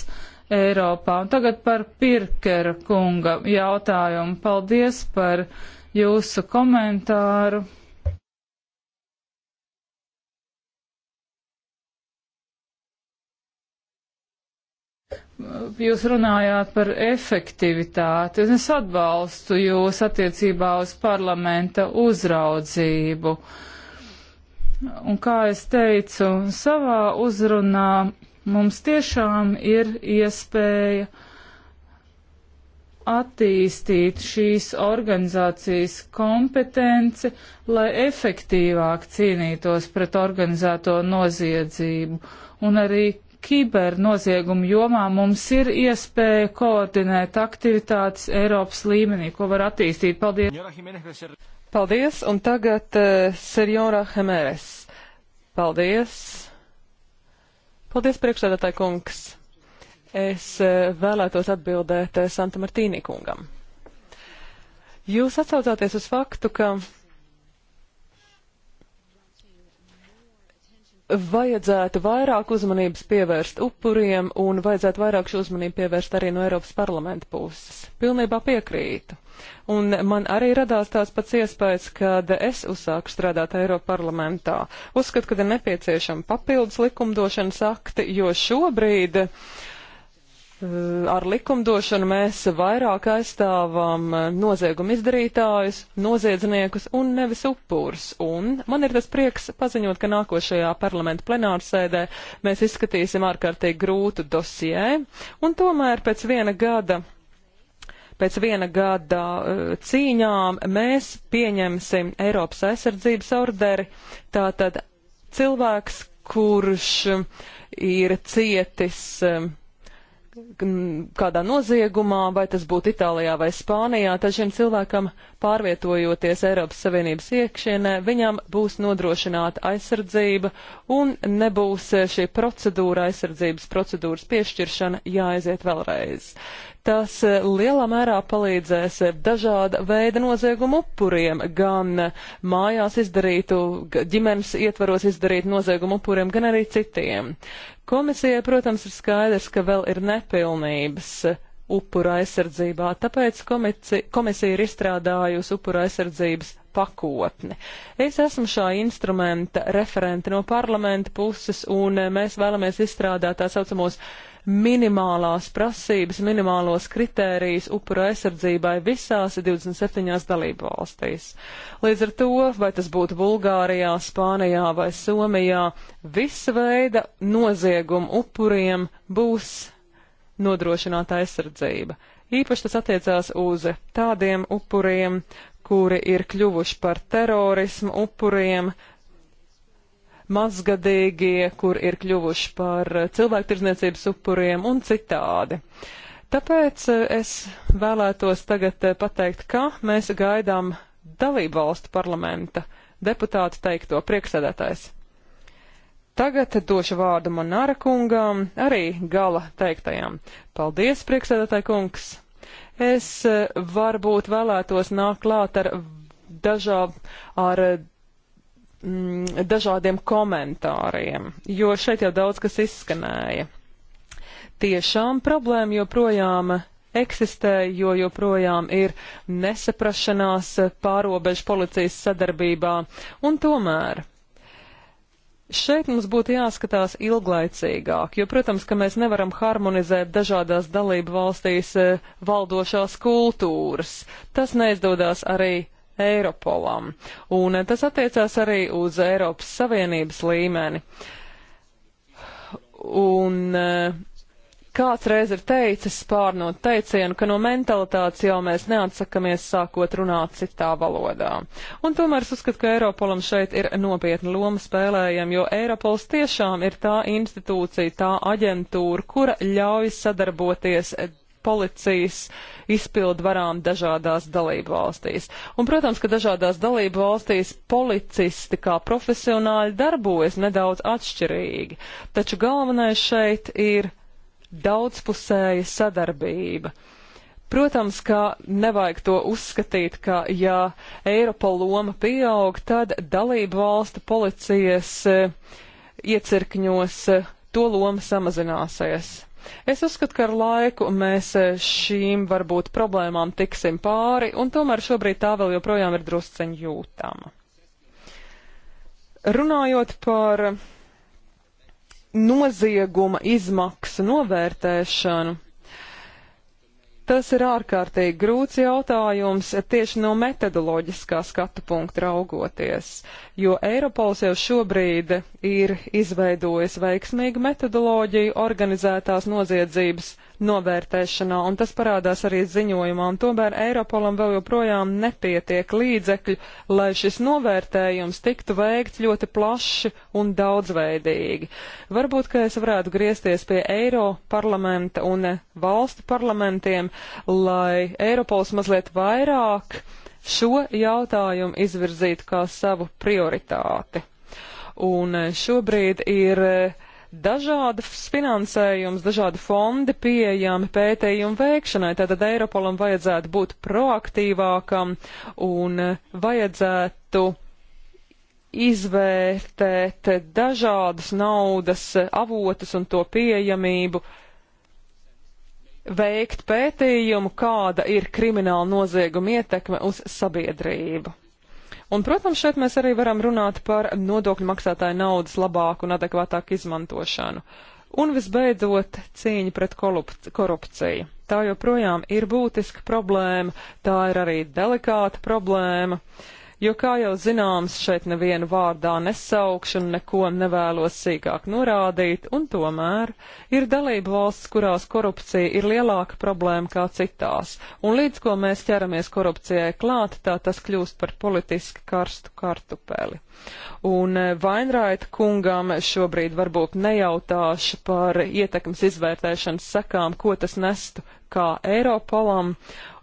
Eiropā. Un tagad par Pirkera kunga jautājumu. Paldies par jūsu komentāru. jūs runājāt par efektivitāti, un es atbalstu jūs attiecībā uz parlamenta uzraudzību. Un kā es teicu, savā uzrunā mums tiešām ir iespēja attīstīt šīs organizācijas kompetenci, lai efektīvāk cīnītos pret organizēto noziedzību un arī kibernoziegumu jomā mums ir iespēja koordinēt aktivitātes Eiropas līmenī, ko var attīstīt. Paldies! Paldies, un tagad uh, eh, Serjora Hemeres. Paldies! Paldies, priekšsēdētāji kungs! Es uh, vēlētos atbildēt uh, Santa Martīnī kungam. Jūs atsaucāties uz faktu, ka vajadzētu vairāk uzmanības pievērst upuriem un vajadzētu vairāk šo uzmanību pievērst arī no Eiropas parlamenta puses. Pilnībā piekrītu. Un man arī radās tās pats iespējas, kad es uzsāku strādāt Eiropa parlamentā. Uzskatu, ka ir nepieciešama papildus likumdošanas akti, jo šobrīd uh, ar likumdošanu mēs vairāk aizstāvam noziegumu izdarītājus, noziedzniekus un nevis upurs. Un man ir tas prieks paziņot, ka nākošajā parlamenta plenārsēdē mēs izskatīsim ārkārtīgi grūtu dosijē, un tomēr pēc viena gada. Pēc viena gada cīņām mēs pieņemsim Eiropas aizsardzības orderi. Tātad cilvēks, kurš ir cietis kādā noziegumā, vai tas būtu Itālijā vai Spānijā, tad šim cilvēkam pārvietojoties Eiropas Savienības iekšienē, viņam būs nodrošināta aizsardzība un nebūs šī procedūra, aizsardzības procedūras piešķiršana jāaiziet vēlreiz. Tas eh, lielā mērā palīdzēs eh, dažāda veida noziegumu upuriem, gan eh, mājās izdarītu, ģimenes ietvaros izdarītu noziegumu upuriem, gan arī citiem. Komisijai, protams, ir skaidrs, ka vēl ir nepilnības upura aizsardzībā, tāpēc komici, komisija ir izstrādājusi upura aizsardzības pakotni. Es esmu šā instrumenta referenti no parlamenta puses, un mēs vēlamies izstrādāt tā saucamos minimālās prasības, minimālos kritērijus upura aizsardzībai visās 27 dalību valstīs. Līdz ar to, vai tas būtu Bulgārijā, Spānijā vai Somijā, visa veida noziegumu upuriem būs nodrošināta aizsardzība. Īpaši tas attiecās uz tādiem upuriem, kuri ir kļuvuši par terorismu upuriem, mazgadīgie, kur ir kļuvuši par cilvēktirdzniecības upuriem un citādi. Tāpēc eh, es vēlētos tagad eh, pateikt, ka mēs gaidām dalību valstu parlamenta deputātu teikto priekšsēdētājs. Tagad došu vārdu Monāra kungam, arī gala teiktajam. Paldies, priekšsēdētāji kungs! Es eh, varbūt vēlētos nākt klāt ar dažā, ar mm, dažādiem komentāriem, jo šeit jau daudz kas izskanēja. Tiešām problēma joprojām eksistē, jo joprojām ir nesaprašanās pārobežu policijas sadarbībā, un tomēr Šeit mums būtu jāskatās ilglaicīgāk, jo, protams, ka mēs nevaram harmonizēt dažādās dalību valstīs eh, valdošās kultūras. Tas neizdodas arī Eiropolam. Un eh, tas attiecās arī uz Eiropas Savienības līmeni. Un eh, kāds reiz ir teicis pārnot teicienu, ka no mentalitātes jau mēs neatsakamies sākot runāt citā valodā. Un tomēr es uzskatu, ka Eiropolam šeit ir nopietna loma spēlējama, jo Eiropols tiešām ir tā institūcija, tā aģentūra, kura ļauj sadarboties policijas izpildu varām dažādās dalību valstīs. Un, protams, ka dažādās dalību valstīs policisti kā profesionāļi darbojas nedaudz atšķirīgi, taču galvenais šeit ir daudzpusēja sadarbība. Protams, ka nevajag to uzskatīt, ka ja Eiropa loma pieaug, tad dalību valstu policijas eh, iecirkņos eh, to loma samazināsies. Es uzskatu, ka ar laiku mēs e, šīm varbūt problēmām tiksim pāri, un tomēr šobrīd tā vēl joprojām ir drusceņ jūtama. Runājot par nozieguma izmaksu novērtēšanu, Tas ir ārkārtīgi grūts jautājums tieši no metodoloģiskā skatu punkta raugoties, jo Eiropols jau šobrīd ir izveidojis veiksmīgu metodoloģiju organizētās noziedzības novērtēšanā, un tas parādās arī ziņojumā, un tomēr Eiropolam vēl joprojām nepietiek līdzekļu, lai šis novērtējums tiktu veikts ļoti plaši un daudzveidīgi. Varbūt, ka es varētu griezties pie Eiro parlamenta un valstu parlamentiem, lai Eiropols mazliet vairāk šo jautājumu izvirzītu kā savu prioritāti. Un šobrīd ir uh, dažādas finansējums, dažādi fondi pieejami pētījumu veikšanai. Tātad Eiropolam vajadzētu būt proaktīvākam un vajadzētu izvērtēt dažādas naudas avotus un to pieejamību, veikt pētījumu, kāda ir krimināla nozieguma ietekme uz sabiedrību. Un, protams, šeit mēs arī varam runāt par nodokļu maksātāju naudas labāku un adekvātāku izmantošanu. Un visbeidzot, cīņa pret korupciju. Tā joprojām ir būtiska problēma, tā ir arī delikāta problēma. Uh, jo, kā jau zināms, šeit nevienu vārdā nesaukšu un neko nevēlos sīkāk norādīt, un tomēr ir dalība valsts, kurās korupcija ir lielāka problēma kā citās, un līdz ko mēs ķeramies korupcijai klāt, tā tas kļūst par politiski karstu kartupeli. Un eh, Vainraita kungam šobrīd varbūt nejautāšu par ietekmes izvērtēšanas sekām, ko tas nestu kā Eiropolam,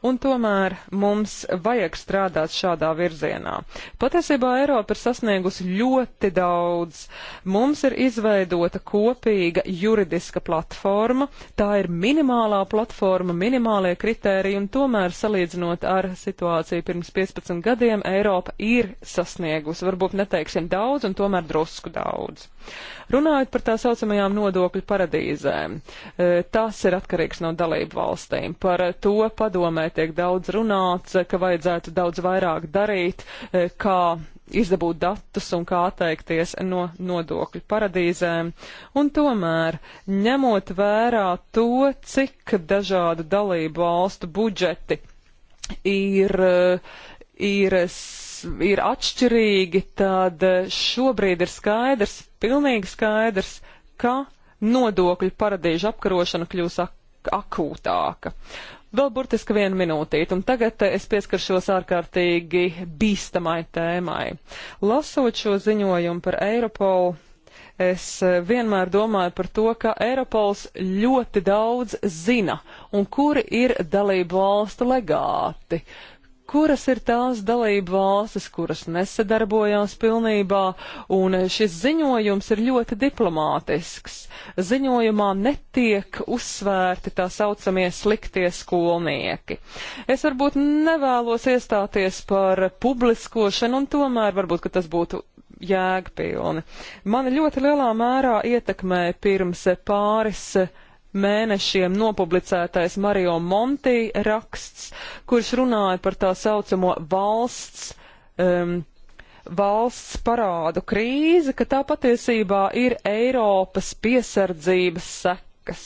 un tomēr mums vajag strādāt šādā virzienā. Patiesībā Eiropa ir sasniegusi ļoti daudz. Mums ir izveidota kopīga juridiska platforma, tā ir minimālā platforma, minimālie kritēriji, un tomēr salīdzinot ar situāciju pirms 15 gadiem, Eiropa ir sasniegusi, varbūt neteiksim daudz, un tomēr drusku daudz. Runājot par tā saucamajām nodokļu paradīzēm, e, tas ir atkarīgs no dalību valstīm. Par to padomē tiek daudz runāts, ka vajadzētu daudz vairāk darīt, e, kā izdabūt datus un kā atteikties no nodokļu paradīzēm, un tomēr, ņemot vērā to, cik dažādu dalību valstu budžeti ir, e, ir, ir atšķirīgi, tad šobrīd ir skaidrs pilnīgi skaidrs, ka nodokļu paradīžu apkarošana kļūs ak akūtāka. Vēl burtiski vienu minūtīti, un tagad es pieskaršos ārkārtīgi bīstamai tēmai. Lasot šo ziņojumu par Eiropolu, es vienmēr domāju par to, ka Eiropols ļoti daudz zina, un kuri ir dalību valstu legāti, kuras ir tās dalību valstis, kuras nesadarbojās pilnībā, un šis ziņojums ir ļoti diplomātisks. Ziņojumā netiek uzsvērti tā saucamie sliktie skolnieki. Es varbūt nevēlos iestāties par publiskošanu, un tomēr varbūt, ka tas būtu jēgpilni. Mani ļoti lielā mērā ietekmē pirms pāris mēnešiem nopublicētais Mario Monti raksts, kurš runāja par tā saucamo valsts, um, valsts parādu krīzi, ka tā patiesībā ir Eiropas piesardzības sekas.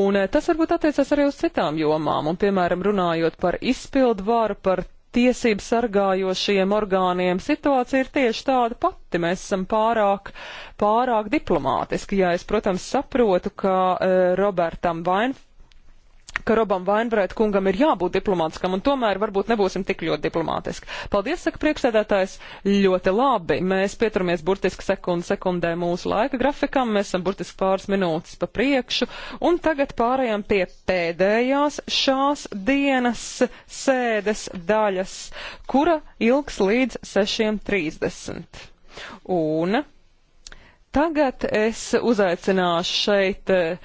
Un eh, tas varbūt attiecas arī uz citām jomām, un, piemēram, runājot par izpildvaru, par tiesību sargājošiem orgāniem situācija ir tieši tāda pati. Mēs esam pārāk, pārāk diplomātiski. Jā, es, protams, saprotu, ka e, Robertam Vainf ka Robam Vainbrēt kungam ir jābūt diplomātiskam, un tomēr varbūt nebūsim tik ļoti diplomātiski. Paldies, saka priekšsēdētājs, ļoti labi. Mēs pieturamies burtiski sekundu sekundē mūsu laika grafikam, mēs esam burtiski pāris minūtes pa priekšu, un tagad pārējām pie pēdējās šās dienas sēdes daļas, kura ilgs līdz 6.30. Un Tagad es uzaicināšu šeit eh,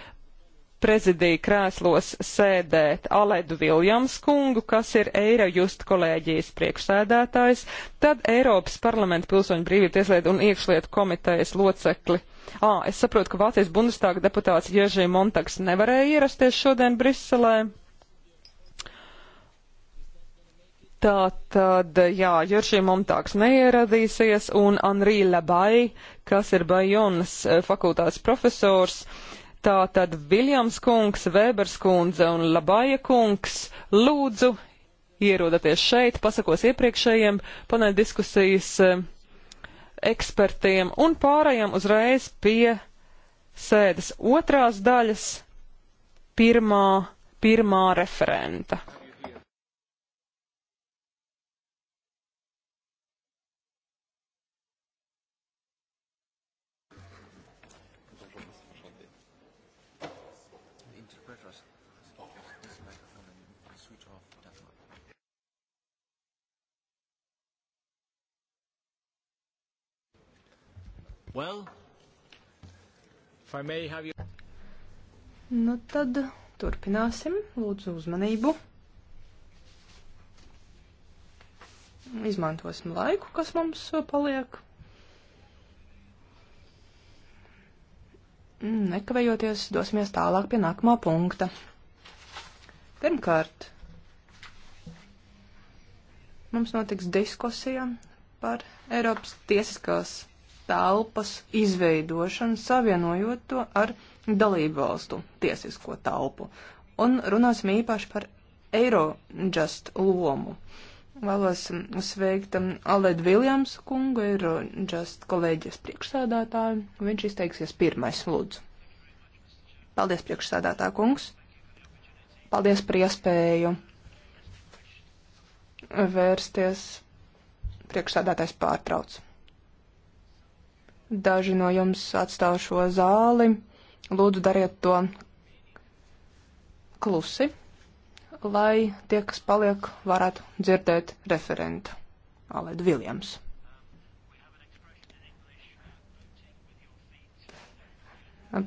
prezidija krēslos sēdēt Aledu Viljams kungu, kas ir Eirojust kolēģijas priekšsēdētājs, tad Eiropas parlamenta pilsoņu brīvību tieslietu un iekšlietu komitejas locekli. Ā, es saprotu, ka Vācijas bundestāga deputāts Ježī Montaks nevarēja ierasties šodien Briselē. Tā tad, jā, Juršiem Omtāks neieradīsies un Anrī Labai, kas ir Bajonas eh, fakultātes profesors. Uh, Tātad Viljams kungs, Vēbers kundze un Labaja kungs, lūdzu ierodaties šeit, pasakos iepriekšējiem paneļ diskusijas eh, ekspertiem un pārējām uzreiz pie sēdes otrās daļas pirmā, pirmā referenta. Well, if I may have you... Nu tad turpināsim. Lūdzu uzmanību. Izmantosim laiku, kas mums paliek. Nekavējoties, dosimies tālāk pie nākamā punkta. Pirmkārt, mums notiks diskusija par Eiropas tiesiskās telpas izveidošanu, savienojot to ar dalību valstu tiesisko telpu. Un runāsim īpaši par Eirojust lomu. Vēlos um, sveikt um, Aled Viljams kungu, Eirojust kolēģijas priekšsēdētāju. Viņš izteiksies pirmais, lūdzu. Paldies, priekšsēdētā kungs. Paldies par iespēju vērsties. Priekšsēdētājs pārtrauc. Daži no jums atstāv šo zāli. Lūdzu, dariet to klusi, lai tie, kas paliek, varētu dzirdēt referentu Aledu Viljams.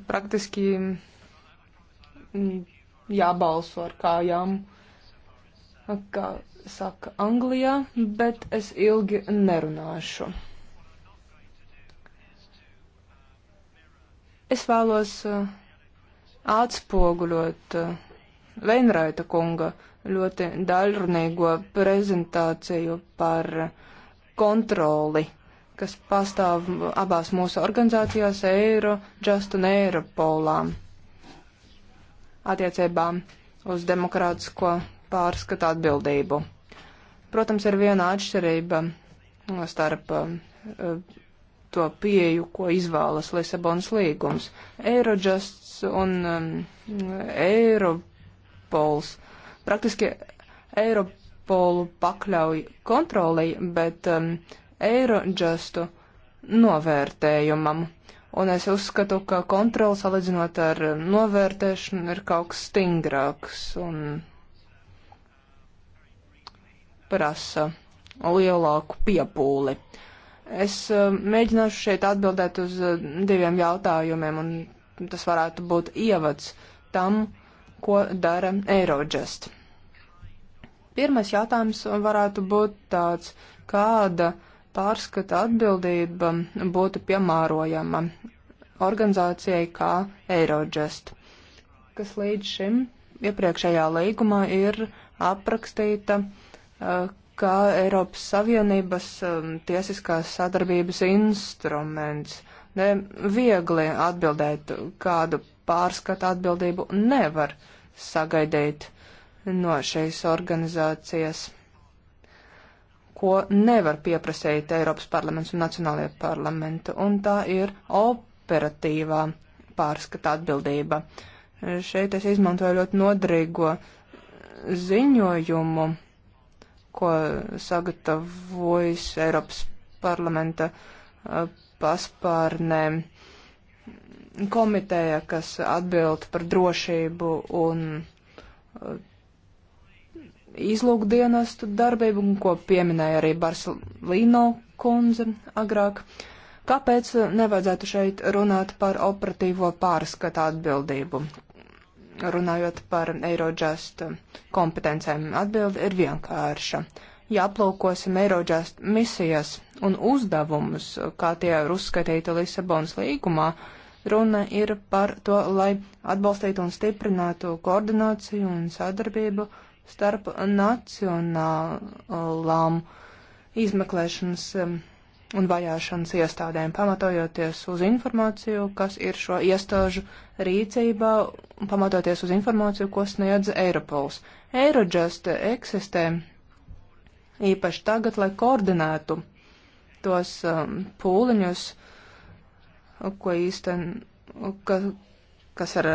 Praktiski mm, jābalso ar kājām, kā saka Anglijā, bet es ilgi nerunāšu. Es vēlos uh, atspoguļot Veinraita uh, kunga ļoti daļrunīgo prezentāciju par uh, kontroli, kas pastāv abās mūsu organizācijās Eiro, Just un Eiropolā attiecībā uz demokrātisko pārskatu atbildību. Protams, ir viena atšķirība starp to pieju, ko izvēlas Lisabonas līgums. Eirojusts un um, Eiropols praktiski Eiropolu pakļauj kontrolei, bet um, Eirojustu novērtējumam. Un es uzskatu, ka kontrola salīdzinot ar um, novērtēšanu ir kaut kas stingrāks un prasa lielāku piepūli. Uh, Es um, mēģināšu šeit atbildēt uz uh, diviem jautājumiem, un tas varētu būt ievads tam, ko dara Eirodžest. Pirmais jautājums varētu būt tāds, kāda pārskata atbildība būtu piemērojama organizācijai kā Eirodžest, kas līdz šim iepriekšējā līgumā ir aprakstīta uh, kā Eiropas Savienības um, tiesiskās sadarbības instruments. Ne, viegli atbildēt kādu pārskatu atbildību nevar sagaidīt no šīs organizācijas, ko nevar pieprasīt Eiropas parlaments un nacionālajie parlamenti, un tā ir operatīvā pārskata atbildība. Šeit es izmantoju ļoti nodrīgo ziņojumu ko sagatavojis Eiropas parlamenta uh, paspārnē komiteja, kas atbild par drošību un uh, izlūkdienestu darbību, ko pieminēja arī Barcelino kundze agrāk. Kāpēc nevajadzētu šeit runāt par operatīvo pārskatu atbildību? runājot par Eirodžast kompetencēm, atbilde ir vienkārša. Ja aplūkosim Eirodžast misijas un uzdevumus, kā tie ir uzskatīti Lisabonas līgumā, runa ir par to, lai atbalstītu un stiprinātu koordināciju un sadarbību starp nacionālām izmeklēšanas um, un vajāšanas iestādēm, pamatojoties uz informāciju, kas ir šo iestāžu rīcībā, un pamatoties uz informāciju, ko sniedz Eiropols. Eirojust eksistē īpaši tagad, lai koordinētu tos um, pūliņus, ko īsten, ka, kas ar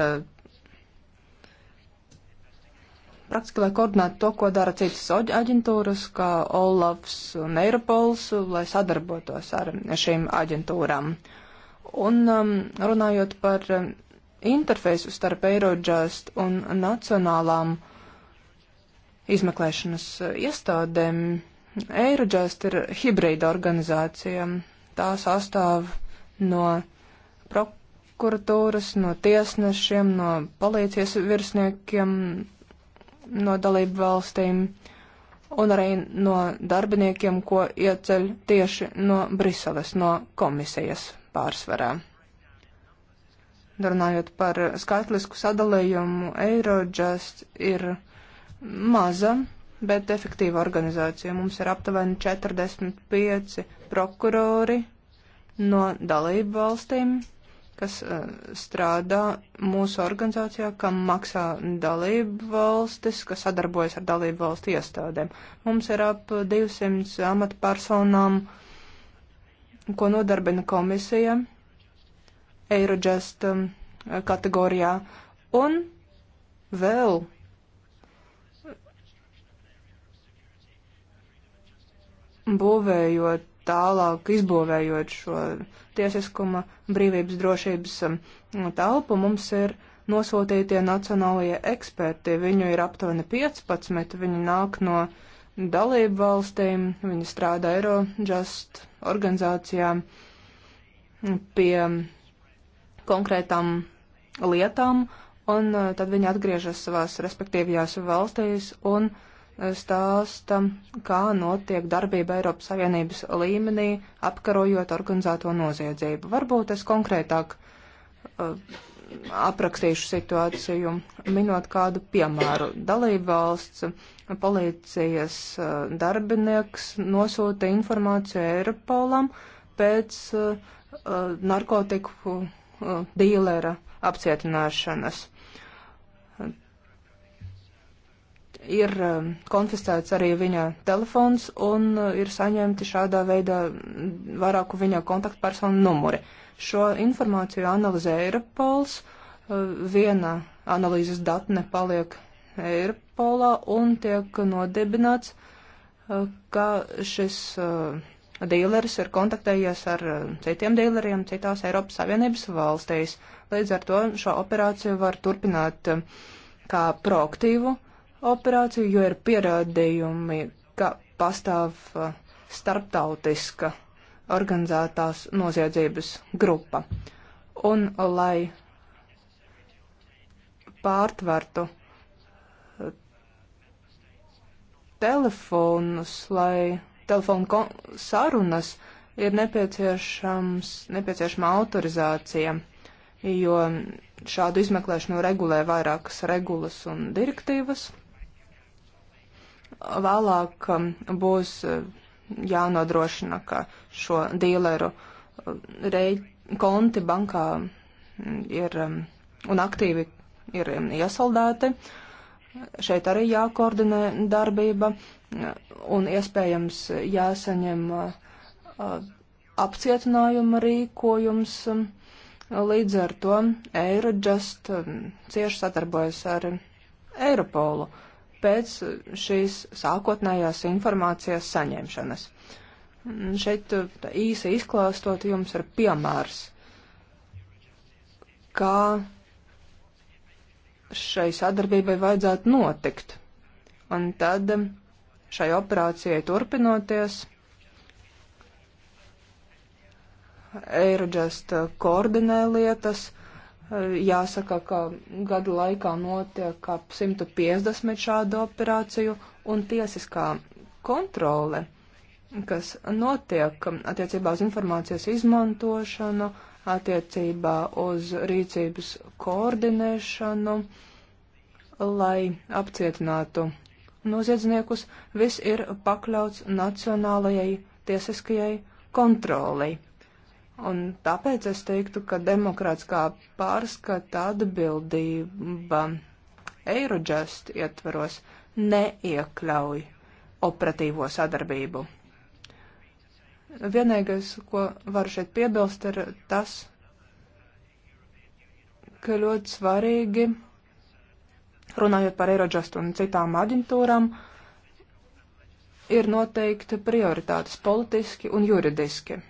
praktiski, lai koordinētu to, ko dara citas aģentūras, kā Olafs un Eiropols, lai sadarbotos ar šīm aģentūrām. Un um, runājot par um, interfeisu starp Eirodžast un nacionālām izmeklēšanas uh, iestādēm, Eirodžast ir hibrīda organizācija. Tā sastāv no prokuratūras, no tiesnešiem, no policijas virsniekiem, no dalību valstīm un arī no darbiniekiem, ko ieceļ tieši no Briseles, no komisijas pārsvarā. Runājot par skaitlisku sadalījumu, Eurojust ir maza, bet efektīva organizācija. Mums ir aptuveni 45 prokurori no dalību valstīm kas eh, strādā mūsu organizācijā, kam maksā dalību valstis, kas sadarbojas ar dalību valstu iestādēm. Mums ir ap 200 amatpersonām, ko nodarbina komisija Eirojust um, kategorijā. Un vēl būvējot tālāk izbūvējot šo tiesiskuma brīvības drošības um, telpu, mums ir nosūtītie nacionālajie eksperti. Viņu ir aptuveni 15, viņi nāk no dalību valstīm, viņi strādā Eurojust organizācijām pie konkrētām lietām, un uh, tad viņi atgriežas savās respektīvajās valstīs un uh, stāsta, kā notiek darbība Eiropas Savienības līmenī, apkarojot organizēto noziedzību. Varbūt es konkrētāk uh, aprakstīšu situāciju, minot kādu piemēru. Dalībvalsts policijas uh, darbinieks nosūta informāciju Eiropolam pēc uh, uh narkotiku uh, dīlera apcietināšanas ir um, konfiscēts arī viņa telefons un uh, ir saņemti šādā veidā vairāku viņa kontaktpersonu numuri. Šo informāciju analizē Eiropols, uh, viena analīzes datne paliek Eiropolā un tiek nodibināts, uh, ka šis dīleris ir kontaktējies ar citiem dīleriem citās Eiropas Savienības valstīs. Līdz ar to šo operāciju var turpināt kā proaktīvu uh, operāciju, jo ir pierādījumi, ka pastāv uh, starptautiska organizētās noziedzības grupa. Un, lai pārtvertu uh, telefonus, lai telefonu sarunas, ir nepieciešams, nepieciešama autorizācija, jo šādu izmeklēšanu regulē vairākas regulas un direktīvas vēlāk um, būs uh, jānodrošina, ka šo dīleru uh, konti bankā mm, ir um, un aktīvi ir um, iesaldēti. Šeit arī jākoordinē darbība uh, un iespējams jāsaņem apcietinājuma rīkojums. Līdz ar to Eirodžast cieši sadarbojas ar Eiropolu. Uh, pēc šīs sākotnējās informācijas saņemšanas. Šeit uh, īsi izklāstot jums ir piemērs, kā šai sadarbībai vajadzētu notikt. Un tad um, šai operācijai turpinoties, Eirodžest uh, koordinē lietas, uh, Eh, jāsaka, ka gadu laikā notiek ap 150 šādu operāciju un tiesiskā kontrole, kas notiek attiecībā uz informācijas izmantošanu, attiecībā uz rīcības koordinēšanu, lai apcietinātu noziedzniekus, viss ir pakļauts nacionālajai tiesiskajai kontrolei. Un tāpēc es teiktu, ka demokrātiskā pārskata atbildība Eirodžast ietveros neiekļauj operatīvo sadarbību. Vienīgais, ko varu šeit piebilst, ir tas, ka ļoti svarīgi, runājot par Eirodžastu un citām aģentūrām, ir noteikti prioritātes politiski un juridiski.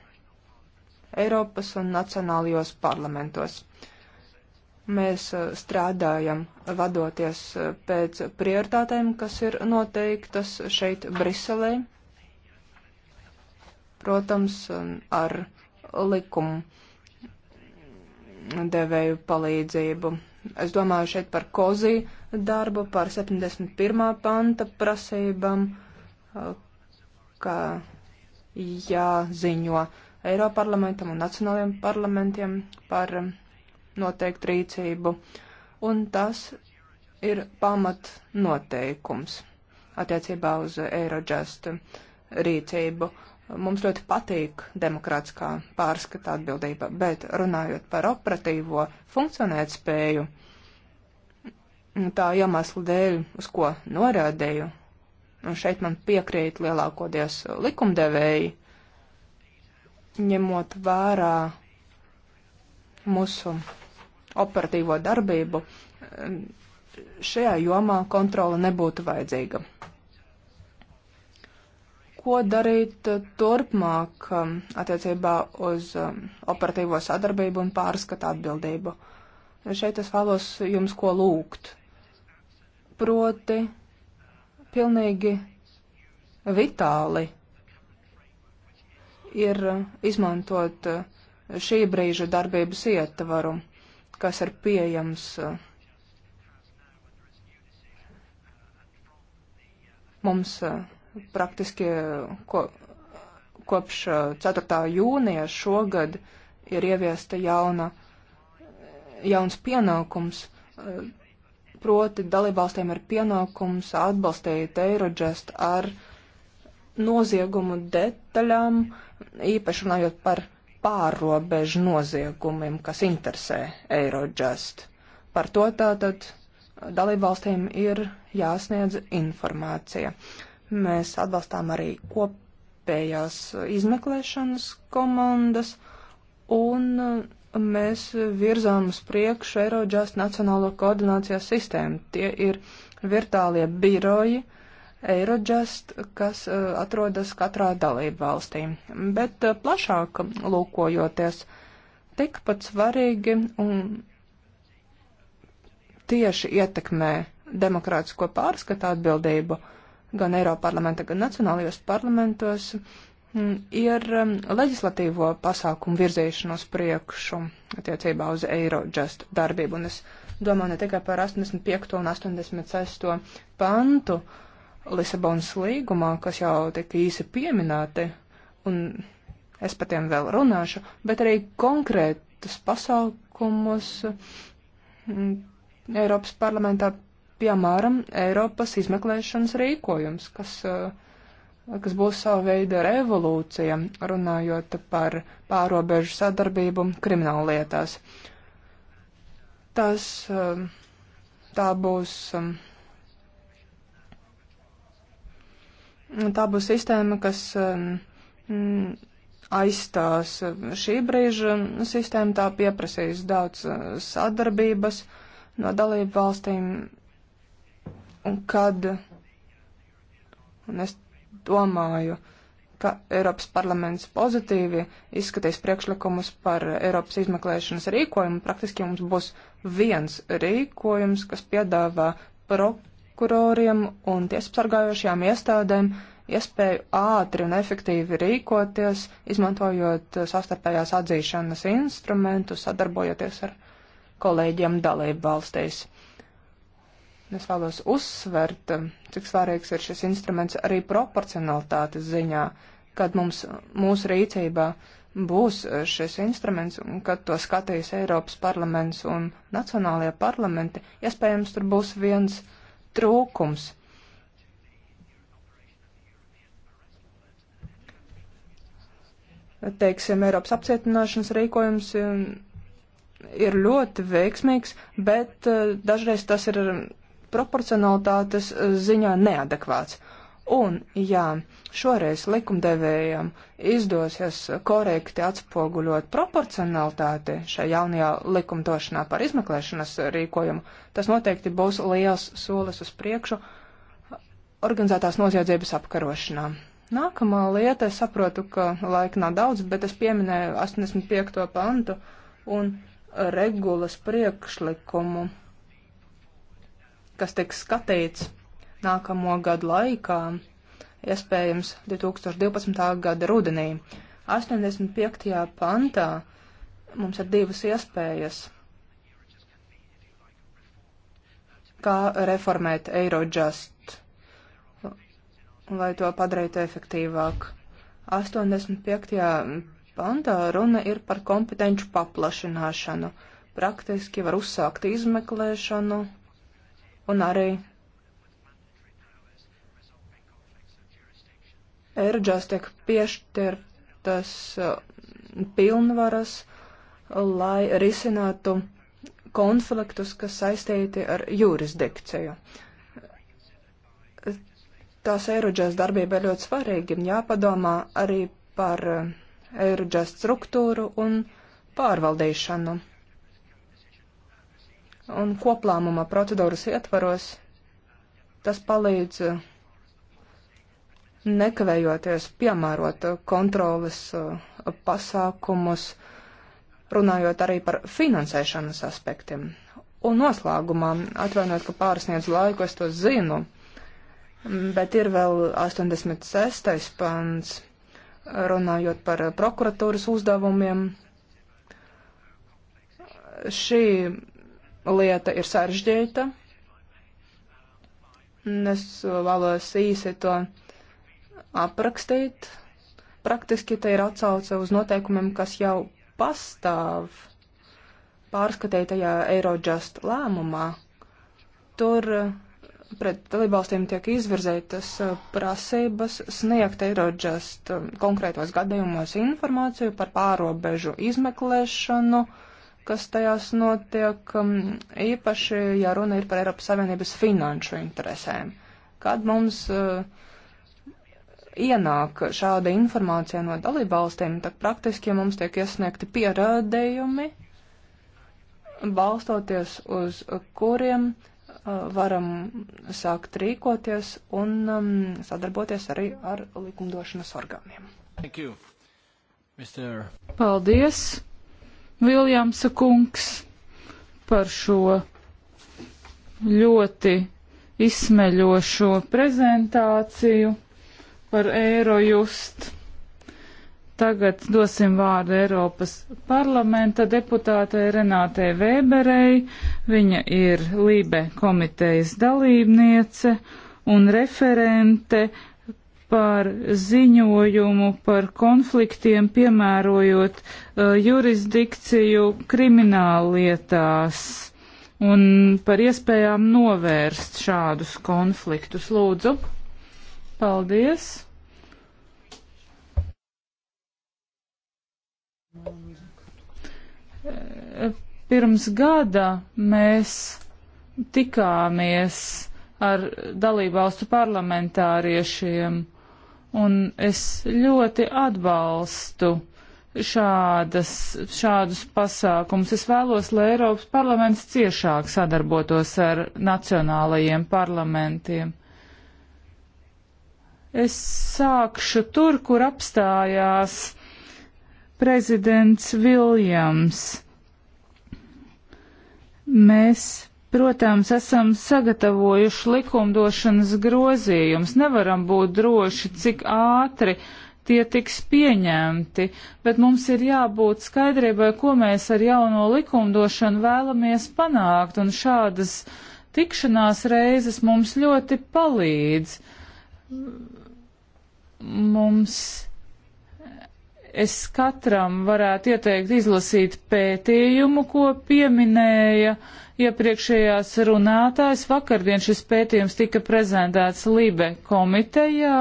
Eiropas un nacionālajos parlamentos. Mēs uh, strādājam vadoties uh, pēc prioritātēm, kas ir noteiktas šeit Briselē, protams, ar likumu devēju palīdzību. Es domāju šeit par kozī darbu, par 71. panta prasībām, uh, ka jāziņo. Ja Eiroparlamentam un nacionālajiem parlamentiem par um, noteiktu rīcību, un tas ir pamat noteikums attiecībā uz Eirodžast rīcību. Mums ļoti patīk demokrātiskā pārskata atbildība, bet runājot par operatīvo funkcionēt spēju, tā iemesla dēļ, uz ko norādēju, un šeit man piekrīt lielākoties likumdevēji, ņemot vērā mūsu operatīvo darbību, šajā jomā kontrola nebūtu vajadzīga. Ko darīt turpmāk um, attiecībā uz um, operatīvo sadarbību un pārskatu atbildību? Šeit es vēlos jums ko lūgt. Proti, pilnīgi vitāli ir uh, izmantot uh, šī brīža darbības ietvaru, kas ir pieejams uh, mums praktiski ko, kopš 4. jūnija šogad ir ieviesta jauna, jauns pienākums, proti dalībvalstīm ir pienākums atbalstīt Eirodžest ar uh, noziegumu detaļām, īpaši runājot par pārrobežu noziegumiem, kas interesē Eirodžast. Par to tātad dalībvalstīm ir jāsniedz informācija. Mēs atbalstām arī kopējās izmeklēšanas komandas un mēs virzām uz priekšu Eirodžast nacionālo koordinācijas sistēmu. Tie ir virtuālie biroji, uh, Eirodžast, kas uh, atrodas katrā dalību valstī. Bet uh, plašāk lūkojoties, tikpat svarīgi un tieši ietekmē demokrātisko pārskatu atbildību gan Eiropa parlamenta, gan nacionālajos parlamentos mm, ir um, leģislatīvo pasākumu virzīšanos priekšu attiecībā uz Eirodžast darbību. Un es domāju ne tikai par 85. un 86. pantu, uh, Lisabonas līgumā, kas jau tika īsi pieminēti, un es par tiem vēl runāšu, bet arī konkrētus pasākumus mm, Eiropas parlamentā, piemēram, Eiropas izmeklēšanas rīkojums, kas, eh, kas būs sava veida revolūcija, runājot par pārobežu sadarbību krimināllietās. Tas eh, tā būs mm, Tā būs sistēma, kas um, mm, aizstās šī brīža sistēmu, tā pieprasīs daudz uh, sadarbības no dalību valstīm, un kad, un es domāju, ka Eiropas parlaments pozitīvi izskatīs priekšlikumus par Eiropas izmeklēšanas rīkojumu, praktiski mums būs viens rīkojums, kas piedāvā prokuratūru prokuroriem un tiesapsargājošajām iestādēm iespēju ātri un efektīvi rīkoties, izmantojot sastarpējās atzīšanas instrumentu, sadarbojoties ar kolēģiem dalību valstīs. Es vēlos uzsvert, cik svarīgs ir šis instruments arī proporcionalitātes ziņā, kad mums mūsu rīcībā būs šis instruments un kad to skatīs Eiropas parlaments un nacionālajie parlamenti, iespējams tur būs viens uh, trūkums. Teiksim, Eiropas apcietināšanas rīkojums um, ir ļoti veiksmīgs, bet uh, dažreiz tas ir proporcionalitātes uh, ziņā neadekvāts. Un, ja šoreiz likumdevējiem izdosies korekti atspoguļot proporcionalitāti šajā jaunajā likumdošanā par izmeklēšanas rīkojumu, tas noteikti būs liels solis uz priekšu organizētās noziedzības apkarošanā. Nākamā lieta, es saprotu, ka laika nav daudz, bet es pieminēju 85. pantu un regulas priekšlikumu, kas tiek skatīts nākamo gadu laikā, iespējams 2012. gada rudenī. 85. pantā mums ir divas iespējas, kā reformēt Eirojust, lai to padarītu efektīvāk. 85. pantā runa ir par kompetenču paplašināšanu. Praktiski var uzsākt izmeklēšanu un arī Erdžās tiek piešķirtas uh, pilnvaras, lai risinātu konfliktus, kas saistīti ar jurisdikciju. Tās Erdžās darbība ir ļoti svarīga, jāpadomā arī par uh, Erdžās struktūru un pārvaldīšanu. Un koplāmuma procedūras ietvaros tas palīdz uh, nekavējoties piemērot kontroles uh, pasākumus, runājot arī par finansēšanas aspektiem. Un noslēgumā, atvainojot, ka pārsniedz laiku, es to zinu, bet ir vēl 86. pants, runājot par prokuratūras uzdevumiem. Šī lieta ir sarežģīta. Es vēlos īsi to aprakstīt. Praktiski te ir atsauce uz noteikumiem, kas jau pastāv pārskatītajā Eirojust lēmumā. Tur eh, pret dalībvalstīm tiek izvirzētas eh, prasības sniegt Eirojust eh, konkrētos gadījumos informāciju par pārobežu izmeklēšanu, kas tajās notiek mm, īpaši, ja runa ir par Eiropas Savienības finanšu interesēm. Kad mums uh, ienāk šāda informācija no dalībvalstīm, tad praktiski mums tiek iesniegti pierādījumi, balstoties uz kuriem uh, varam sākt rīkoties un um, sadarboties arī ar likumdošanas orgāniem. Thank you, Mr. Paldies, Viljamsa kungs, par šo ļoti izsmeļošo prezentāciju par Eirojust. Tagad dosim vārdu Eiropas parlamenta deputātei Renātei Vēberei. Viņa ir Lībe komitejas dalībniece un referente par ziņojumu par konfliktiem, piemērojot uh, jurisdikciju krimināllietās un par iespējām novērst šādus konfliktus. Lūdzu! Paldies! Pirms gada mēs tikāmies ar dalībvalstu parlamentāriešiem, un es ļoti atbalstu šādas, šādus pasākumus. Es vēlos, lai Eiropas parlaments ciešāk sadarbotos ar nacionālajiem parlamentiem. Es sākšu tur, kur apstājās prezidents Viljams. Mēs, protams, esam sagatavojuši likumdošanas grozījumus. Nevaram būt droši, cik ātri tie tiks pieņemti, bet mums ir jābūt skaidrībai, ko mēs ar jauno likumdošanu vēlamies panākt, un šādas tikšanās reizes mums ļoti palīdz mums es katram varētu ieteikt izlasīt pētījumu, ko pieminēja iepriekšējās runātājs. Vakardien šis pētījums tika prezentēts Libe komitejā,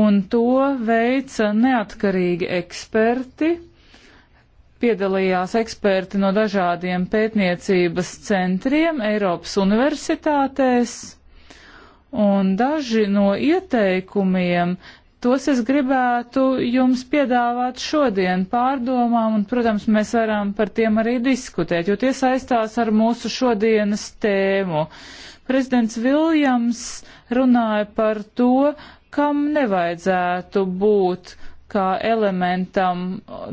un to veica neatkarīgi eksperti. Piedalījās eksperti no dažādiem pētniecības centriem Eiropas universitātēs un daži no ieteikumiem, tos es gribētu jums piedāvāt šodien pārdomām, un, protams, mēs varam par tiem arī diskutēt, jo tie saistās ar mūsu šodienas tēmu. Prezidents Viljams runāja par to, kam nevajadzētu būt kā elementam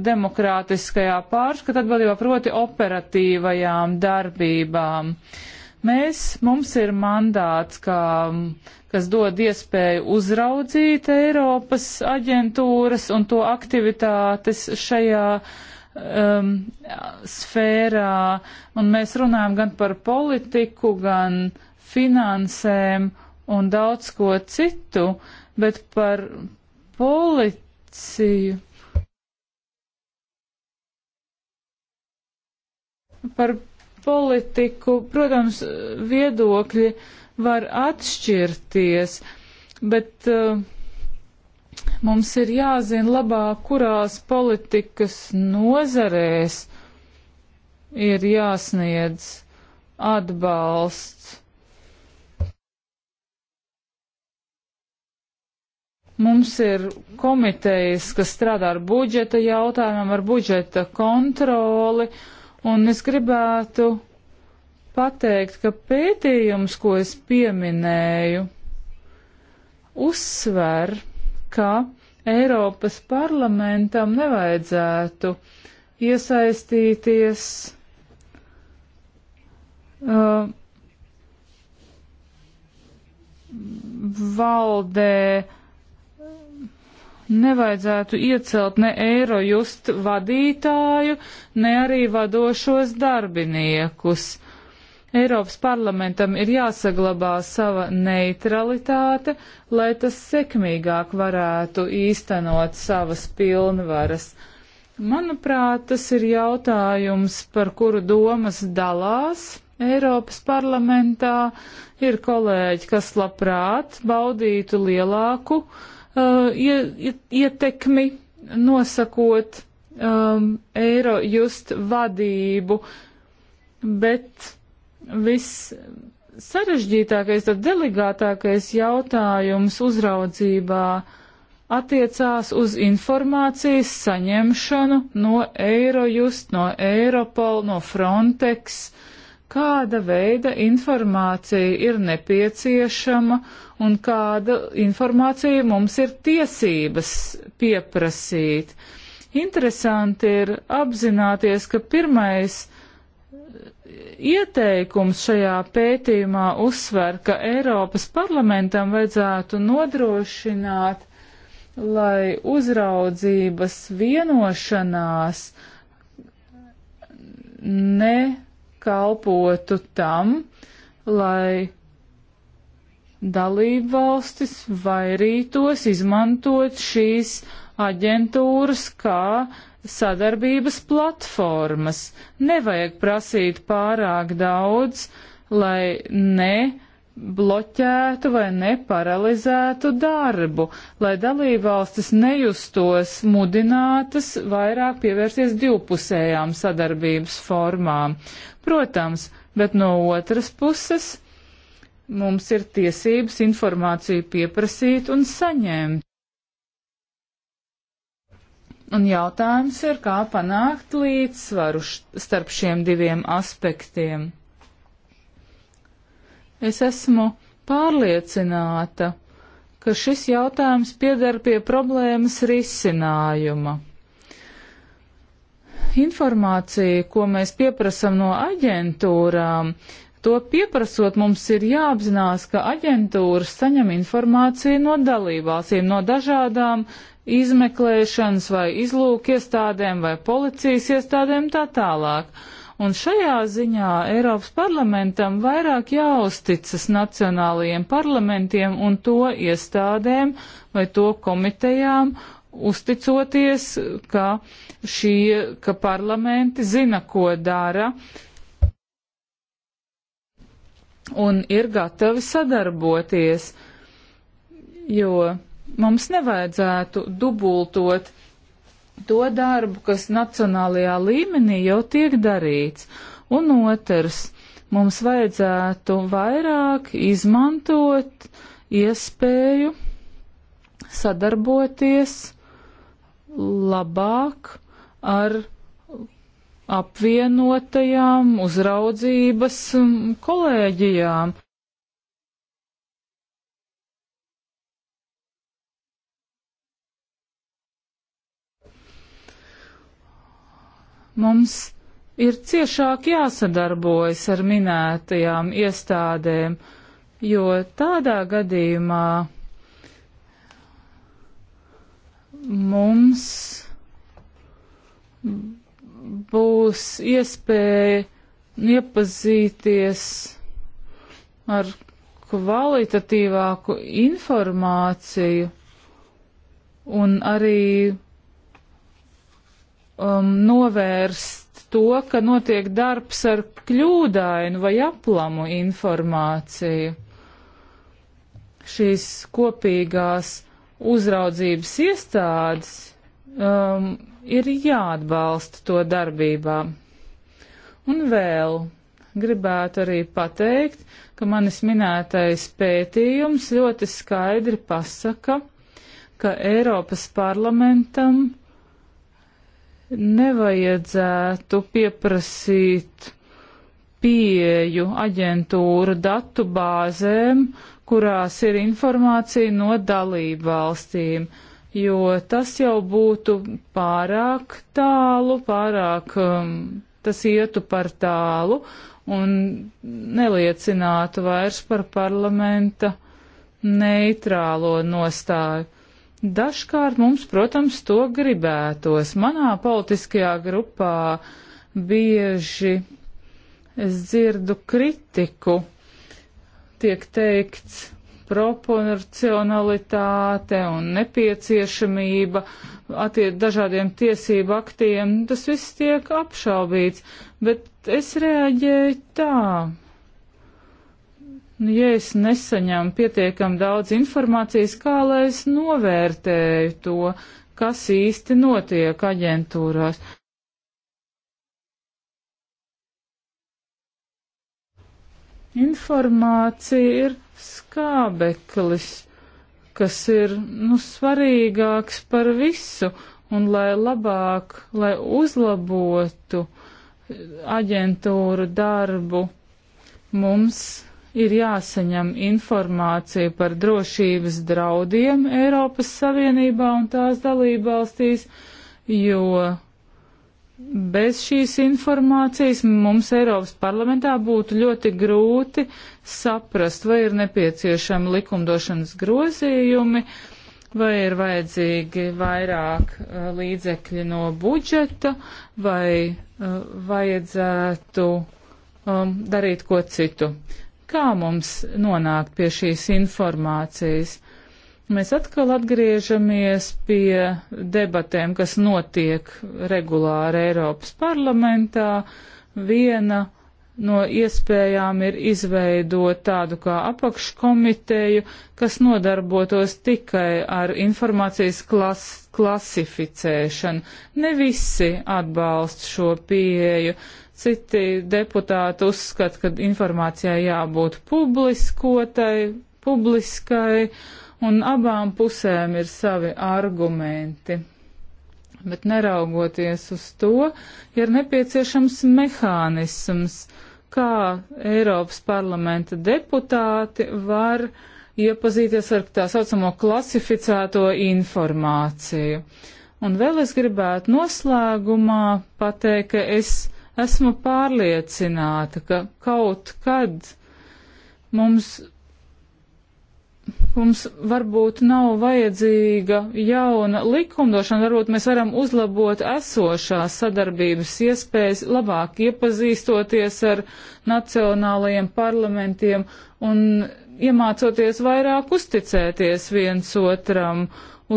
demokrātiskajā pārskatā atbildībā proti operatīvajām darbībām. Uh, Mēs, mums ir mandāts, kā, kas dod iespēju uzraudzīt Eiropas aģentūras un to aktivitātes šajā um, sfērā, un mēs runājam gan par politiku, gan finansēm un daudz ko citu, bet par policiju. Par politiku, protams, viedokļi var atšķirties, bet uh, mums ir jāzina labā, kurās politikas nozarēs ir jāsniedz atbalsts. Mums ir komitejas, kas strādā ar budžeta jautājumiem, ar budžeta kontroli. Uh, Un es gribētu pateikt, ka pētījums, ko es pieminēju, uzsver, ka Eiropas parlamentam nevajadzētu iesaistīties uh, valdē, nevajadzētu iecelt ne eirojust vadītāju, ne arī vadošos darbiniekus. Eiropas parlamentam ir jāsaglabā sava neutralitāte, lai tas sekmīgāk varētu īstenot savas pilnvaras. Manuprāt, tas ir jautājums, par kuru domas dalās Eiropas parlamentā. Ir kolēģi, kas labprāt baudītu lielāku uh, Uh, ietekmi nosakot um, eiro just vadību, bet viss sarežģītākais, tad delikātākais jautājums uzraudzībā attiecās uz informācijas saņemšanu no Eirojust, no Eiropol, no Frontex, uh, kāda veida informācija ir nepieciešama un kāda informācija mums ir tiesības pieprasīt. Interesanti ir apzināties, ka pirmais eh, ieteikums šajā pētījumā uzsver, ka Eiropas parlamentam vajadzētu nodrošināt, lai uzraudzības vienošanās ne kalpotu tam, lai dalību valstis vairītos izmantot šīs aģentūras kā sadarbības platformas. Nevajag prasīt pārāk daudz, lai ne bloķētu vai neparalizētu darbu, lai dalībvalstis nejustos mudinātas vairāk pievērsties divpusējām sadarbības formām. Protams, bet no otras puses mums ir tiesības informāciju pieprasīt un saņemt. Un jautājums ir, kā panākt līdzsvaru starp šiem diviem aspektiem. Es esmu pārliecināta, ka šis jautājums piedar pie problēmas risinājuma. Informācija, ko mēs pieprasam no aģentūrām, to pieprasot mums ir jāapzinās, ka aģentūras saņem informāciju no dalībvalstīm, no dažādām izmeklēšanas vai izlūk iestādēm vai policijas iestādēm tā tālāk. Un šajā ziņā Eiropas parlamentam vairāk jāuzticas nacionālajiem parlamentiem un to iestādēm vai to komitejām, uzticoties, ka, šī, ka parlamenti zina, ko dara un ir gatavi sadarboties, jo mums nevajadzētu dubultot to darbu, kas nacionālajā līmenī jau tiek darīts. Un otrs, mums vajadzētu vairāk izmantot iespēju sadarboties labāk ar apvienotajām uzraudzības kolēģijām. Mums ir ciešāk jāsadarbojas ar minētajām iestādēm, jo tādā gadījumā mums būs iespēja iepazīties ar kvalitatīvāku informāciju un arī um, novērst to, ka notiek darbs ar kļūdainu vai aplamu informāciju. Šīs kopīgās uzraudzības iestādes um, ir jāatbalsta to darbībā. Un vēl gribētu arī pateikt, ka manis minētais pētījums ļoti skaidri pasaka, ka Eiropas parlamentam nevajadzētu pieprasīt pieju aģentūru datu bāzēm, kurās ir informācija no dalību valstīm, jo tas jau būtu pārāk tālu, pārāk um, tas ietu par tālu un neliecinātu vairs par parlamenta neitrālo nostāju. Dažkārt mums, protams, to gribētos. Manā politiskajā grupā bieži es dzirdu kritiku, tiek teikts proporcionalitāte un nepieciešamība attiet dažādiem tiesību aktiem, tas viss tiek apšaubīts, bet es reaģēju tā, Ja es nesaņemu pietiekam daudz informācijas, kā lai es novērtēju to, kas īsti notiek aģentūrās? Informācija ir skābeklis, kas ir, nu, svarīgāks par visu, un lai labāk, lai uzlabotu aģentūru darbu, mums ir jāsaņem informācija par drošības draudiem Eiropas Savienībā un tās dalībvalstīs, jo bez šīs informācijas mums Eiropas parlamentā būtu ļoti grūti saprast, vai ir nepieciešami likumdošanas grozījumi, vai ir vajadzīgi vairāk uh, līdzekļi no budžeta, vai uh, vajadzētu um, darīt ko citu. Kā mums nonākt pie šīs informācijas? Mēs atkal atgriežamies pie debatēm, kas notiek regulāri Eiropas parlamentā. Viena no iespējām ir izveidot tādu kā apakškomiteju, kas nodarbotos tikai ar informācijas klas klasificēšanu. Ne visi atbalst šo pieeju, Citi deputāti uzskata, ka informācijai jābūt publiskotai, publiskai, un abām pusēm ir savi argumenti. Bet neraugoties uz to, ir nepieciešams mehānisms, kā Eiropas parlamenta deputāti var iepazīties ar tā saucamo klasificēto informāciju. Un vēl es gribētu noslēgumā pateikt, ka es Esmu pārliecināta, ka kaut kad mums, mums varbūt nav vajadzīga jauna likumdošana, varbūt mēs varam uzlabot esošās sadarbības iespējas, labāk iepazīstoties ar nacionālajiem parlamentiem un iemācoties vairāk uzticēties viens otram,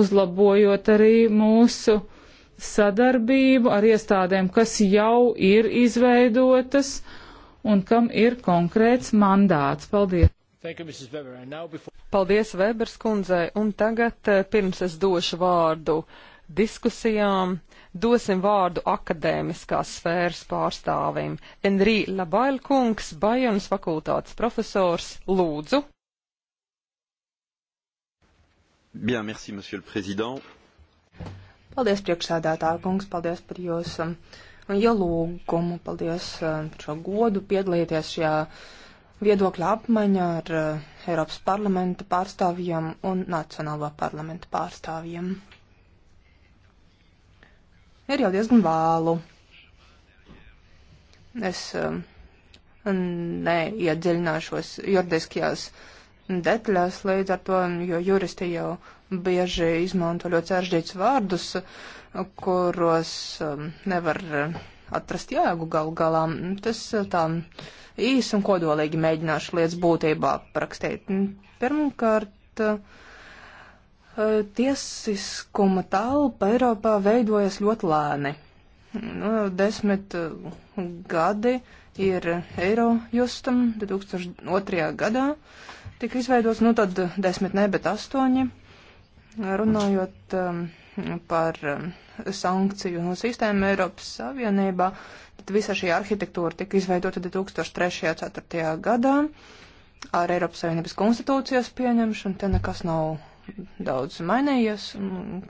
uzlabojot arī mūsu sadarbību ar iestādēm, kas jau ir izveidotas un kam ir konkrēts mandāts. Paldies! Paldies Vēbers kundzei, un tagad eh, pirms es došu vārdu diskusijām, dosim vārdu akadēmiskās sfēras pārstāvim. Enrī Labail kungs, Bajonas fakultātes profesors, lūdzu. Bien, merci, monsieur le président. Paldies priekšsēdētā kungs, paldies par jūsu ielūgumu, um, paldies um, par šo godu piedalīties šajā viedokļa apmaiņā ar uh, Eiropas parlamenta pārstāvjiem un Nacionālo parlamenta pārstāvjiem. Ir jau diezgan vālu. Es um, neiedziļināšos juridiskajās detaļās līdz ar to, jo juristi jau bieži izmanto ļoti sarežģītus vārdus, kuros um, nevar uh, atrast jēgu galu galā. Tas uh, tā īsi un kodolīgi mēģināšu lietas būtībā rakstīt. Pirmkārt, uh, tiesiskuma talpa Eiropā veidojas ļoti lēni. Nu, desmit gadi ir eiro justam, 2002. gadā tika izveidots, nu tad desmit ne, bet astoņi Runājot um, par um, sankciju no sistēmu Eiropas Savienībā, tad visa šī arhitektūra tika izveidota 2003. un 2004. gadā ar Eiropas Savienības konstitūcijas pieņemšanu. Te nekas nav daudz mainījies.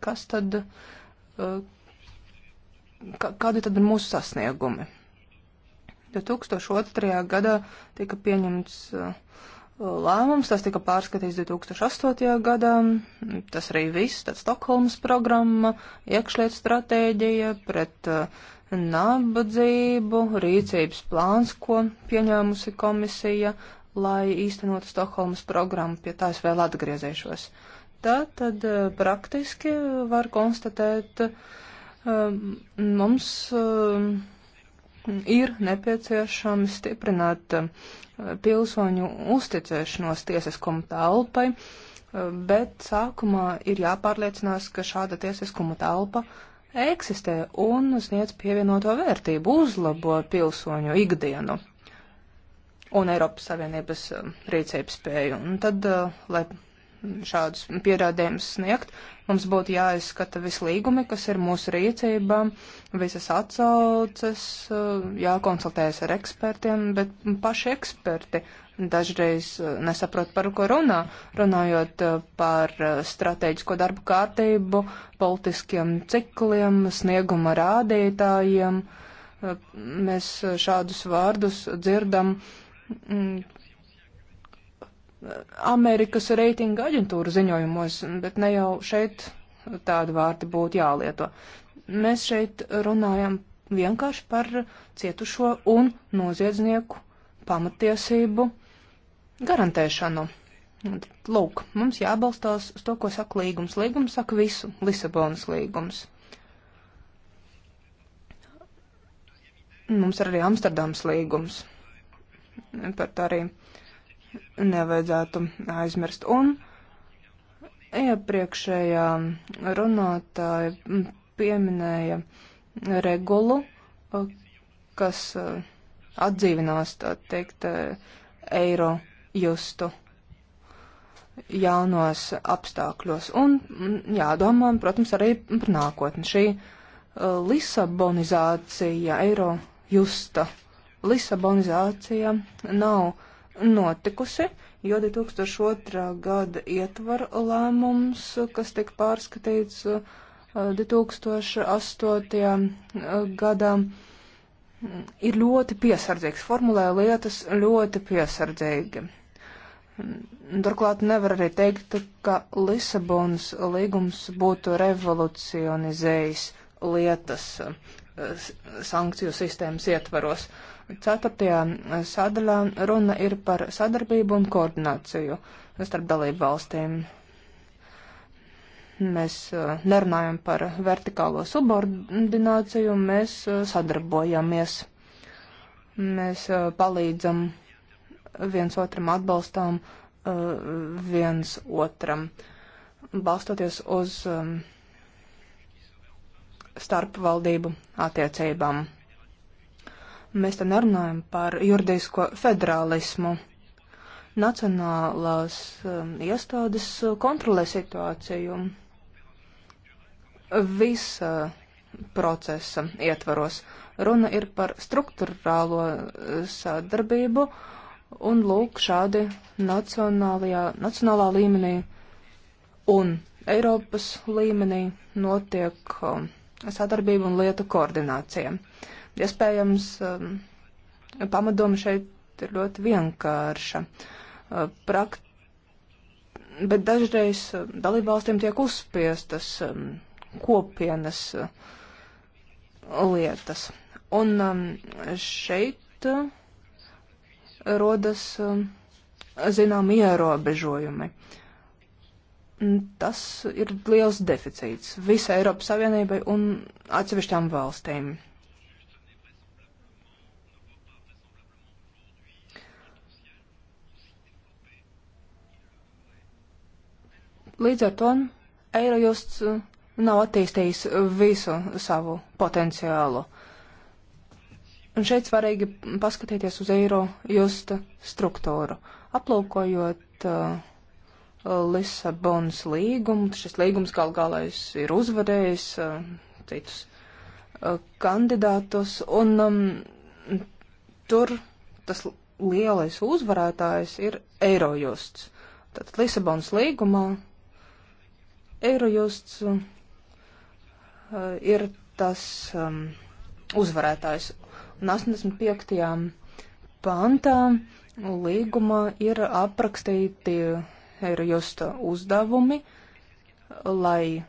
Kas tad, uh, kādi tad ir mūsu sasniegumi? 2002. gadā tika pieņemts uh, lēmums, tas tika pārskatīts 2008. gadā, tas arī viss, tad Stokholmas programma, iekšliet stratēģija pret uh, nabadzību, rīcības plāns, ko pieņēmusi komisija, lai īstenotu Stokholmas programmu, pie tā es vēl atgriezīšos. Tā tad uh, praktiski var konstatēt, uh, mums ir nepieciešami stiprināt eh, pilsoņu uzticēšanos tiesiskuma telpai, eh, bet sākumā ir jāpārliecinās, ka šāda tiesiskuma telpa eksistē un sniedz pievienoto vērtību, uzlabo pilsoņu ikdienu un Eiropas Savienības eh, rīcības spēju. Un tad, lai šādus pierādījumus sniegt. Mums būtu jāizskata visi līgumi, kas ir mūsu rīcībā, visas atsauces, eh, jākonsultējas ar ekspertiem, bet paši eksperti dažreiz eh, nesaprot, par ko runā, runājot eh, par strateģisko darbu kārtību, politiskiem cikliem, snieguma rādītājiem. Mēs šādus vārdus dzirdam mm, Amerikas reitinga aģentūra ziņojumos, bet ne jau šeit tādi vārdi būtu jālieto. Mēs šeit runājam vienkārši par cietušo un noziedznieku pamatiesību garantēšanu. Lūk, mums jābalstās uz to, ko saka līgums. Līgums saka visu - Lisabonas līgums. Mums ir arī Amsterdams līgums. Par to arī nevajadzētu aizmirst. Un iepriekšējā runātāja pieminēja regulu, kas eh, atdzīvinās, tā teikt, eh, eiro justu jaunos apstākļos. Un mm, jādomā, protams, arī par nākotni. Šī eh, Lisabonizācija, eiro justa Lisabonizācija nav notikusi, jo 2002. gada ietvaru lēmums, kas tika pārskatīts 2008. Uh, uh, gadā, ir ļoti piesardzīgs, formulē lietas ļoti piesardzīgi. Turklāt nevar arī teikt, ka Lisabonas līgums būtu revolucionizējis lietas uh, sankciju sistēmas ietvaros. Uh, Ceturtajā eh, sadaļā runa ir par sadarbību un koordināciju starp dalību valstīm. Mēs eh, nerunājam par vertikālo subordināciju, mēs eh, sadarbojamies. Mēs palīdzam viens otram, atbalstām viens otram, balstoties uz starpvaldību attiecībām. Mēs te nerunājam par juridisko federālismu. Nacionālās um, iestādes uh, kontrolē situāciju visa procesa ietvaros. Runa ir par struktūrālo uh, sadarbību un lūk šādi nacionālā līmenī un Eiropas līmenī notiek um, sadarbība un lietu koordinācija. Uh, Iespējams, um, pamatoma šeit ir ļoti vienkārša. Uh, prakt... Bet dažreiz um, dalībvalstīm tiek uzspiestas um, kopienas uh, lietas. Un šeit uh, rodas zinām ierobežojumi. Tas ir liels deficīts visai Eiropas Savienībai un atsevišķām valstīm. Līdz ar to Eirojusts uh, nav attīstījis uh, visu savu potenciālu. Un šeit svarīgi paskatīties uz Eirojusta struktūru. Aplūkojot uh, Lisabonas līgumu, šis līgums gal galais ir uzvarējis uh, citus uh, kandidātus, un um, tur tas lielais uzvarētājs ir Eirojusts. Tātad Lisabonas līgumā Eirojusts eh, ir tas um, uzvarētājs. Un 85. pantā līgumā ir aprakstīti Eirojusta uzdevumi, lai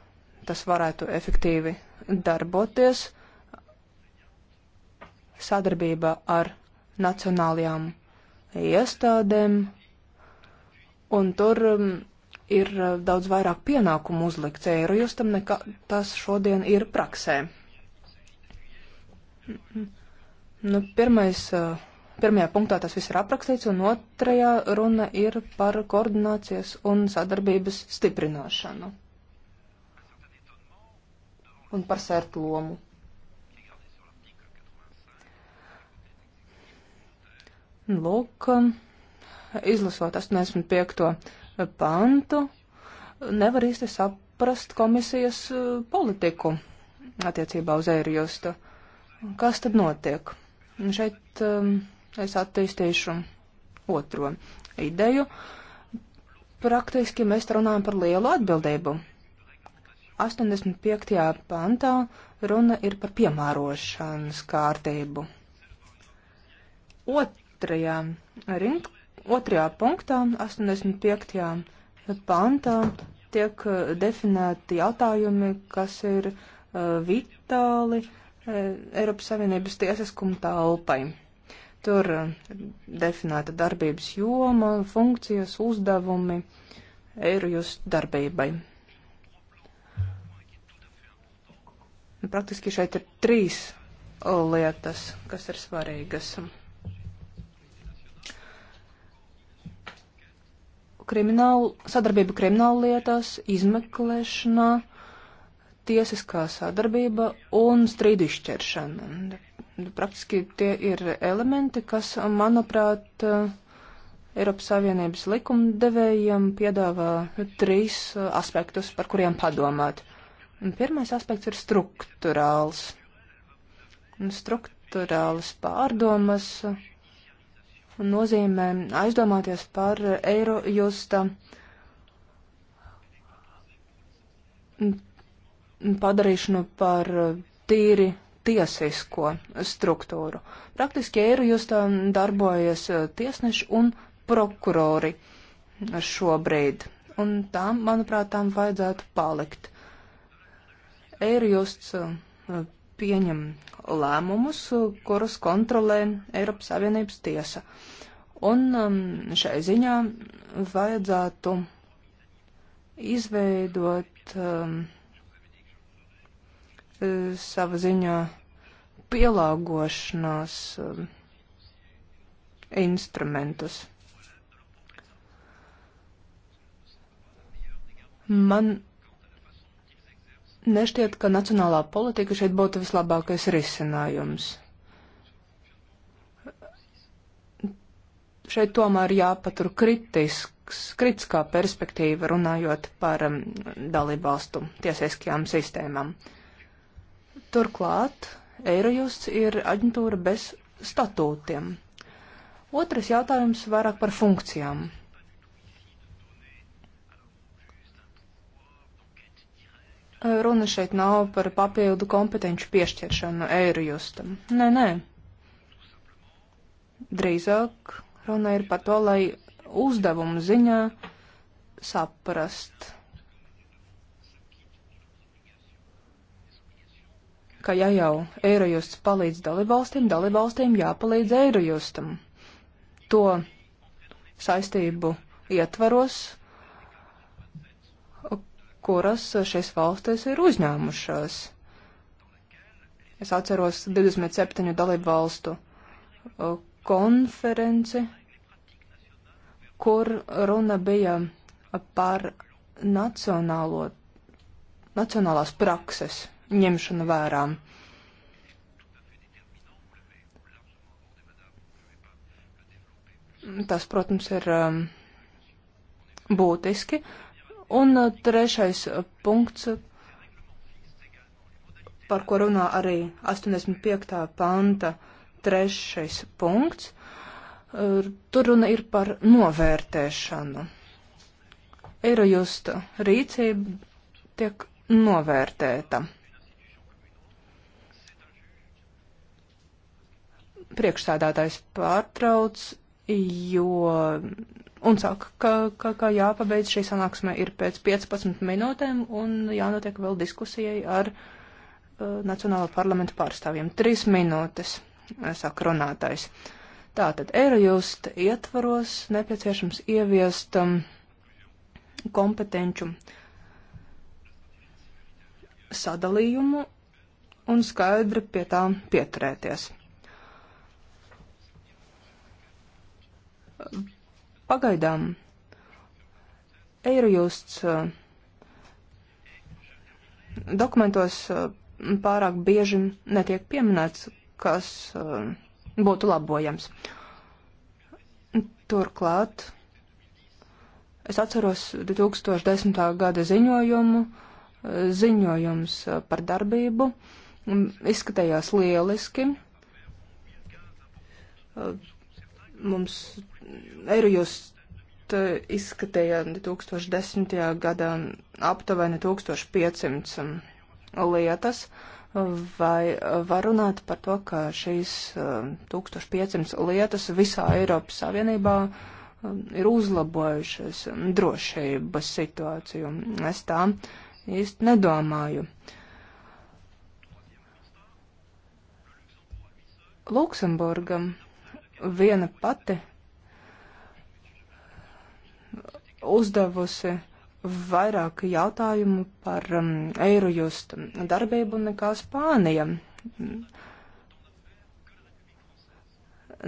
tas varētu efektīvi darboties sadarbībā ar nacionālajām iestādēm, un tur ehm, ir eh, daudz vairāk pienākumu uzlikts eirojustam, nekā tas šodien ir praksē. Nu, pirmais, eh, pirmajā punktā tas viss ir aprakstīts, un otrajā runa ir par koordinācijas un sadarbības stiprināšanu un par sērtu lomu. Lūk, izlasot 85 pantu, nevar īsti saprast komisijas e, politiku attiecībā uz ērjustu. Kas tad notiek? Šeit um, es attīstīšu otro ideju. Praktiski mēs runājam par lielu atbildību. 85. pantā runa ir par piemērošanas kārtību. Otrajā rind, Otrajā punktā, 85. pantā, tiek uh, definēti jautājumi, kas ir uh, vitāli uh, Eiropas Savienības tiesiskuma telpai. Tur definēta darbības joma, funkcijas, uzdevumi Eirojus darbībai. Praktiski šeit ir trīs lietas, kas ir svarīgas. kriminālu, sadarbība krimināla lietās, izmeklēšanā, tiesiskā sadarbība un strīdu izšķiršana. Nu, praktiski tie ir elementi, kas, manuprāt, Eiropas Savienības likumdevējiem piedāvā trīs aspektus, par kuriem padomāt. Pirmais aspekts ir struktūrāls. Struktūrāls pārdomas nozīmē aizdomāties par eiro justa padarīšanu par tīri tiesisko struktūru. Praktiski eiro justa darbojas tiesneši un prokurori šobrīd, un tām, manuprāt, tām vajadzētu palikt. Eiro justs pieņem lēmumus, kurus kontrolē Eiropas Savienības tiesa. Un um, šai ziņā vajadzētu izveidot um, sava ziņā pielāgošanās um, instrumentus. Man nešķiet, ka nacionālā politika šeit būtu vislabākais risinājums. Šeit tomēr jāpatur kritisks, kritiskā perspektīva runājot par um, dalībvalstu tiesiskajām sistēmām. Turklāt Eirojusts ir aģentūra bez statūtiem. Otrs jautājums vairāk par funkcijām. Runa šeit nav par papildu kompetenci piešķiršanu Eirojustam. Nē, nē. Drīzāk runa ir par to, lai uzdevumu ziņā saprast, ka ja jau Eirojusts palīdz dalībvalstīm, dalībvalstīm jāpalīdz Eirojustam. To saistību ietvaros kuras šīs valstis ir uzņēmušās. Es atceros 27 dalību valstu uh, konferenci, kur runa bija par nacionālo, nacionālās prakses ņemšanu vērām. Tas, protams, ir um, būtiski, uh, Un uh, trešais uh, punkts, par ko runā arī 85. panta trešais punkts, uh, tur runa ir par novērtēšanu. Eirojusta rīcība tiek novērtēta. Priekšsēdētājs pārtrauc, jo Un saka, ka, ka, ka jāpabeidz šī sanāksme ir pēc 15 minūtēm un jānotiek vēl diskusijai ar uh, Nacionālo parlamentu pārstāvjiem. Trīs minūtes, uh, saka runātājs. Tātad Eirojust ietvaros nepieciešams ieviest um, kompetenču sadalījumu un skaidri pie tā pieturēties. Pagaidām Eirojusts uh, dokumentos uh, pārāk bieži netiek pieminēts, kas uh, būtu labojams. Turklāt es atceros 2010. gada ziņojumu, ziņojums par darbību, mm, izskatījās lieliski. Mums Eirojust izskatīja 2010. gadā aptuveni 1500 lietas. Vai var runāt par to, ka šīs 1500 um, lietas visā Eiropas Savienībā um, ir uzlabojušas drošības situāciju? Es tā īsti nedomāju. Luksemburga viena pati uzdevusi vairāk jautājumu par um, Eirojust darbību nekā Spānija.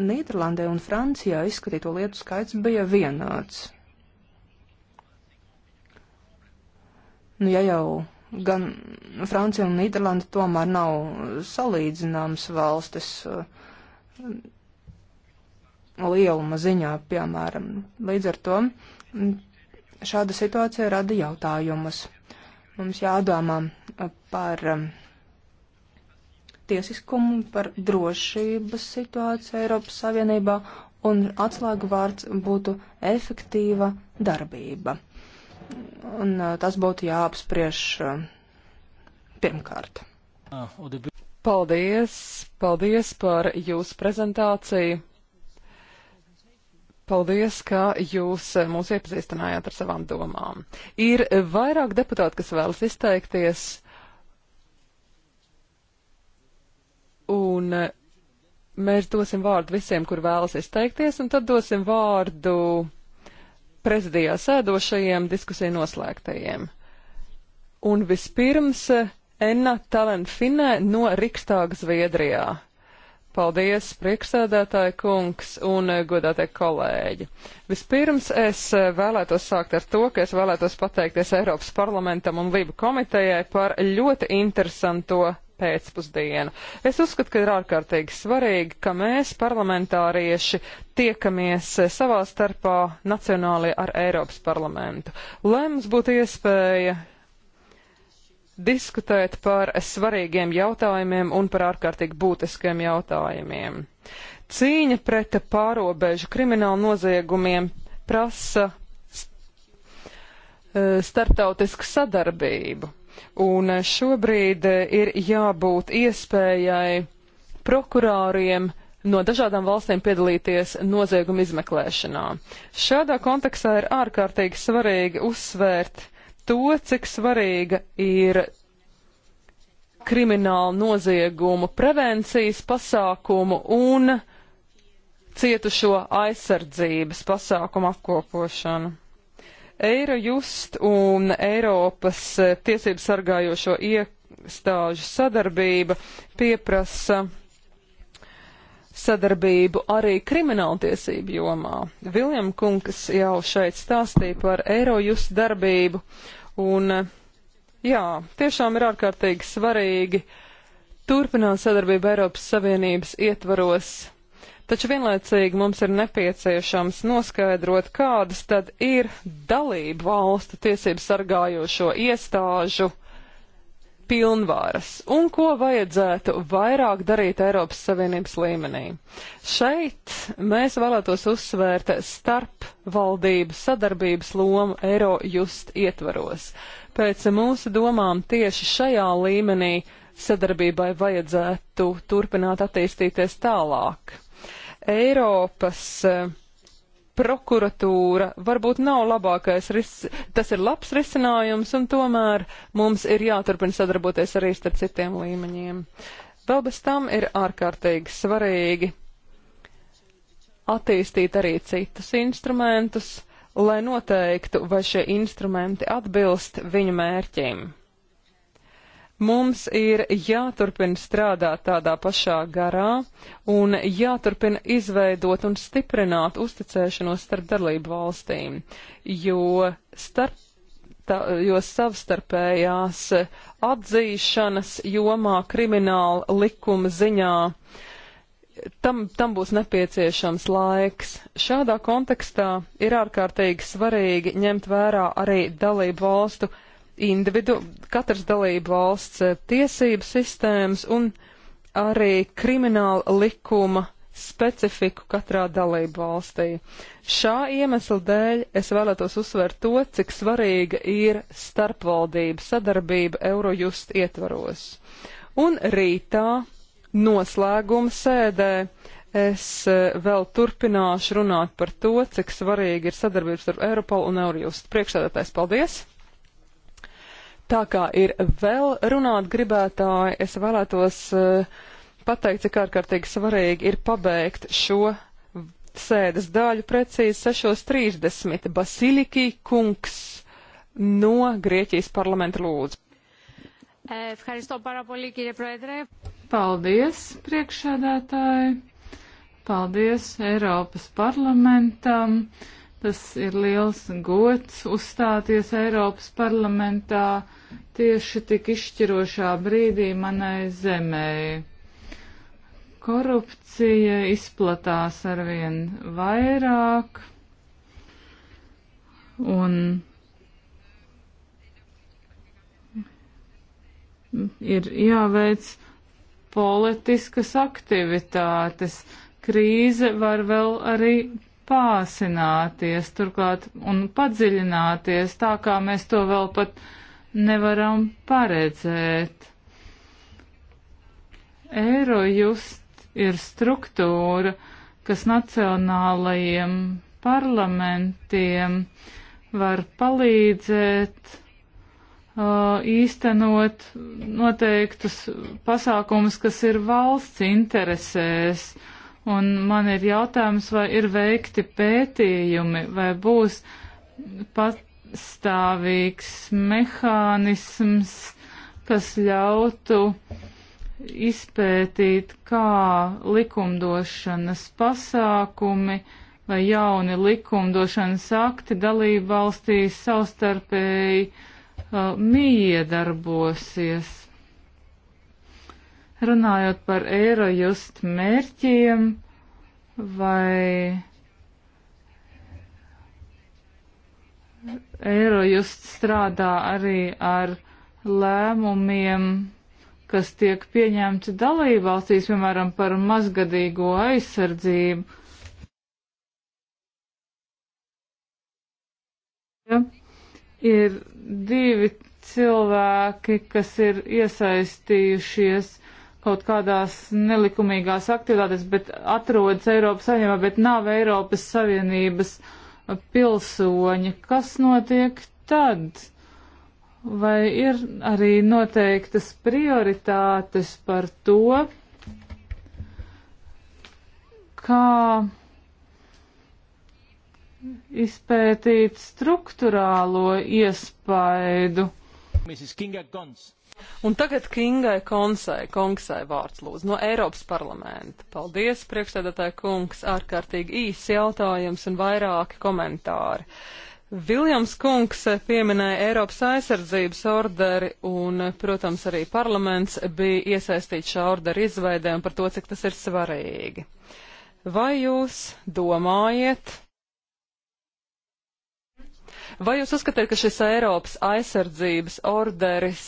Nīderlandē un Francijā izskatīto lietu skaits bija vienāds. Nu, ja jau gan Francija un Nīderlanda tomēr nav salīdzināmas valstis uh, lieluma ziņā, piemēram, līdz ar to. Uh, Šāda situācija rada jautājumus. Mums jādomā par tiesiskumu, par drošības situāciju Eiropas Savienībā, un atslēgu vārds būtu efektīva darbība. Un tas būtu jāapspriež pirmkārt. Paldies, paldies par jūsu prezentāciju. Paldies, ka jūs eh, mūs iepazīstinājāt ar savām domām. Ir vairāk deputāti, kas vēlas izteikties. Un eh, mēs dosim vārdu visiem, kur vēlas izteikties, un tad dosim vārdu prezidijā sēdošajiem diskusiju noslēgtajiem. Un vispirms eh, Enna Talenfinē no Rikstāga Zviedrijā. Paldies, priekšsēdētāji kungs un eh, godātie kolēģi. Vispirms es eh, vēlētos sākt ar to, ka es vēlētos pateikties Eiropas parlamentam un Lība komitejai par ļoti interesanto pēcpusdienu. Es uzskatu, ka ir ārkārtīgi svarīgi, ka mēs, parlamentārieši, tiekamies eh, savā starpā nacionālajā ar Eiropas parlamentu, lai mums būtu iespēja diskutēt par svarīgiem jautājumiem un par ārkārtīgi būtiskiem jautājumiem. Cīņa pret pārobežu kriminālu noziegumiem prasa eh, starptautisku sadarbību, un šobrīd ir jābūt iespējai prokurāriem no dažādām valstīm piedalīties nozieguma izmeklēšanā. Šādā kontekstā ir ārkārtīgi svarīgi uzsvērt to, cik svarīga ir kriminālu noziegumu prevencijas pasākumu un cietušo aizsardzības pasākumu apkopošanu. Eirojust un Eiropas eh, tiesību sargājošo iestāžu sadarbība pieprasa sadarbību arī krimināltiesību jomā. Viljam Kungs jau šeit stāstīja par Eirojust darbību, un jā, tiešām ir ārkārtīgi svarīgi turpināt sadarbību Eiropas Savienības ietvaros, taču vienlaicīgi mums ir nepieciešams noskaidrot, kādas tad ir dalību valstu tiesību sargājošo iestāžu uh, pilnvaras un ko vajadzētu vairāk darīt Eiropas Savienības līmenī. Šeit mēs vēlētos uzsvērt starp valdību sadarbības lomu Eirojust ietvaros. Pēc mūsu domām tieši šajā līmenī sadarbībai vajadzētu turpināt attīstīties tālāk. Eiropas uh, prokuratūra varbūt nav labākais ris, tas ir labs risinājums, un tomēr mums ir jāturpina sadarboties arī starp citiem līmeņiem. Vēl bez tam ir ārkārtīgi svarīgi attīstīt arī citus instrumentus, lai noteiktu, vai šie instrumenti atbilst viņu mērķim. Mums ir jāturpina strādāt tādā pašā garā un jāturpina izveidot un stiprināt uzticēšanos starp dalību valstīm, jo, starp, tā, jo savstarpējās atzīšanas jomā krimināla likuma ziņā tam, tam būs nepieciešams laiks. Šādā kontekstā ir ārkārtīgi svarīgi ņemt vērā arī dalību valstu individu, katras dalību valsts eh, tiesību sistēmas un arī krimināla likuma specifiku katrā dalību valstī. Šā iemesla dēļ es vēlētos uzsvērt to, cik svarīga ir starpvaldība sadarbība Eurojust ietvaros. Un rītā noslēguma sēdē es eh, vēl turpināšu runāt par to, cik svarīga ir sadarbība starp Eiropolu un Eurojust. Priekšsēdētājs, paldies! Tā kā ir vēl runāt gribētāji, es vēlētos eh, pateikt, cik ārkārtīgi svarīgi ir pabeigt šo sēdes daļu precīzi 6.30. Basiliki kungs no Grieķijas parlamenta lūdzu. Eh, Paldies, priekšsēdētāji! Paldies Eiropas parlamentam! Tas ir liels gods uzstāties Eiropas parlamentā tieši tik izšķirošā brīdī manai zemē. Korupcija izplatās arvien vairāk un ir jāveic politiskas aktivitātes. Krīze var vēl arī pāsināties turklāt un padziļināties tā, kā mēs to vēl pat nevaram paredzēt. Eirojust ir struktūra, kas nacionālajiem parlamentiem var palīdzēt uh, īstenot noteiktus pasākumus, kas ir valsts interesēs, uh, Un man ir jautājums, vai ir veikti pētījumi, vai būs pastāvīgs mehānisms, kas ļautu izpētīt, kā likumdošanas pasākumi vai jauni likumdošanas akti dalību valstīs savstarpēji uh, miedarbosies. Runājot par Eirojust mērķiem vai Eirojust strādā arī ar lēmumiem, kas tiek pieņemti dalībvalstīs, piemēram, par mazgadīgo aizsardzību. Ja? Ir divi cilvēki, kas ir iesaistījušies kaut kādās nelikumīgās aktivitātēs, bet atrodas Eiropas saimnībā, bet nav Eiropas Savienības pilsoņi. Kas notiek tad? Vai ir arī noteiktas prioritātes par to, kā izpētīt struktūrālo iespaidu? Mrs. Kinga Gons. Un tagad Kingai Konsai, Kongsai vārds lūdzu no Eiropas parlamenta. Paldies, priekšstādātāja kungs, ārkārtīgi īsi jautājums un vairāki komentāri. Viljams kungs pieminēja Eiropas aizsardzības orderi un, protams, arī parlaments bija iesaistīts šā ordera izveidē un par to, cik tas ir svarīgi. Vai jūs domājat? Vai jūs uzskatāt, ka šis Eiropas aizsardzības orderis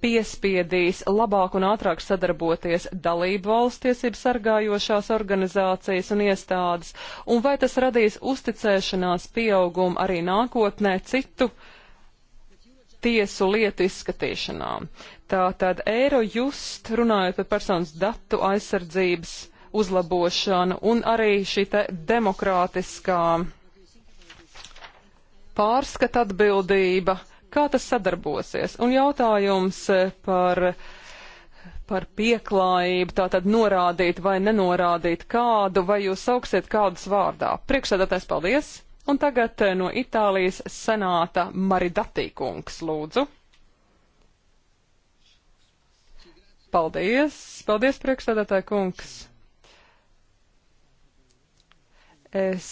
piespiedīs labāk un ātrāk sadarboties dalību valsts tiesību sargājošās organizācijas un iestādes, un vai tas radīs uzticēšanās pieaugumu arī nākotnē citu tiesu lietu izskatīšanām. Tātad Eirojust, runājot par personas datu aizsardzības uzlabošanu un arī šī te demokrātiskā pārskata atbildība Kā tas sadarbosies? Un jautājums eh, par, par pieklājību, tātad norādīt vai nenorādīt kādu, vai jūs sauksiet kādus vārdā. Priekšsēdētājs, paldies! Un tagad eh, no Itālijas senāta Maridatī kungs, lūdzu. Paldies, paldies priekšsēdētāji kungs. Es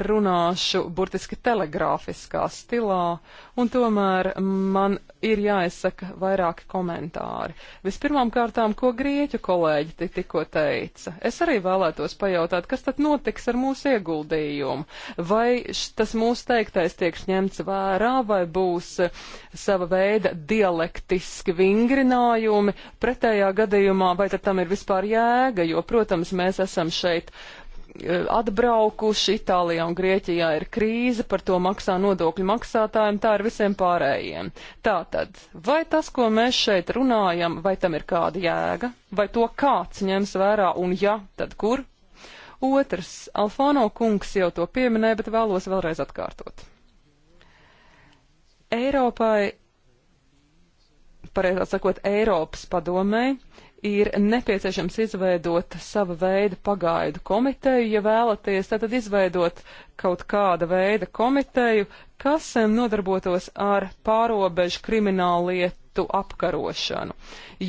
runāšu burtiski telegrāfiskā stilā, un tomēr man ir jāizsaka vairāki komentāri. Vispirmām kārtām, ko grieķu kolēģi te tikko teica. Es arī vēlētos pajautāt, kas tad notiks ar mūsu ieguldījumu? Vai tas mūsu teiktais tiek ņemts vērā, vai būs eh, sava veida dialektiski vingrinājumi? Pretējā gadījumā, vai tad tam ir vispār jēga, jo, protams, mēs esam šeit Eh, atbraukuši, Itālijā un Grieķijā ir krīze, par to maksā nodokļu maksātājiem, tā ir visiem pārējiem. Tātad, vai tas, ko mēs šeit runājam, vai tam ir kāda jēga, vai to kāds ņems vērā un ja, tad kur? Otrs, Alfāno kungs jau to pieminēja, bet vēlos vēlreiz atkārtot. Eiropai, pareizāk sakot, Eiropas padomē ir nepieciešams izveidot sava veida pagaidu komiteju, ja vēlaties, tātad izveidot kaut kāda veida komiteju, kas nodarbotos ar pārobežu krimināllietu apkarošanu,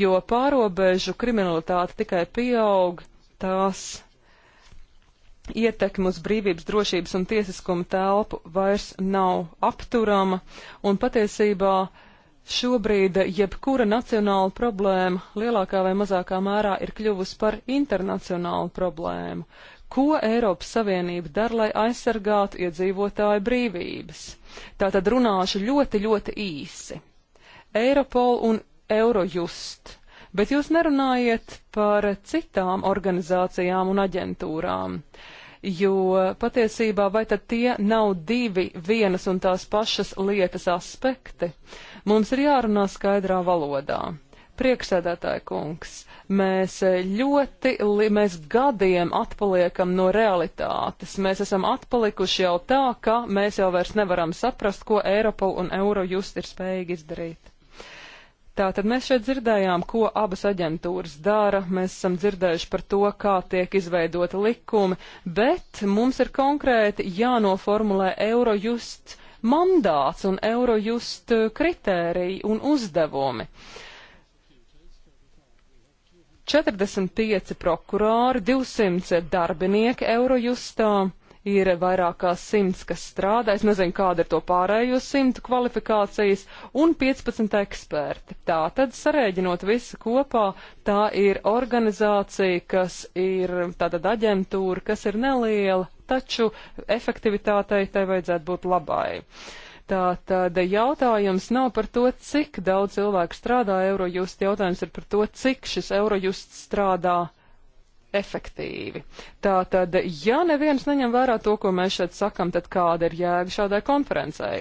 jo pārobežu kriminalitāte tikai pieaug, tās ietekme uz brīvības, drošības un tiesiskuma telpu vairs nav apturama, un patiesībā uh, Šobrīd jebkura nacionāla problēma lielākā vai mazākā mērā ir kļuvusi par internacionālu problēmu. Ko Eiropas Savienība dara, lai aizsargātu iedzīvotāju brīvības? Tātad runāšu ļoti, ļoti īsi. Eiropol un Eurojust. Bet jūs nerunājiet par citām organizācijām un aģentūrām jo patiesībā vai tad tie nav divi vienas un tās pašas lietas aspekti? Mums ir jārunā skaidrā valodā. Priekšsēdētāja kungs, mēs ļoti, mēs gadiem atpaliekam no realitātes. Mēs esam atpalikuši jau tā, ka mēs jau vairs nevaram saprast, ko Eiropa un Euro just ir spējīgi izdarīt. Tātad mēs šeit dzirdējām, ko abas aģentūras dara, mēs esam dzirdējuši par to, kā tiek izveidota likumi, bet mums ir konkrēti jānoformulē Eurojust mandāts un Eurojust eh, kritēriji un uzdevumi. 45 prokurori, 200 darbinieki Eurojustā ir vairāk kā simts, kas strādā, es nezinu, kāda ir to pārējo simtu kvalifikācijas, un 15 eksperti. Tā tad sarēģinot visu kopā, tā ir organizācija, kas ir tātad aģentūra, kas ir neliela, taču efektivitātei tai vajadzētu būt labai. Tā tad jautājums nav par to, cik daudz cilvēku strādā Eurojust, jautājums ir par to, cik šis Eurojust strādā efektīvi. Tātad, ja neviens neņem vērā to, ko mēs šeit sakam, tad kāda ir jēga šādai konferencei?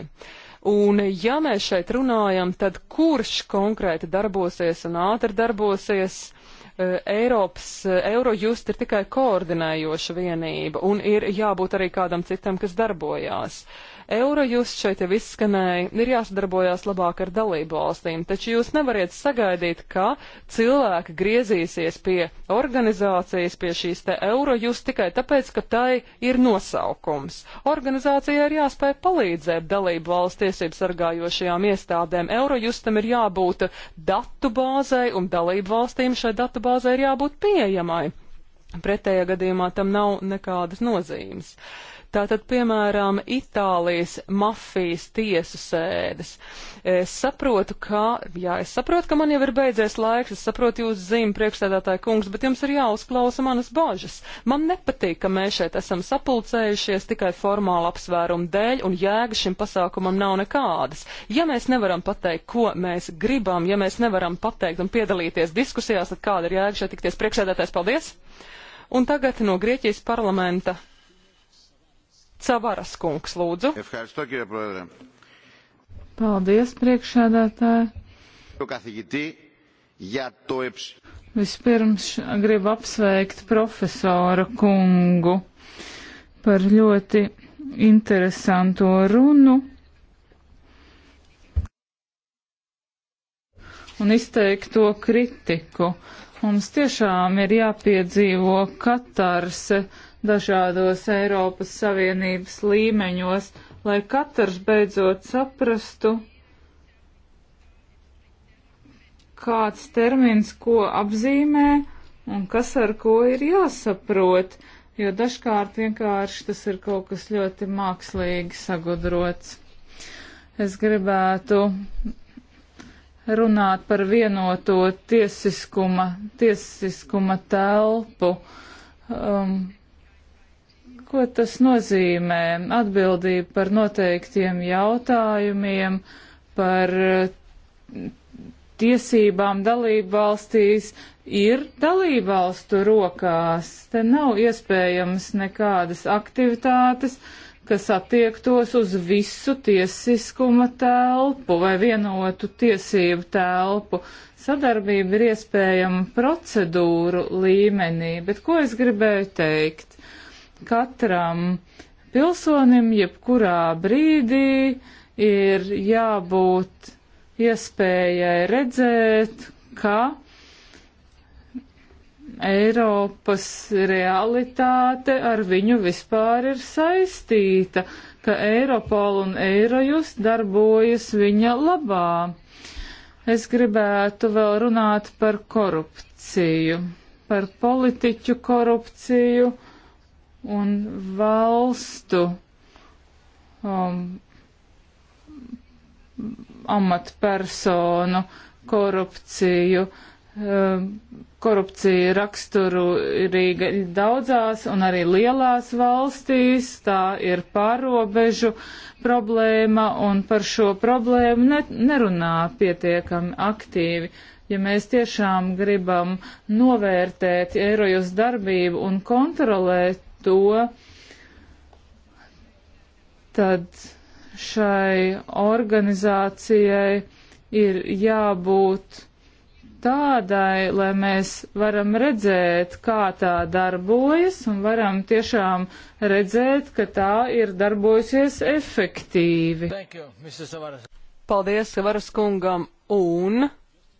Un, ja mēs šeit runājam, tad kurš konkrēti darbosies un ātri darbosies? E, Eiropas, e, Eurojust ir tikai koordinējoša vienība un ir jābūt arī kādam citam, kas darbojās. Uh, Eurojust šeit jau izskanēja, ir jāsadarbojās labāk ar dalību valstīm, taču jūs nevariet sagaidīt, ka cilvēki griezīsies pie organizācijas, pie šīs te Eurojust tikai tāpēc, ka tai ir nosaukums. Organizācijai ir jāspēj palīdzēt dalību valsts tiesību sargājošajām iestādēm. Eurojustam ir jābūt datu bāzei un dalību valstīm šai datu bāzei ir jābūt pieejamai. Pretējā gadījumā tam nav nekādas nozīmes. Uh, Tātad, piemēram, Itālijas mafijas tiesu sēdes. Es saprotu, ka, jā, es saprotu, ka man jau ir beidzies laiks, es saprotu jūs zīmi, priekšstādātāja kungs, bet jums ir jāuzklausa manas bažas. Man nepatīk, ka mēs šeit esam sapulcējušies tikai formāli apsvērumu dēļ, un jēga šim pasākumam nav nekādas. Ja mēs nevaram pateikt, ko mēs gribam, ja mēs nevaram pateikt un piedalīties diskusijās, tad kāda ir jēga šeit tikties priekšsēdētājs? Paldies! Un tagad no Grieķijas parlamenta Cavaras kungs, lūdzu. Paldies, priekšsēdētāji. Vispirms gribu apsveikt profesoru kungu par ļoti interesanto runu un izteikto kritiku. Mums tiešām ir jāpiedzīvo katarse dažādos Eiropas Savienības līmeņos, lai katrs beidzot saprastu, kāds termins ko apzīmē un kas ar ko ir jāsaprot, jo dažkārt vienkārši tas ir kaut kas ļoti mākslīgi sagudrots. Es gribētu runāt par vienoto tiesiskuma, tiesiskuma telpu. Um, Ko tas nozīmē? Atbildība par noteiktiem jautājumiem, par eh, tiesībām dalību valstīs ir dalību valstu rokās. Te nav iespējams nekādas aktivitātes, kas attiektos uz visu tiesiskuma telpu vai vienotu tiesību telpu. Sadarbība ir iespējama procedūru līmenī, bet ko es gribēju teikt? katram pilsonim jebkurā brīdī ir jābūt iespējai redzēt, ka Eiropas realitāte ar viņu vispār ir saistīta, ka Eiropola un Eirojust darbojas viņa labā. Es gribētu vēl runāt par korupciju, par politiķu korupciju un valstu um, amatpersonu korupciju. Um, korupcija raksturīga daudzās un arī lielās valstīs, tā ir pārobežu problēma un par šo problēmu ne, nerunā pietiekami aktīvi. Ja mēs tiešām gribam novērtēt eirojus darbību un kontrolēt to, tad šai organizācijai ir jābūt tādai, lai mēs varam redzēt, kā tā darbojas, un varam tiešām redzēt, ka tā ir darbojusies efektīvi. You, Paldies Varas kungam, un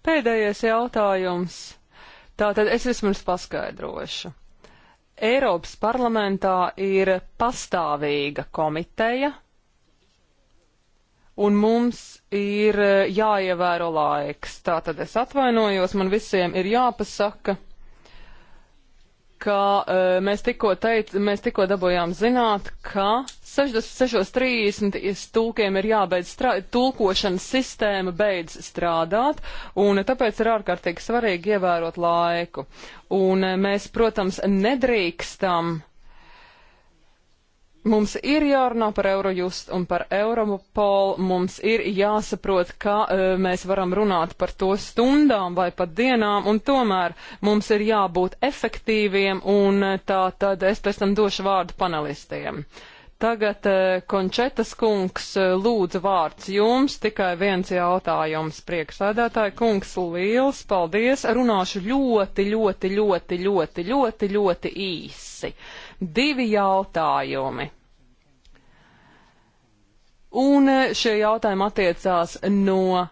pēdējais jautājums. Tātad es vismaz paskaidrošu. Eiropas parlamentā ir pastāvīga komiteja, un mums ir jāievēro laiks. Tātad es atvainojos, man visiem ir jāpasaka ka e, mēs tikko teic, mēs tikko dabūjām zināt, ka 66.30 tūkiem ir jābeidz strādāt, tulkošanas sistēma beidz strādāt, un tāpēc ir ārkārtīgi svarīgi ievērot laiku. Un e, mēs, protams, nedrīkstam Mums ir jārunā par Eurojust un par Europolu, mums ir jāsaprot, ka e, mēs varam runāt par to stundām vai pat dienām, un tomēr mums ir jābūt efektīviem, un e, tā tad es pēc tam došu vārdu panelistiem. Tagad e, Končetas kungs e, lūdza vārds jums, tikai viens jautājums priekšsēdētāji kungs, liels paldies, runāšu ļoti, ļoti, ļoti, ļoti, ļoti, ļoti, ļoti īsi. Uh, divi jautājumi. Un eh, šie jautājumi attiecās no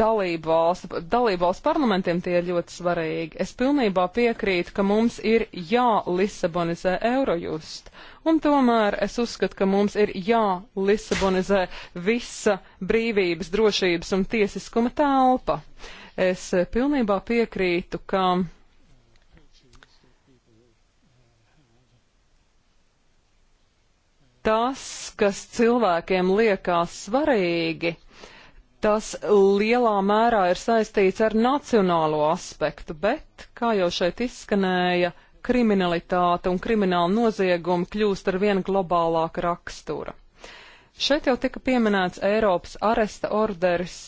dalību valstu, dalību valstu parlamentiem, tie ir ļoti svarīgi. Es pilnībā piekrītu, ka mums ir jālisabonizē Eurojust. Un tomēr es uzskatu, ka mums ir jālisabonizē visa brīvības, drošības un tiesiskuma telpa. Es eh, pilnībā piekrītu, ka tas, kas cilvēkiem liekas svarīgi, tas lielā mērā ir saistīts ar nacionālo aspektu, bet, kā jau šeit izskanēja, kriminalitāte un krimināla nozieguma kļūst ar vien globālāka rakstura. Šeit jau tika pieminēts Eiropas aresta orders,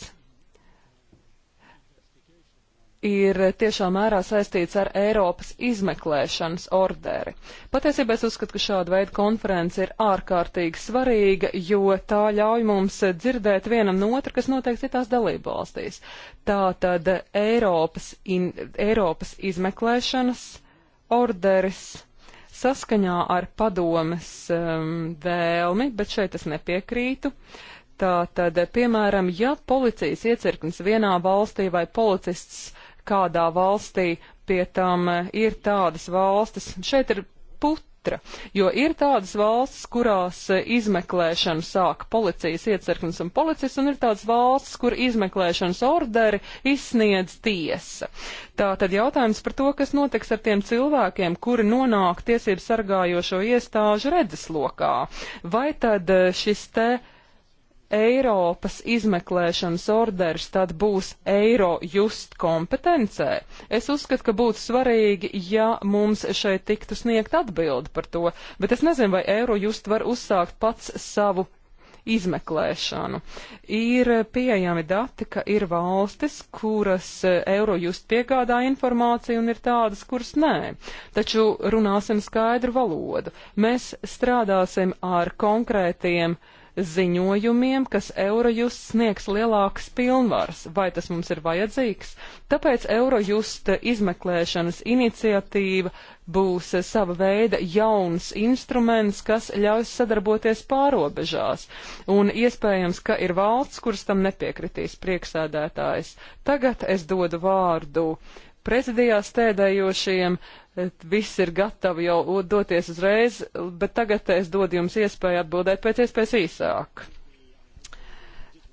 ir tiešā mērā saistīts ar Eiropas izmeklēšanas orderi. Patiesībā es uzskatu, ka šāda veida konference ir ārkārtīgi svarīga, jo tā ļauj mums dzirdēt vienam no otra, kas notiek citās dalībvalstīs. Tā tad Eiropas, in, Eiropas izmeklēšanas orderis saskaņā ar padomes um, vēlmi, bet šeit es nepiekrītu. Tā tad, piemēram, ja policijas iecirknis vienā valstī vai policists kādā valstī pie tam eh, ir tādas valstis. Šeit ir putra, jo ir tādas valstis, kurās eh, izmeklēšanu sāk policijas iecirknis un policists, un ir tādas valstis, kur izmeklēšanas orderi izsniedz tiesa. Tā tad jautājums par to, kas notiks ar tiem cilvēkiem, kuri nonāk tiesību sargājošo iestāžu redzeslokā. Vai tad eh, šis te Eiropas izmeklēšanas orders tad būs Eiro just kompetencē? Es uzskatu, ka būtu svarīgi, ja mums šeit tiktu sniegt atbildi par to, bet es nezinu, vai Eiro just var uzsākt pats savu izmeklēšanu. Ir pieejami dati, ka ir valstis, kuras Eurojust piegādā informāciju un ir tādas, kuras nē. Taču runāsim skaidru valodu. Mēs strādāsim ar konkrētiem uh, ziņojumiem, kas Eurojust sniegs lielākas pilnvaras, vai tas mums ir vajadzīgs. Tāpēc Eurojust izmeklēšanas iniciatīva būs sava veida jauns instruments, kas ļaus sadarboties pārobežās, un iespējams, ka ir valsts, kuras tam nepiekritīs prieksēdētājs. Tagad es dodu vārdu prezidijā stēdējošiem, uh, viss ir gatavi jau doties uzreiz, bet tagad es dodu jums iespēju atbildēt pēc iespējas īsāk.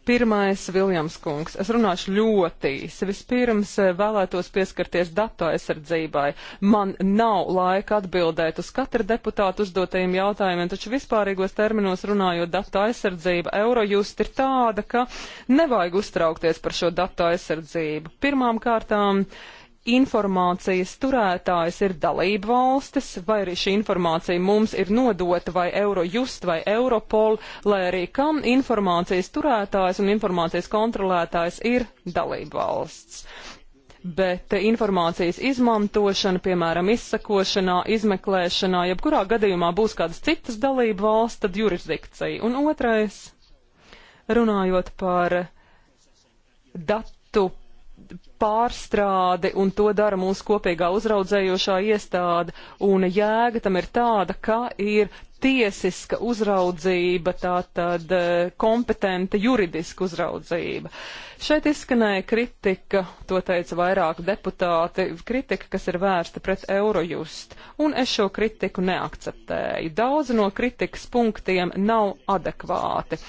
Pirmais Viljams kungs. Es runāšu ļoti īsi. Vispirms eh, vēlētos pieskarties datu aizsardzībai. Man nav laika atbildēt uz katru deputātu uzdotajiem jautājumiem, taču vispārīgos terminos runājot datu aizsardzība, Eurojust ir tāda, ka nevajag uztraukties par šo datu aizsardzību. Pirmām kārtām. Uh, informācijas turētājs ir dalība valstis, vai arī šī informācija mums ir nodota vai Eurojust vai Europol, lai arī kam informācijas turētājs un informācijas kontrolētājs ir dalība valsts. Bet informācijas izmantošana, piemēram, izsakošanā, izmeklēšanā, jebkurā gadījumā būs kādas citas dalība valsts, tad jurisdikcija. Un otrais, runājot par datu pārstrādi, un to dara mūsu kopīgā uzraudzējošā iestāde. Un jēga tam ir tāda, ka ir tiesiska uzraudzība, tātad e, kompetenta juridiska uzraudzība. Šeit izskanēja kritika, to teica vairāku deputāti, kritika, kas ir vērsta pret Eurojust, un es šo kritiku neakceptēju. Daudzi no kritikas punktiem nav adekvāti.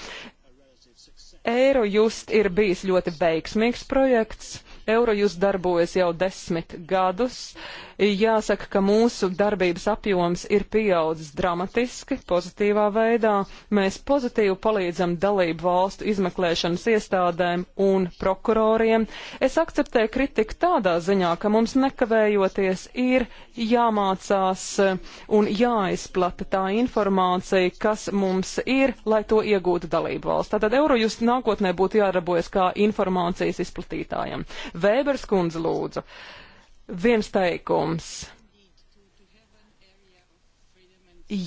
Eurojust ir bijis ļoti veiksmīgs projekts Eurojust darbojas jau desmit gadus. Jāsaka, ka mūsu darbības apjoms ir pieaudzis dramatiski, pozitīvā veidā. Mēs pozitīvi palīdzam dalību valstu izmeklēšanas iestādēm un prokuroriem. Es akceptēju kritiku tādā ziņā, ka mums nekavējoties ir jāmācās un jāizplata tā informācija, kas mums ir, lai to iegūtu dalību valsts. Tātad Eurojust nākotnē būtu jādarbojas kā informācijas izplatītājam. Vēbers kundze lūdzu. Viens teikums.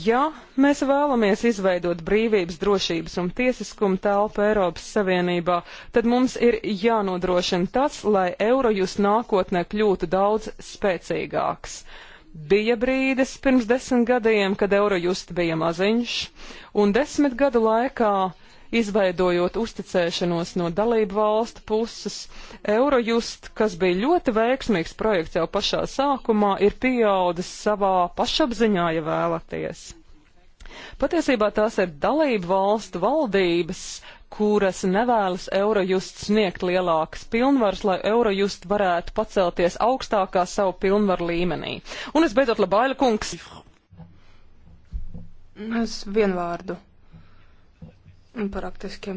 Ja mēs vēlamies izveidot brīvības, drošības un tiesiskuma telpu Eiropas Savienībā, tad mums ir jānodrošina tas, lai Eurojust nākotnē kļūtu daudz spēcīgāks. Bija brīdis pirms desmit gadiem, kad Eurojust bija maziņš, un desmit gadu laikā izveidojot uzticēšanos no dalību valstu puses. Eurojust, kas bija ļoti veiksmīgs projekts jau pašā sākumā, ir pieaudzis savā pašapziņā, ja vēlaties. Patiesībā tās ir dalību valstu valdības, kuras nevēlas Eurojust sniegt lielākas pilnvaras, lai Eurojust varētu pacelties augstākā savu pilnvaru līmenī. Un es beidzot, Labaila kungs. Es vienvārdu praktiski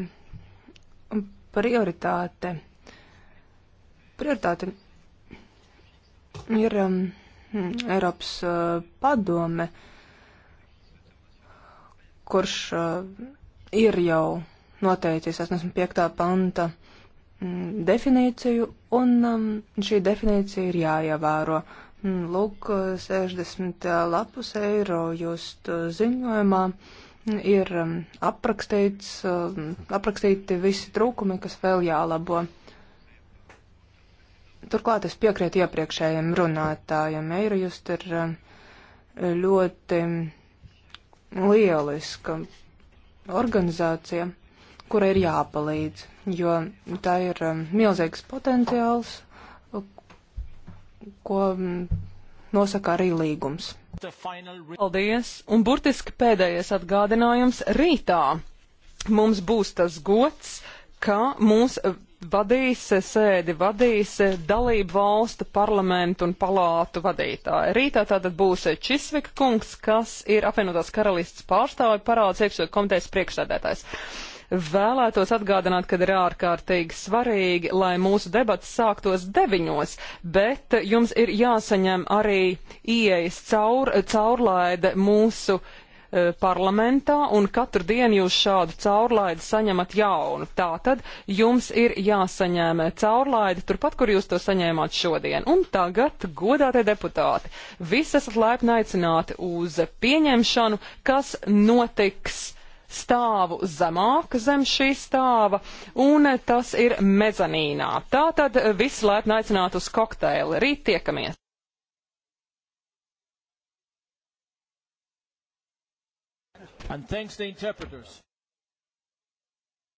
prioritāte. Prioritāte ir um, Eiropas uh, padome, kurš uh, ir jau noteicis 85. panta mm, definīciju, un um, šī definīcija ir jāievēro. Mm, lūk, 60 uh, lapus eiro just uh, ziņojumā. Uh, ir um, aprakstīts, um, aprakstīti visi trūkumi, kas vēl jālabo. Turklāt es piekrītu iepriekšējiem runātājiem. Eirojust ir um, ļoti lieliska organizācija, kura ir jāpalīdz, jo tā ir milzīgs potenciāls, ko mm, nosaka arī līgums. Paldies! Un burtiski pēdējais atgādinājums rītā. Mums būs tas gods, ka mūs eh, vadīs eh, sēdi, vadīs eh, dalību valstu parlamentu un palātu vadītāji. Rītā tātad būs Čisvika kungs, kas ir apvienotās karalists pārstāvi parāds iekšļu komitejas priekšsēdētājs. Vēlētos atgādināt, ka ir ārkārtīgi svarīgi, lai mūsu debats sāktos deviņos, bet jums ir jāsaņem arī ieejas caur, caurlaide mūsu e, parlamentā, un katru dienu jūs šādu caurlaidi saņemat jaunu. Tātad jums ir jāsaņem caurlaidi turpat, kur jūs to saņēmāt šodien. Un tagad, godātie deputāti, visi esat laipni aicināti uz pieņemšanu, kas notiks stāvu zemāk zem šī stāva, un tas ir mezanīnā. Tātad viss lētni aicināt uz kokteili. Rīt tiekamies! And thanks to the interpreters.